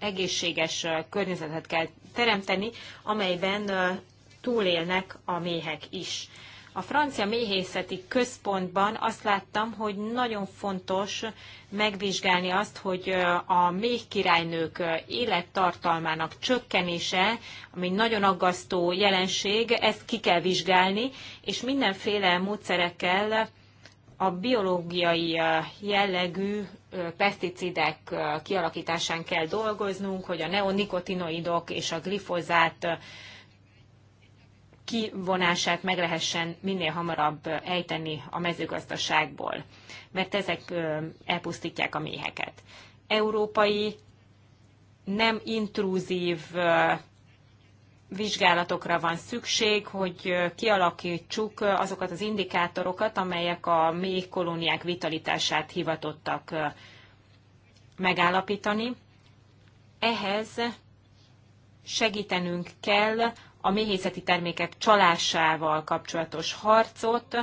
egészséges környezetet kell teremteni, amelyben túlélnek a méhek is. A francia méhészeti központban azt láttam, hogy nagyon fontos megvizsgálni azt, hogy a méhkirálynők élettartalmának csökkenése, ami nagyon aggasztó jelenség, ezt ki kell vizsgálni, és mindenféle módszerekkel a biológiai jellegű peszticidek kialakításán kell dolgoznunk, hogy a neonikotinoidok és a glifozát kivonását meg lehessen minél hamarabb ejteni a mezőgazdaságból, mert ezek elpusztítják a méheket. Európai nem intrúzív vizsgálatokra van szükség, hogy kialakítsuk azokat az indikátorokat, amelyek a mély kolóniák vitalitását hivatottak megállapítani. Ehhez segítenünk kell a méhészeti termékek csalásával kapcsolatos harcot,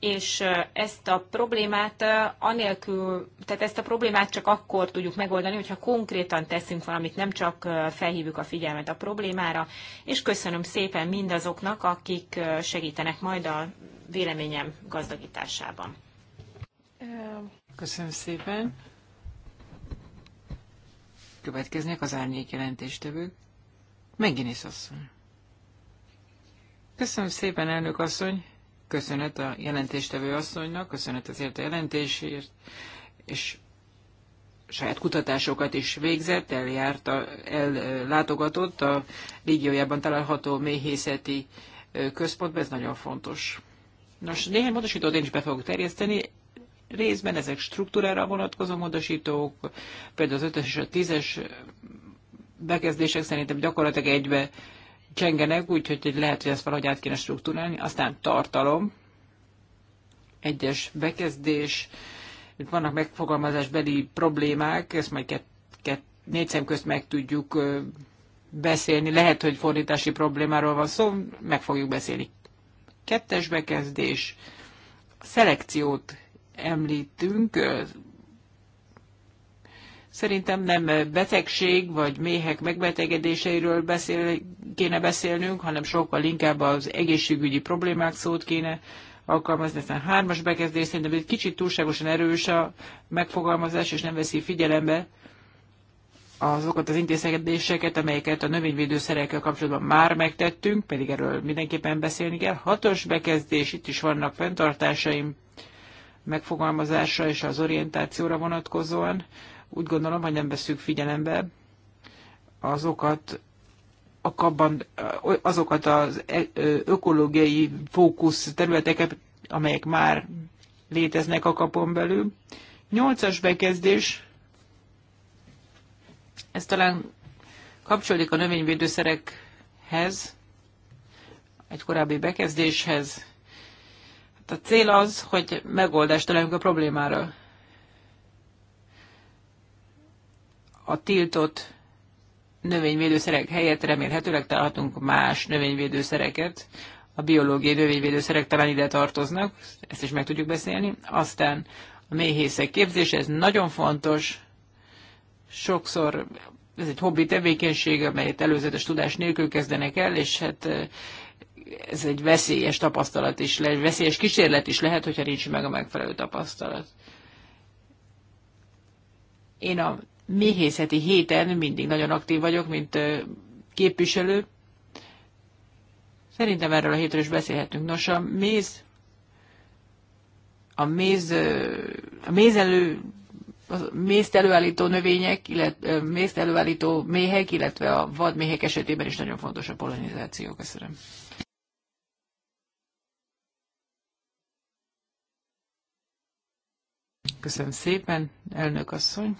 és ezt a problémát anélkül, tehát ezt a problémát csak akkor tudjuk megoldani, hogyha konkrétan teszünk valamit, nem csak felhívjuk a figyelmet a problémára, és köszönöm szépen mindazoknak, akik segítenek majd a véleményem gazdagításában. Köszönöm szépen. Következnek az árnyék jelentéstevők. Megint is asszony. Köszönöm szépen, elnök asszony köszönet a jelentéstevő asszonynak, köszönet azért a jelentésért, és saját kutatásokat is végzett, eljárt, a, ellátogatott a régiójában található méhészeti központban, ez nagyon fontos. Nos, néhány módosítót én is be fogok terjeszteni, részben ezek struktúrára vonatkozó módosítók, például az 5-es és a 10-es bekezdések szerintem gyakorlatilag egybe csengenek, úgyhogy lehet, hogy ezt valahogy át kéne struktúrálni. Aztán tartalom, egyes bekezdés, itt vannak megfogalmazásbeli problémák, ezt majd kett, kett, négy szem közt meg tudjuk beszélni. Lehet, hogy fordítási problémáról van szó, meg fogjuk beszélni. Kettes bekezdés, szelekciót említünk, Szerintem nem eh, betegség vagy méhek megbetegedéseiről beszél, kéne beszélnünk, hanem sokkal inkább az egészségügyi problémák szót kéne alkalmazni. Aztán hármas bekezdés szerintem egy kicsit túlságosan erős a megfogalmazás, és nem veszi figyelembe azokat az intézkedéseket, amelyeket a növényvédőszerekkel kapcsolatban már megtettünk, pedig erről mindenképpen beszélni kell. Hatos bekezdés, itt is vannak fenntartásaim megfogalmazásra és az orientációra vonatkozóan. Úgy gondolom, hogy nem veszük figyelembe azokat, kabban, azokat az e-, ökológiai fókusz területeket, amelyek már léteznek a kapon belül. Nyolcas bekezdés, ez talán kapcsolódik a növényvédőszerekhez, egy korábbi bekezdéshez. Hát a cél az, hogy megoldást találjunk a problémára. a tiltott növényvédőszerek helyett remélhetőleg találhatunk más növényvédőszereket. A biológiai növényvédőszerek talán ide tartoznak, ezt is meg tudjuk beszélni. Aztán a méhészek képzése, ez nagyon fontos. Sokszor ez egy hobbi tevékenység, amelyet előzetes tudás nélkül kezdenek el, és hát ez egy veszélyes tapasztalat is lehet, veszélyes kísérlet is lehet, hogyha nincs meg a megfelelő tapasztalat. Én a méhészeti héten mindig nagyon aktív vagyok, mint képviselő. Szerintem erről a hétről is beszélhetünk. Nos, a méz, a méz, a méz elő, a mézt előállító növények, illetve mézt előállító méhek, illetve a vadméhek esetében is nagyon fontos a polonizáció. Köszönöm. Köszönöm szépen, elnök asszony.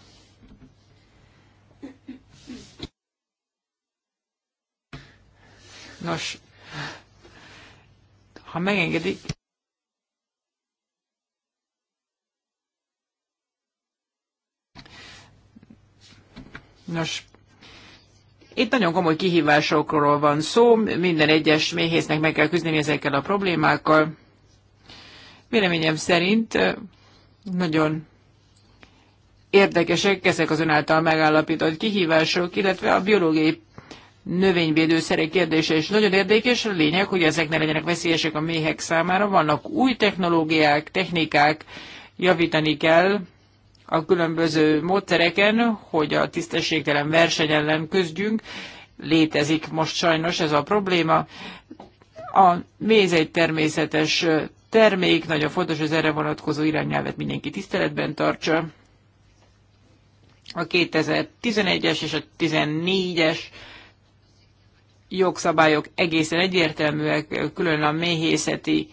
Nos, ha megengedik, Nos, itt nagyon komoly kihívásokról van szó, minden egyes méhésznek meg kell küzdeni ezekkel a problémákkal. Véleményem szerint nagyon érdekesek ezek az önáltal megállapított kihívások, illetve a biológiai növényvédőszerek kérdése is nagyon érdekes. A lényeg, hogy ezek ne legyenek veszélyesek a méhek számára. Vannak új technológiák, technikák, javítani kell a különböző módszereken, hogy a tisztességtelen verseny ellen küzdjünk. Létezik most sajnos ez a probléma. A méz egy természetes termék, nagyon fontos az erre vonatkozó irányelvet mindenki tiszteletben tartsa. A 2011-es és a 2014 es jogszabályok egészen egyértelműek, külön a méhészeti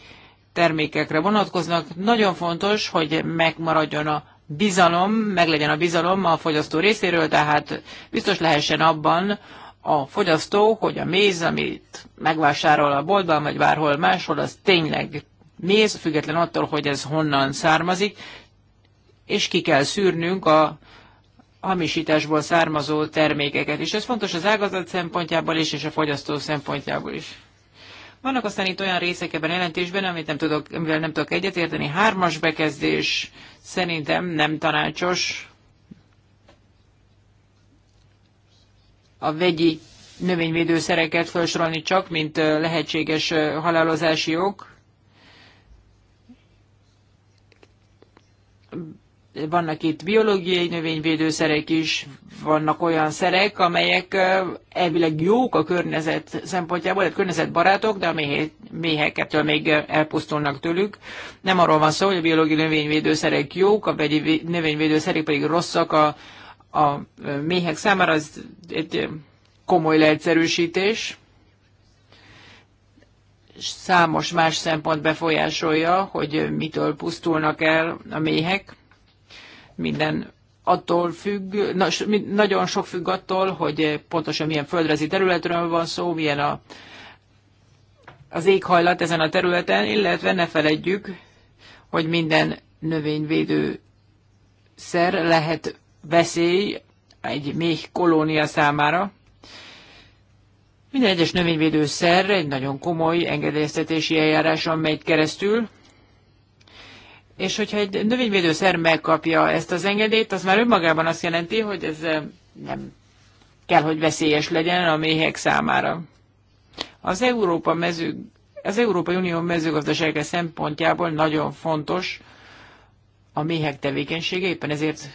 termékekre vonatkoznak. Nagyon fontos, hogy megmaradjon a bizalom, meglegyen a bizalom a fogyasztó részéről, tehát biztos lehessen abban a fogyasztó, hogy a méz, amit megvásárol a boltban, vagy bárhol máshol, az tényleg méz, független attól, hogy ez honnan származik, és ki kell szűrnünk a hamisításból származó termékeket. És ez fontos az ágazat szempontjából is, és a fogyasztó szempontjából is. Vannak aztán itt olyan részek ebben a jelentésben, amit nem tudok, amivel nem tudok egyetérteni. Hármas bekezdés szerintem nem tanácsos. A vegyi növényvédőszereket felsorolni csak, mint lehetséges halálozási ok. vannak itt biológiai növényvédőszerek is, vannak olyan szerek, amelyek elvileg jók a környezet szempontjából, tehát környezetbarátok, de a méhek ettől még elpusztulnak tőlük. Nem arról van szó, hogy a biológiai növényvédőszerek jók, a vegyi növényvédőszerek pedig rosszak a, a méhek számára, az egy komoly leegyszerűsítés számos más szempont befolyásolja, hogy mitől pusztulnak el a méhek minden attól függ, na, nagyon sok függ attól, hogy pontosan milyen földrezi területről van szó, milyen a, az éghajlat ezen a területen, illetve ne feledjük, hogy minden növényvédő szer lehet veszély egy méh kolónia számára. Minden egyes növényvédőszer egy nagyon komoly engedélyeztetési eljáráson megy keresztül, és hogyha egy növényvédőszer megkapja ezt az engedélyt, az már önmagában azt jelenti, hogy ez nem kell, hogy veszélyes legyen a méhek számára. Az Európa mező, az Európai Unió mezőgazdasága szempontjából nagyon fontos a méhek tevékenysége, éppen ezért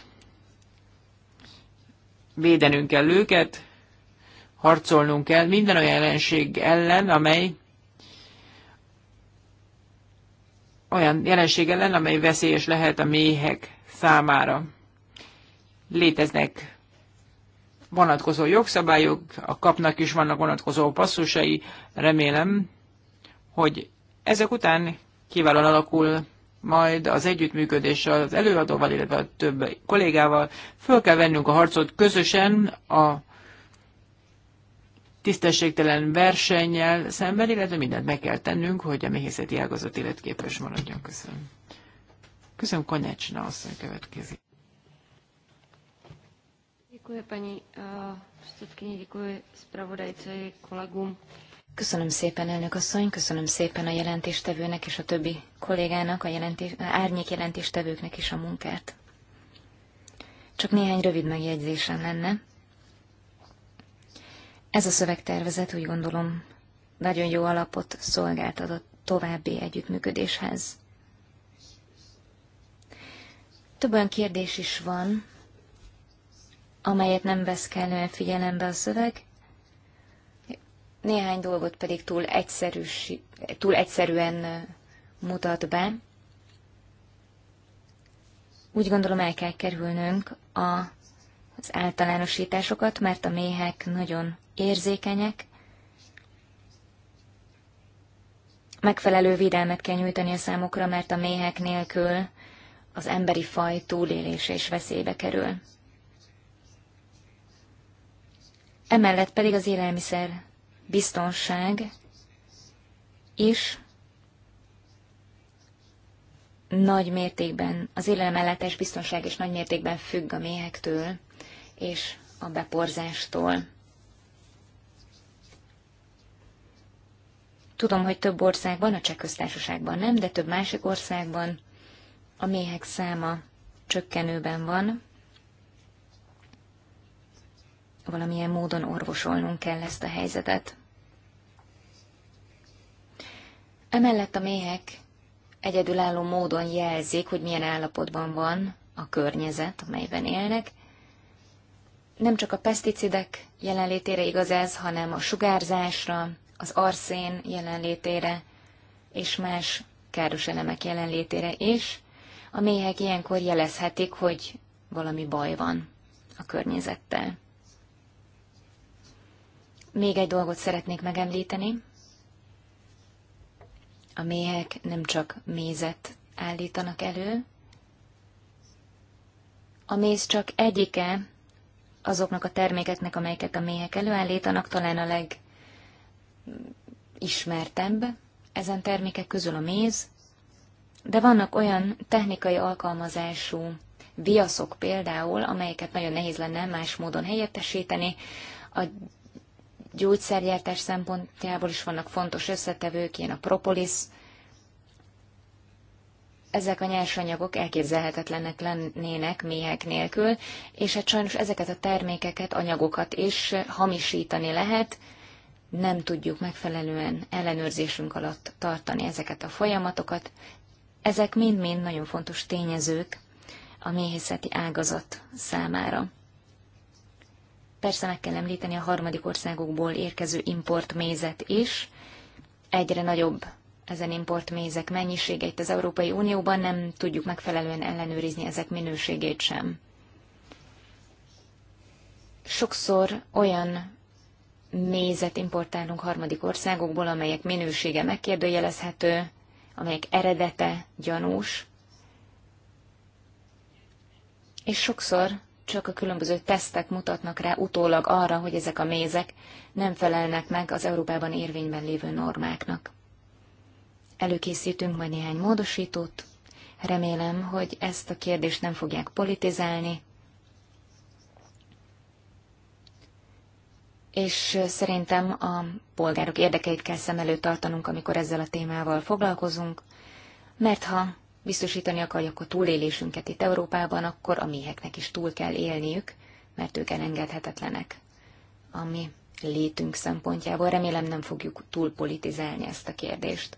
védenünk kell őket, harcolnunk kell minden olyan ellenség ellen, amely olyan jelenség ellen, amely veszélyes lehet a méhek számára. Léteznek vonatkozó jogszabályok, a kapnak is vannak vonatkozó passzusai. Remélem, hogy ezek után kiválóan alakul majd az együttműködés az előadóval, illetve a több kollégával. Föl kell vennünk a harcot közösen a tisztességtelen versennyel szemben, illetve mindent meg kell tennünk, hogy a méhészeti ágazat életképes maradjon. Köszönöm. Köszönöm, Konyecsna asszony következik. Eh, köszönöm szépen, elnök asszony, köszönöm szépen a jelentéstevőnek és a többi kollégának, a jelentés, a árnyék jelentéstevőknek is a munkát. Csak néhány rövid megjegyzésem lenne. Ez a szövegtervezet úgy gondolom nagyon jó alapot szolgált a további együttműködéshez. Több olyan kérdés is van, amelyet nem vesz kellően figyelembe a szöveg, néhány dolgot pedig túl, egyszerűs, túl egyszerűen mutat be. Úgy gondolom el kell kerülnünk a, az általánosításokat, mert a méhek nagyon érzékenyek, megfelelő védelmet kell nyújtani a számukra, mert a méhek nélkül az emberi faj túlélése és veszélybe kerül. Emellett pedig az élelmiszer biztonság is nagy mértékben, az élelmellátás biztonság is nagy mértékben függ a méhektől és a beporzástól. Tudom, hogy több országban, a Csehköztársaságban nem, de több másik országban a méhek száma csökkenőben van. Valamilyen módon orvosolnunk kell ezt a helyzetet. Emellett a méhek egyedülálló módon jelzik, hogy milyen állapotban van a környezet, amelyben élnek. Nem csak a peszticidek jelenlétére igaz ez, hanem a sugárzásra, az arszén jelenlétére és más káros elemek jelenlétére is. A méhek ilyenkor jelezhetik, hogy valami baj van a környezettel. Még egy dolgot szeretnék megemlíteni. A méhek nem csak mézet állítanak elő. A méz csak egyike azoknak a termékeknek, amelyeket a méhek előállítanak, talán a leg ismertebb ezen termékek közül a méz, de vannak olyan technikai alkalmazású viaszok például, amelyeket nagyon nehéz lenne más módon helyettesíteni. A gyógyszergyártás szempontjából is vannak fontos összetevők, ilyen a propolis. Ezek a nyersanyagok elképzelhetetlenek lennének méhek nélkül, és hát sajnos ezeket a termékeket, anyagokat is hamisítani lehet, nem tudjuk megfelelően ellenőrzésünk alatt tartani ezeket a folyamatokat. Ezek mind-mind nagyon fontos tényezők a méhészeti ágazat számára. Persze meg kell említeni a harmadik országokból érkező importmézet is. Egyre nagyobb ezen importmézek mennyisége itt az Európai Unióban, nem tudjuk megfelelően ellenőrizni ezek minőségét sem. Sokszor olyan mézet importálunk harmadik országokból, amelyek minősége megkérdőjelezhető, amelyek eredete gyanús, és sokszor csak a különböző tesztek mutatnak rá utólag arra, hogy ezek a mézek nem felelnek meg az Európában érvényben lévő normáknak. Előkészítünk majd néhány módosítót, remélem, hogy ezt a kérdést nem fogják politizálni, és szerintem a polgárok érdekeit kell szem előtt tartanunk, amikor ezzel a témával foglalkozunk, mert ha biztosítani akarjuk a túlélésünket itt Európában, akkor a méheknek is túl kell élniük, mert ők elengedhetetlenek. Ami létünk szempontjából remélem nem fogjuk túlpolitizálni ezt a kérdést.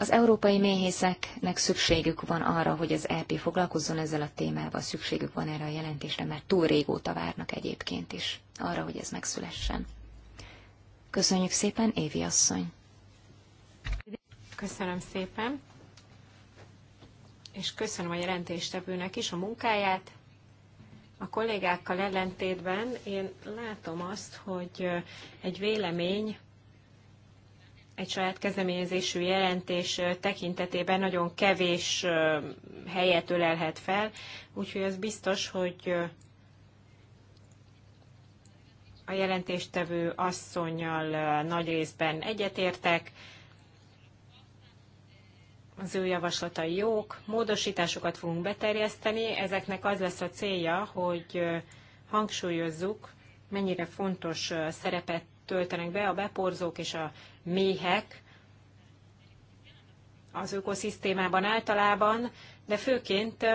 Az európai méhészeknek szükségük van arra, hogy az EP foglalkozzon ezzel a témával, szükségük van erre a jelentésre, mert túl régóta várnak egyébként is arra, hogy ez megszülessen. Köszönjük szépen, Évi asszony! Köszönöm szépen, és köszönöm a jelentéstevőnek is a munkáját. A kollégákkal ellentétben én látom azt, hogy egy vélemény egy saját kezdeményezésű jelentés tekintetében nagyon kevés helyet ölelhet fel, úgyhogy az biztos, hogy a jelentéstevő asszonynal nagy részben egyetértek, az ő javaslatai jók, módosításokat fogunk beterjeszteni, ezeknek az lesz a célja, hogy hangsúlyozzuk, mennyire fontos szerepet töltenek be a beporzók és a méhek az ökoszisztémában általában, de főként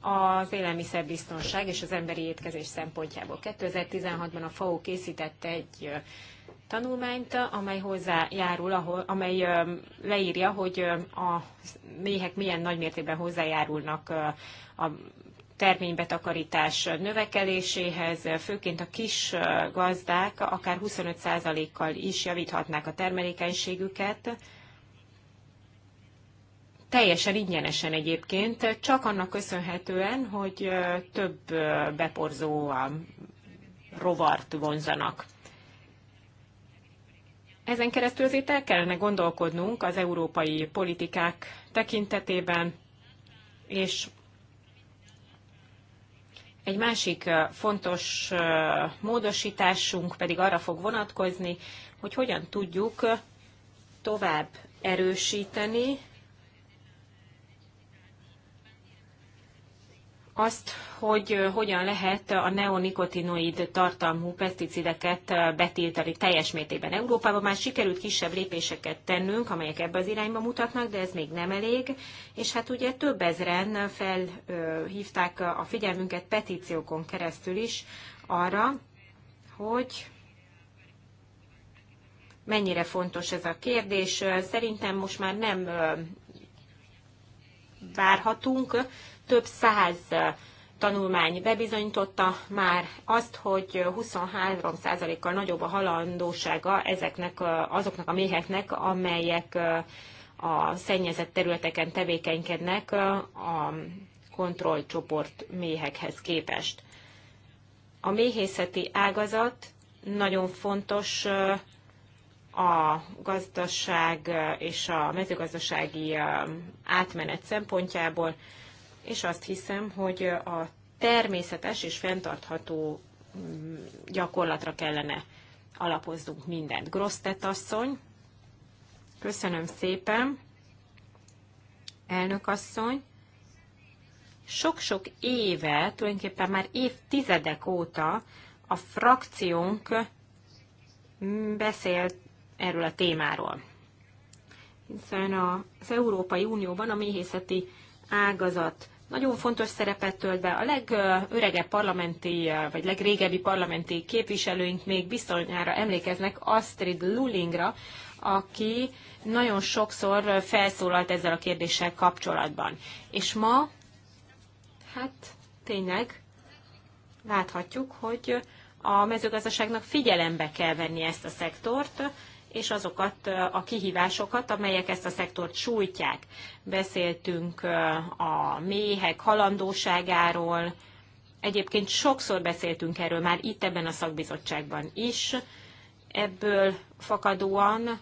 az élelmiszerbiztonság és az emberi étkezés szempontjából. 2016-ban a FAO készített egy tanulmányt, amely hozzájárul, ahol, amely leírja, hogy a méhek milyen nagymértékben hozzájárulnak a terménybetakarítás növekedéséhez, főként a kis gazdák akár 25%-kal is javíthatnák a termelékenységüket, teljesen ingyenesen egyébként, csak annak köszönhetően, hogy több beporzó rovart vonzanak. Ezen keresztül azért el kellene gondolkodnunk az európai politikák tekintetében, és egy másik fontos módosításunk pedig arra fog vonatkozni, hogy hogyan tudjuk tovább erősíteni azt, hogy hogyan lehet a neonikotinoid tartalmú peszticideket betiltani teljes mértékben. Európában már sikerült kisebb lépéseket tennünk, amelyek ebbe az irányba mutatnak, de ez még nem elég. És hát ugye több ezren felhívták a figyelmünket petíciókon keresztül is arra, hogy mennyire fontos ez a kérdés. Szerintem most már nem várhatunk, több száz tanulmány bebizonyította már azt, hogy 23%-kal nagyobb a halandósága ezeknek, azoknak a méheknek, amelyek a szennyezett területeken tevékenykednek a kontrollcsoport méhekhez képest. A méhészeti ágazat nagyon fontos a gazdaság és a mezőgazdasági átmenet szempontjából, és azt hiszem, hogy a természetes és fenntartható mm, gyakorlatra kellene alapoznunk mindent. Grosztet asszony, köszönöm szépen, elnök asszony, sok-sok éve, tulajdonképpen már évtizedek óta a frakciónk beszél erről a témáról. Hiszen az Európai Unióban a méhészeti ágazat nagyon fontos szerepet tölt be. A legöregebb parlamenti, vagy legrégebbi parlamenti képviselőink még bizonyára emlékeznek Astrid Lulingra, aki nagyon sokszor felszólalt ezzel a kérdéssel kapcsolatban. És ma, hát tényleg láthatjuk, hogy a mezőgazdaságnak figyelembe kell venni ezt a szektort, és azokat a kihívásokat, amelyek ezt a szektort sújtják. Beszéltünk a méhek halandóságáról, egyébként sokszor beszéltünk erről már itt ebben a szakbizottságban is, ebből fakadóan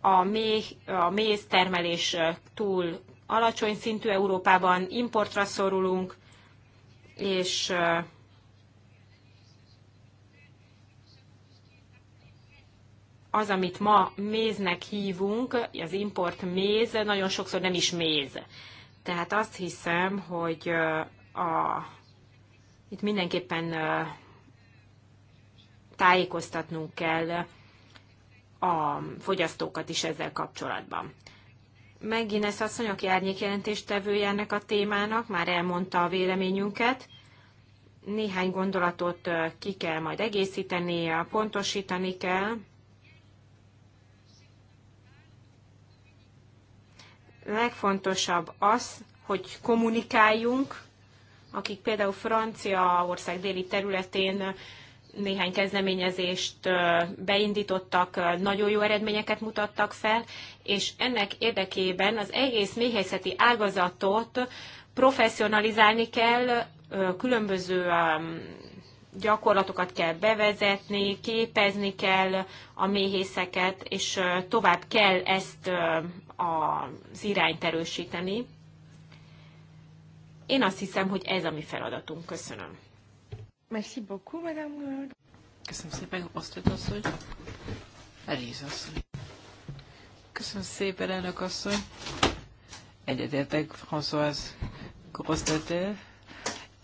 a, méh, a méztermelés túl alacsony szintű Európában, importra szorulunk, és az, amit ma méznek hívunk, az import méz, nagyon sokszor nem is méz. Tehát azt hiszem, hogy a, itt mindenképpen tájékoztatnunk kell a fogyasztókat is ezzel kapcsolatban. Megint ezt asszony, aki árnyékjelentéstevője ennek a témának, már elmondta a véleményünket. Néhány gondolatot ki kell majd egészíteni, pontosítani kell. legfontosabb az, hogy kommunikáljunk, akik például Franciaország déli területén néhány kezdeményezést beindítottak, nagyon jó eredményeket mutattak fel, és ennek érdekében az egész méhészeti ágazatot professzionalizálni kell, különböző gyakorlatokat kell bevezetni, képezni kell a méhészeket, és tovább kell ezt az irányt erősíteni. Én azt hiszem, hogy ez a mi feladatunk. Köszönöm. Merci beaucoup, madame. Köszönöm szépen, osztott asszony. Elíz asszony. Köszönöm szépen, elnök asszony. Egyetértek François Grosztetel,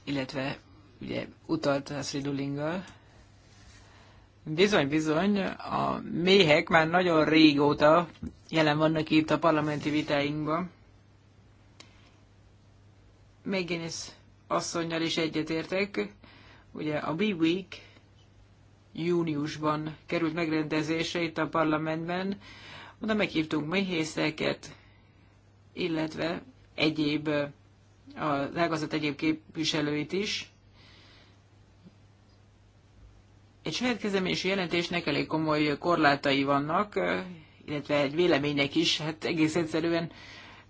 illetve ugye utalt a Ulinggal. Bizony, bizony, a méhek már nagyon régóta jelen vannak itt a parlamenti vitáinkban. is asszonynal is egyetértek. Ugye a B-Week júniusban került megrendezésre itt a parlamentben. Oda meghívtunk méhészeket, illetve egyéb, a ágazat egyéb képviselőit is. Egy saját kezemési jelentésnek elég komoly korlátai vannak, illetve egy véleménynek is, hát egész egyszerűen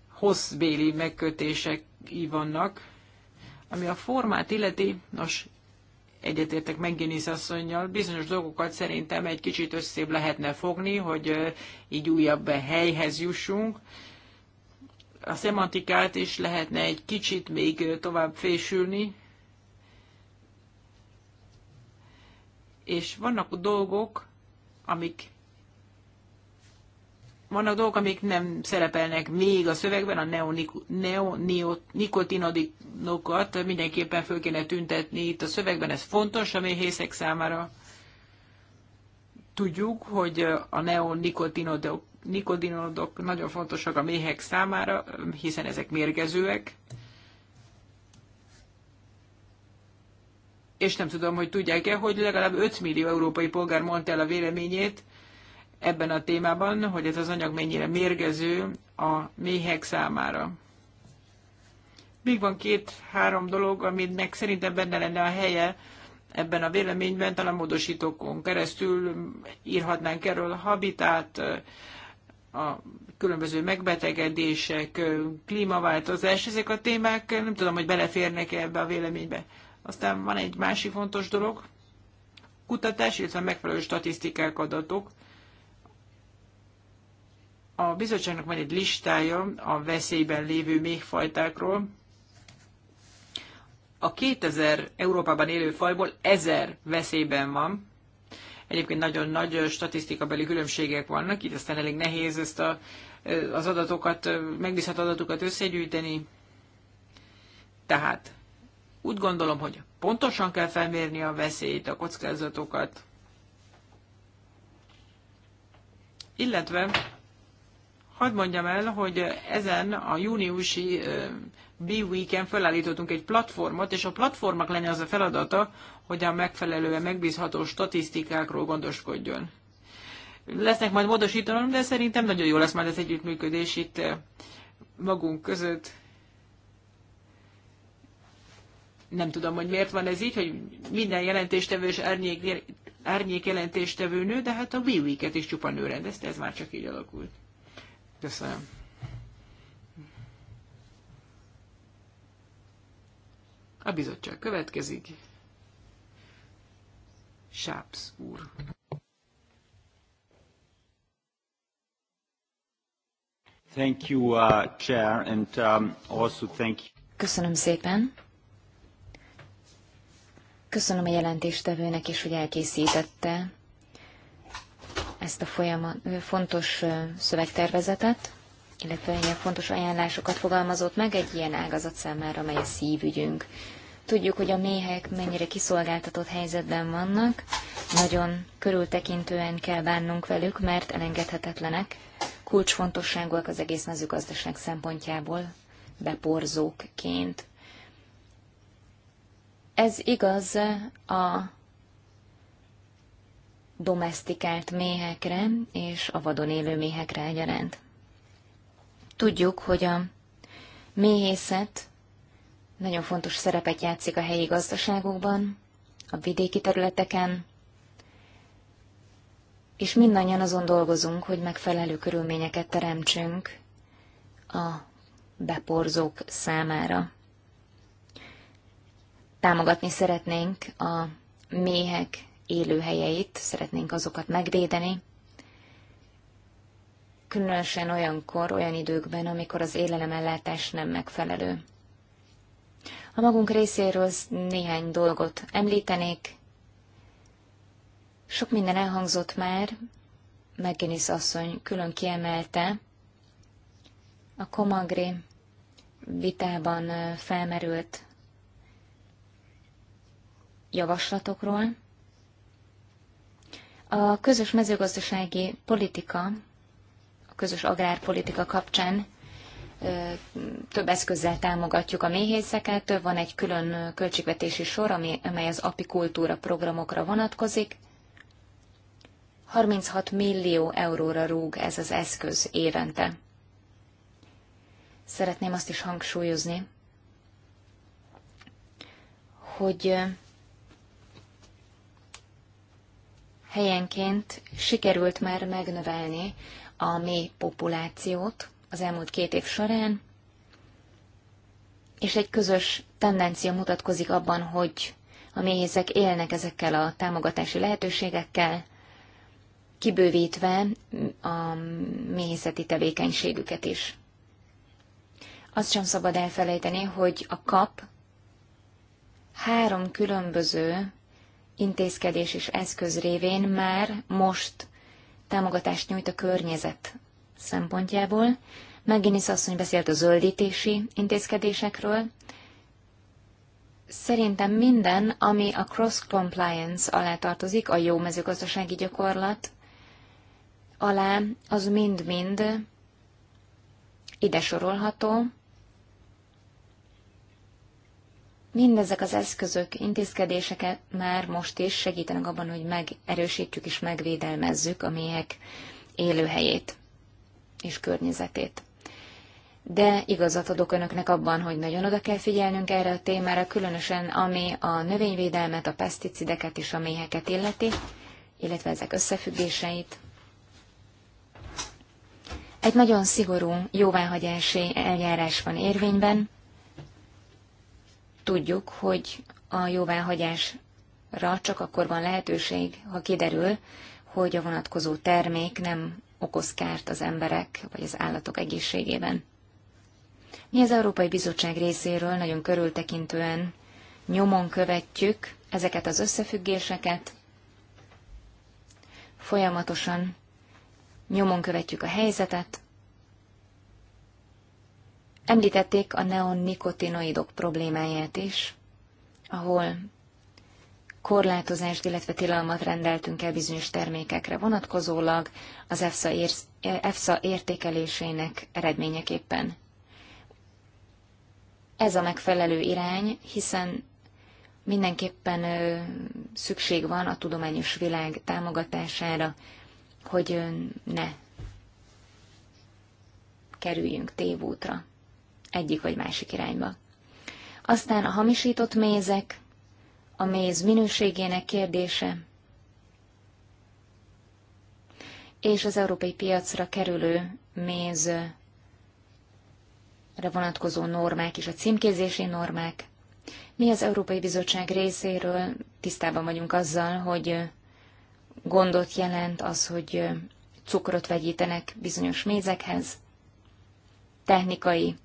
hosszbéli megkötések vannak. Ami a formát illeti, nos, egyetértek Megginis asszonynal, bizonyos dolgokat szerintem egy kicsit összébb lehetne fogni, hogy így újabb helyhez jussunk. A szemantikát is lehetne egy kicsit még tovább fésülni, és vannak dolgok, amik vannak dolgok, amik nem szerepelnek még a szövegben, a neonikotinokat mindenképpen föl kéne tüntetni itt a szövegben, ez fontos a méhészek számára. Tudjuk, hogy a neonikotinodok nagyon fontosak a méhek számára, hiszen ezek mérgezőek, és nem tudom, hogy tudják-e, hogy legalább 5 millió európai polgár mondta el a véleményét ebben a témában, hogy ez az anyag mennyire mérgező a méhek számára. Még van két-három dolog, aminek szerintem benne lenne a helye ebben a véleményben, talán módosítókon keresztül írhatnánk erről a habitát, a különböző megbetegedések, klímaváltozás, ezek a témák, nem tudom, hogy beleférnek -e ebbe a véleménybe. Aztán van egy másik fontos dolog, kutatás, illetve megfelelő statisztikák, adatok. A bizottságnak van egy listája a veszélyben lévő méhfajtákról. A 2000 Európában élő fajból 1000 veszélyben van. Egyébként nagyon nagy statisztikabeli különbségek vannak, itt aztán elég nehéz ezt a, az adatokat, megbízható adatokat összegyűjteni. Tehát úgy gondolom, hogy pontosan kell felmérni a veszélyt, a kockázatokat, illetve hadd mondjam el, hogy ezen a júniusi b weeken felállítottunk egy platformot, és a platformnak lenne az a feladata, hogy a megfelelően megbízható statisztikákról gondoskodjon. Lesznek majd módosítanom, de szerintem nagyon jó lesz majd az együttműködés itt magunk között, nem tudom, hogy miért van ez így, hogy minden jelentéstevő és árnyék, árnyék jelentéstevő nő, de hát a Biwiket is csupán nő rendezte, ez már csak így alakult. Köszönöm. A bizottság következik. Sápsz úr. Thank you, uh, Chair, and um, also thank you. Köszönöm szépen. Köszönöm a jelentéstevőnek is, hogy elkészítette ezt a folyamat, fontos szövegtervezetet, illetve ilyen fontos ajánlásokat fogalmazott meg egy ilyen ágazat számára, amely a szívügyünk. Tudjuk, hogy a méhek mennyire kiszolgáltatott helyzetben vannak, nagyon körültekintően kell bánnunk velük, mert elengedhetetlenek, kulcsfontosságúak az egész mezőgazdaság szempontjából, beporzókként. Ez igaz a domestikált méhekre és a vadon élő méhekre egyaránt. Tudjuk, hogy a méhészet nagyon fontos szerepet játszik a helyi gazdaságokban, a vidéki területeken, és mindannyian azon dolgozunk, hogy megfelelő körülményeket teremtsünk a beporzók számára támogatni szeretnénk a méhek élőhelyeit, szeretnénk azokat megvédeni, különösen olyankor, olyan időkben, amikor az élelemellátás nem megfelelő. A magunk részéről néhány dolgot említenék. Sok minden elhangzott már, McGinnis asszony külön kiemelte, a komagri vitában felmerült javaslatokról. A közös mezőgazdasági politika, a közös agrárpolitika kapcsán több eszközzel támogatjuk a méhészeket. Van egy külön költségvetési sor, ami, amely az apikultúra programokra vonatkozik. 36 millió euróra rúg ez az eszköz évente. Szeretném azt is hangsúlyozni, hogy helyenként sikerült már megnövelni a mély populációt az elmúlt két év során, és egy közös tendencia mutatkozik abban, hogy a méhészek élnek ezekkel a támogatási lehetőségekkel, kibővítve a méhészeti tevékenységüket is. Azt sem szabad elfelejteni, hogy a kap három különböző intézkedés és eszköz révén már most támogatást nyújt a környezet szempontjából. azt asszony beszélt a zöldítési intézkedésekről. Szerintem minden, ami a cross-compliance alá tartozik, a jó mezőgazdasági gyakorlat alá, az mind-mind ide sorolható, Mindezek az eszközök, intézkedéseket már most is segítenek abban, hogy megerősítjük és megvédelmezzük a méhek élőhelyét és környezetét. De igazat adok önöknek abban, hogy nagyon oda kell figyelnünk erre a témára, különösen ami a növényvédelmet, a peszticideket és a méheket illeti, illetve ezek összefüggéseit. Egy nagyon szigorú jóváhagyási eljárás van érvényben, Tudjuk, hogy a jóváhagyásra csak akkor van lehetőség, ha kiderül, hogy a vonatkozó termék nem okoz kárt az emberek vagy az állatok egészségében. Mi az Európai Bizottság részéről nagyon körültekintően nyomon követjük ezeket az összefüggéseket, folyamatosan nyomon követjük a helyzetet, Említették a neonikotinoidok problémáját is, ahol korlátozást, illetve tilalmat rendeltünk el bizonyos termékekre vonatkozólag az EFSA, ér, EFSA értékelésének eredményeképpen. Ez a megfelelő irány, hiszen mindenképpen ö, szükség van a tudományos világ támogatására, hogy ö, ne kerüljünk tévútra egyik vagy másik irányba. Aztán a hamisított mézek, a méz minőségének kérdése, és az európai piacra kerülő mézre vonatkozó normák és a címkézési normák. Mi az Európai Bizottság részéről tisztában vagyunk azzal, hogy gondot jelent az, hogy cukrot vegyítenek bizonyos mézekhez, technikai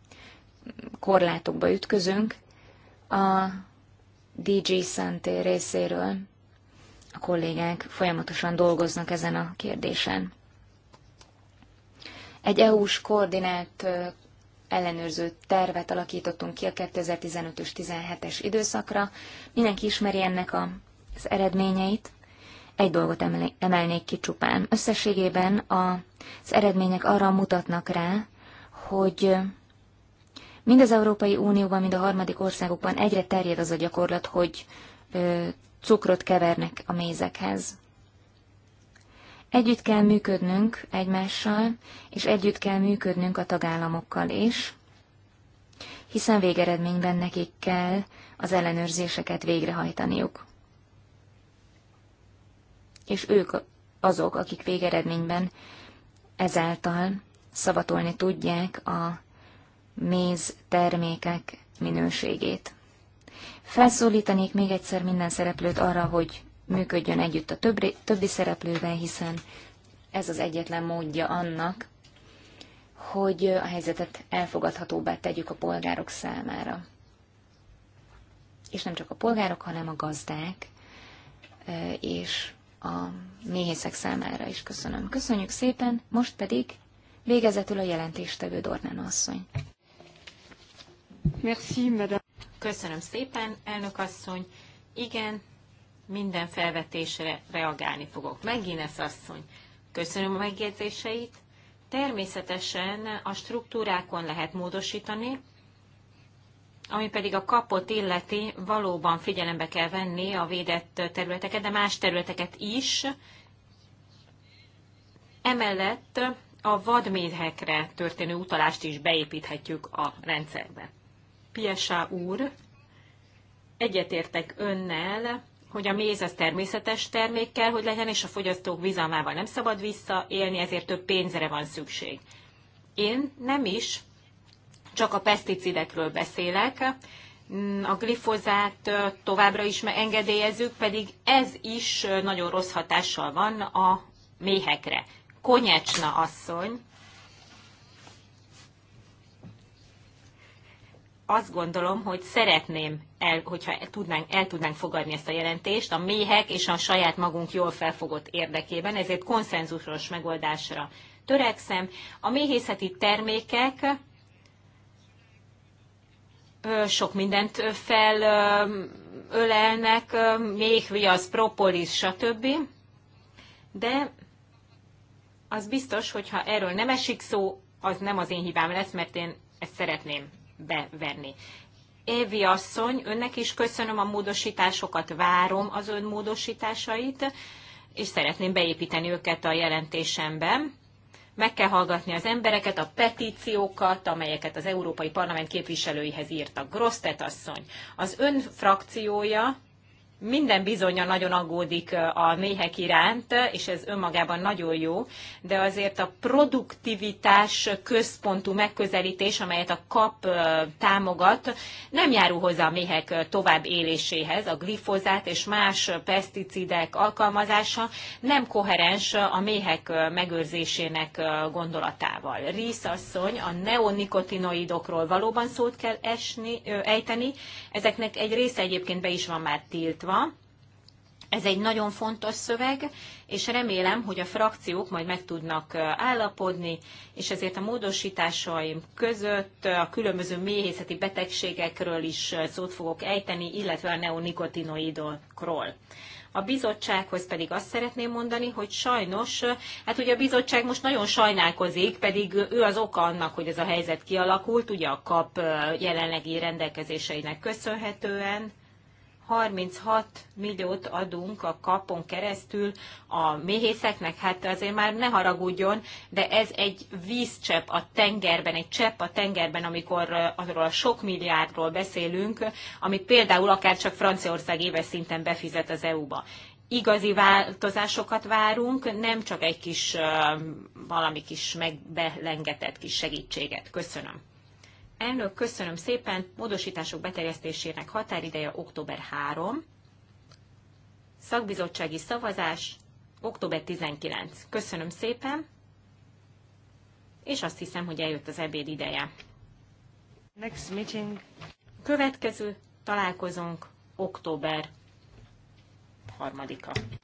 korlátokba ütközünk. A DG Santé részéről a kollégák folyamatosan dolgoznak ezen a kérdésen. Egy EU-s koordinált ellenőrző tervet alakítottunk ki a 2015-ös 17-es időszakra. Mindenki ismeri ennek a, az eredményeit. Egy dolgot emelnék ki csupán. Összességében a, az eredmények arra mutatnak rá, hogy Mind az Európai Unióban, mind a harmadik országokban egyre terjed az a gyakorlat, hogy ö, cukrot kevernek a mézekhez. Együtt kell működnünk egymással, és együtt kell működnünk a tagállamokkal is, hiszen végeredményben nekik kell az ellenőrzéseket végrehajtaniuk. És ők azok, akik végeredményben ezáltal szavatolni tudják a méz termékek minőségét. Felszólítanék még egyszer minden szereplőt arra, hogy működjön együtt a többi, többi szereplővel, hiszen ez az egyetlen módja annak, hogy a helyzetet elfogadhatóbbá tegyük a polgárok számára. És nem csak a polgárok, hanem a gazdák e, és a méhészek számára is köszönöm. Köszönjük szépen, most pedig végezetül a jelentéstevő Dornán asszony. Merci, madame. Köszönöm szépen, elnök asszony. Igen, minden felvetésre reagálni fogok. Megínesz asszony, köszönöm a megjegyzéseit. Természetesen a struktúrákon lehet módosítani, ami pedig a kapot illeti, valóban figyelembe kell venni a védett területeket, de más területeket is. Emellett a vadméhekre történő utalást is beépíthetjük a rendszerbe. Piesá úr, egyetértek önnel, hogy a méz az természetes termék kell, hogy legyen, és a fogyasztók bizalmával nem szabad visszaélni, ezért több pénzre van szükség. Én nem is, csak a peszticidekről beszélek. A glifozát továbbra is engedélyezzük, pedig ez is nagyon rossz hatással van a méhekre. Konyecsna asszony, azt gondolom, hogy szeretném, el, hogyha el tudnánk, el tudnánk fogadni ezt a jelentést a méhek és a saját magunk jól felfogott érdekében, ezért konszenzusos megoldásra törekszem. A méhészeti termékek sok mindent felölelnek, méhviasz, propolis, stb. De az biztos, hogyha erről nem esik szó, az nem az én hibám lesz, mert én ezt szeretném bevenni. Évi asszony, önnek is köszönöm a módosításokat, várom az ön módosításait, és szeretném beépíteni őket a jelentésemben. Meg kell hallgatni az embereket, a petíciókat, amelyeket az Európai Parlament képviselőihez írtak. Grosztet asszony, az ön frakciója minden bizonyja nagyon aggódik a méhek iránt, és ez önmagában nagyon jó, de azért a produktivitás központú megközelítés, amelyet a kap támogat, nem járul hozzá a méhek tovább éléséhez. A glifozát és más peszticidek alkalmazása nem koherens a méhek megőrzésének gondolatával. Rísz asszony a neonikotinoidokról valóban szót kell esni, ejteni. Ezeknek egy része egyébként be is van már tiltva, szólva. Ez egy nagyon fontos szöveg, és remélem, hogy a frakciók majd meg tudnak állapodni, és ezért a módosításaim között a különböző méhészeti betegségekről is szót fogok ejteni, illetve a neonikotinoidokról. A bizottsághoz pedig azt szeretném mondani, hogy sajnos, hát ugye a bizottság most nagyon sajnálkozik, pedig ő az oka annak, hogy ez a helyzet kialakult, ugye a kap jelenlegi rendelkezéseinek köszönhetően, 36 milliót adunk a kapon keresztül a méhészeknek, hát azért már ne haragudjon, de ez egy vízcsepp a tengerben, egy csepp a tengerben, amikor arról a sok milliárdról beszélünk, amit például akár csak Franciaország éves szinten befizet az EU-ba. Igazi változásokat várunk, nem csak egy kis, valami kis megbelengetett kis segítséget. Köszönöm. Elnök, köszönöm szépen. Módosítások beterjesztésének határideje október 3. Szakbizottsági szavazás október 19. Köszönöm szépen. És azt hiszem, hogy eljött az ebéd ideje. Next meeting. Következő találkozunk október 3-a.